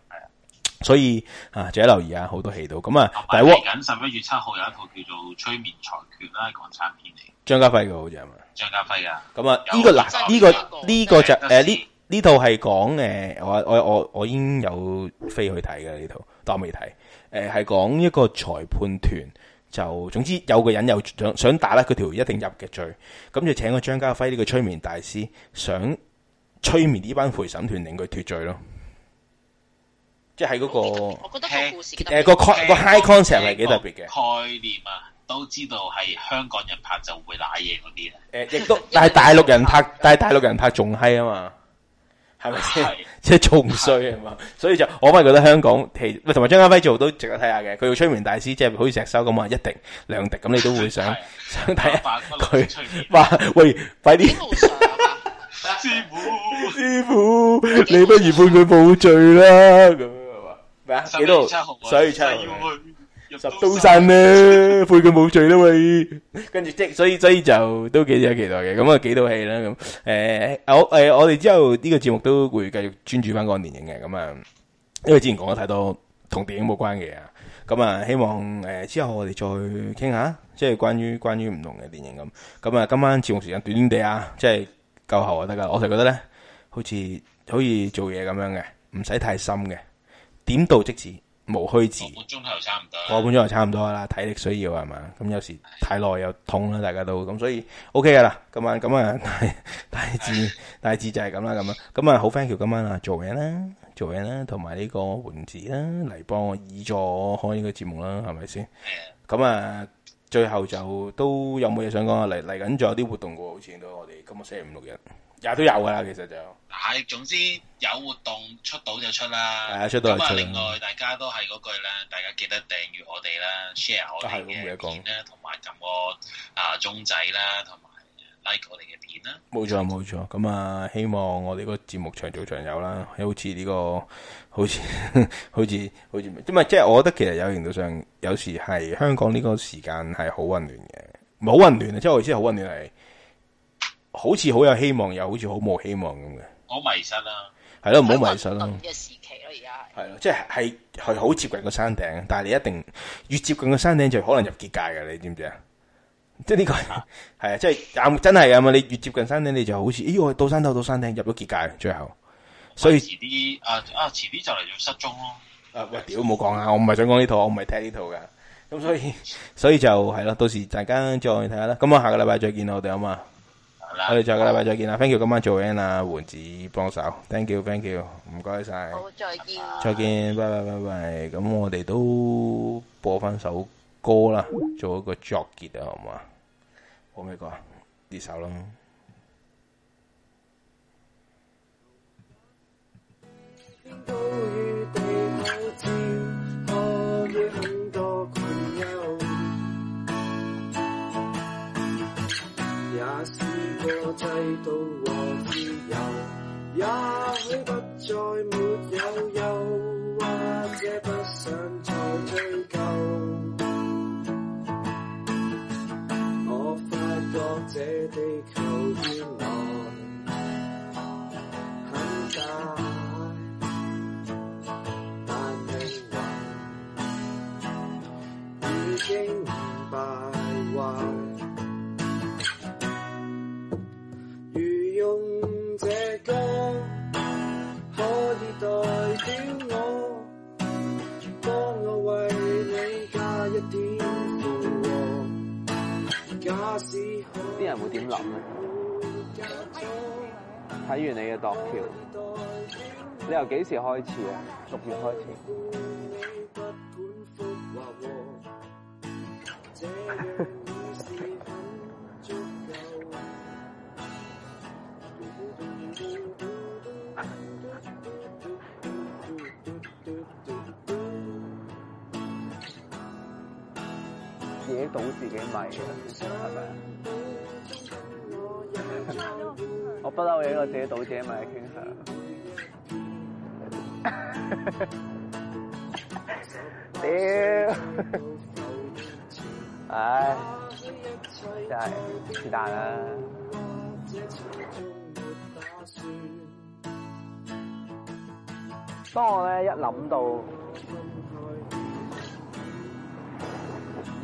所以啊，注意留意下很啊，好多戲到。咁啊。第日緊十一月七號有一套叫做《催眠裁決》啦，港產片嚟。張家輝嘅好似係嘛？張家輝啊！咁啊，呢、這個嗱呢、這個呢、這個就誒呢。這個呢套係講誒，我我我我已經有飛去睇嘅呢套但未睇。誒係講一個裁判團，就總之有個人又想想打甩佢條一定入嘅罪，咁就請個張家輝呢、這個催眠大師，想催眠呢班陪審團令佢脱罪咯。即係喺嗰個特，我覺得個故事誒、呃呃那個、那個、high concept 係幾特別嘅概念啊，都知道係香港人拍就會瀨嘢嗰啲咧。誒、呃，亦都但係大陸人拍， *laughs* 但係大陸人拍 *laughs* 仲 hi 啊嘛。係咪先？即係仲衰啊嘛，所以就我咪覺得香港其喂同埋張家輝做都值得睇下嘅，佢做催眠大師即係好似石修咁啊，一滴兩滴咁你都會想想睇下佢話喂快啲，師傅師傅，你不如判佢冇罪啦咁啊嘛咩啊？十二月七號啊。十都信啦，判佢冇罪啦嘛。跟住即係，所以所以就都幾有期待嘅。咁啊，幾套戲啦咁。誒，我誒，我哋之後呢個節目都會繼續專注翻嗰個電影嘅。咁啊，因為之前講咗太多同電影冇關嘅嘢啊。咁啊，希望誒之後我哋再傾下，即係關於關於唔同嘅電影咁。咁啊，今晚節目時間短短地啊，即係夠後就得噶。我就覺得咧，好似可以做嘢咁樣嘅，唔使太深嘅，點到即止。無虛字，我半個鐘頭差唔多，個半鐘頭差唔多啦，體力需要係嘛，咁有時太耐又痛啦，大家都咁，所以 O K 噶啦。今晚咁啊大致大致就係咁啦，咁啊咁啊好 thank you 今晚啊做嘢啦，做嘢啦，同埋呢個換字啦，嚟幫我協助開呢個節目啦，係咪先？咁啊最後就都有冇嘢想講啊？嚟嚟緊仲有啲活動噶，好似到我哋今個星期五六日。也都有啊，其實就係，總之有活動出到就出啦。咁啊出到就出，另外大家都係嗰句啦，大家記得訂閲我哋啦，share、啊、我哋嘅片咧，同埋撳我啊鐘仔啦，同埋 like 我哋嘅片啦。冇錯冇錯，咁啊，希望我哋個節目長做長有啦。好似呢個，好似 *laughs* 好似好似，因為即係我覺得其實有程度上，有時係香港呢個時間係好混亂嘅，唔係好混亂即係我意思，好混亂係。好似好有希望，又好似好冇希望咁嘅。好迷失啦、啊，係咯，唔好迷失咯、啊。嘅時期咯，而家係咯，即係係，係好接近個山頂，但係你一定越接近個山頂，就可能入結界嘅，你知唔知啊？即係呢個係啊，即 *laughs* 係、就是、真係啊嘛！你越接近山頂，你就好似，咦、哎，我到山頭到山頂入咗結界，最後所以遲啲啊啊，遲啲就嚟要失蹤咯。啊喂，屌，冇講啊！我唔係想講呢套，我唔係聽呢套㗎。咁所以所以就係啦，到時大家再睇下啦。咁我下個禮拜再見我哋啊嘛。 *noise* 我哋下個禮拜再見啦。Thank you，今晚做緊啦，環子幫手。Thank you，Thank you，唔該晒。好，再見。再見，拜拜拜拜。咁 *noise* 我哋都播翻首歌啦，做一個作結啊，好唔好啊？好，咩歌啊？呢首啦。幾時開始啊？六月開始。係是但啦。當我咧一諗到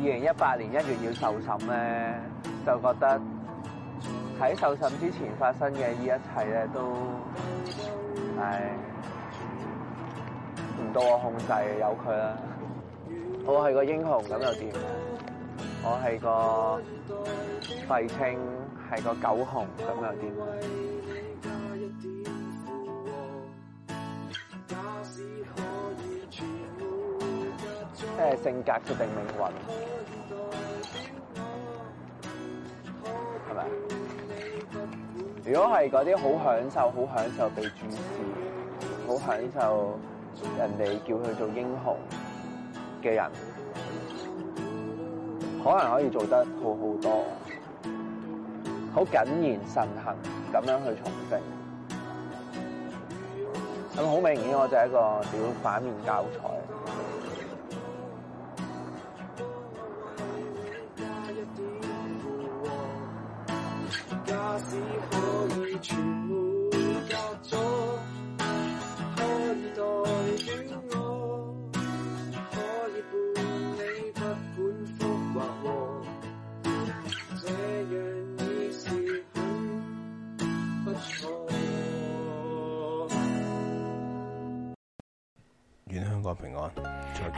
二零一八年一月要受審咧，就覺得喺受審之前發生嘅呢一切咧，都係唔到我控制，由佢啦。我係個英雄，咁又點？我係個廢青，係個狗熊，咁樣點？即誒，性格決定命運，係咪？如果係嗰啲好享受、好享受被注視、好享受人哋叫佢做英雄嘅人。可能可以做得好好多，好謹言慎行咁樣去從政，咁好明顯我就係一個小反面教材。 *music*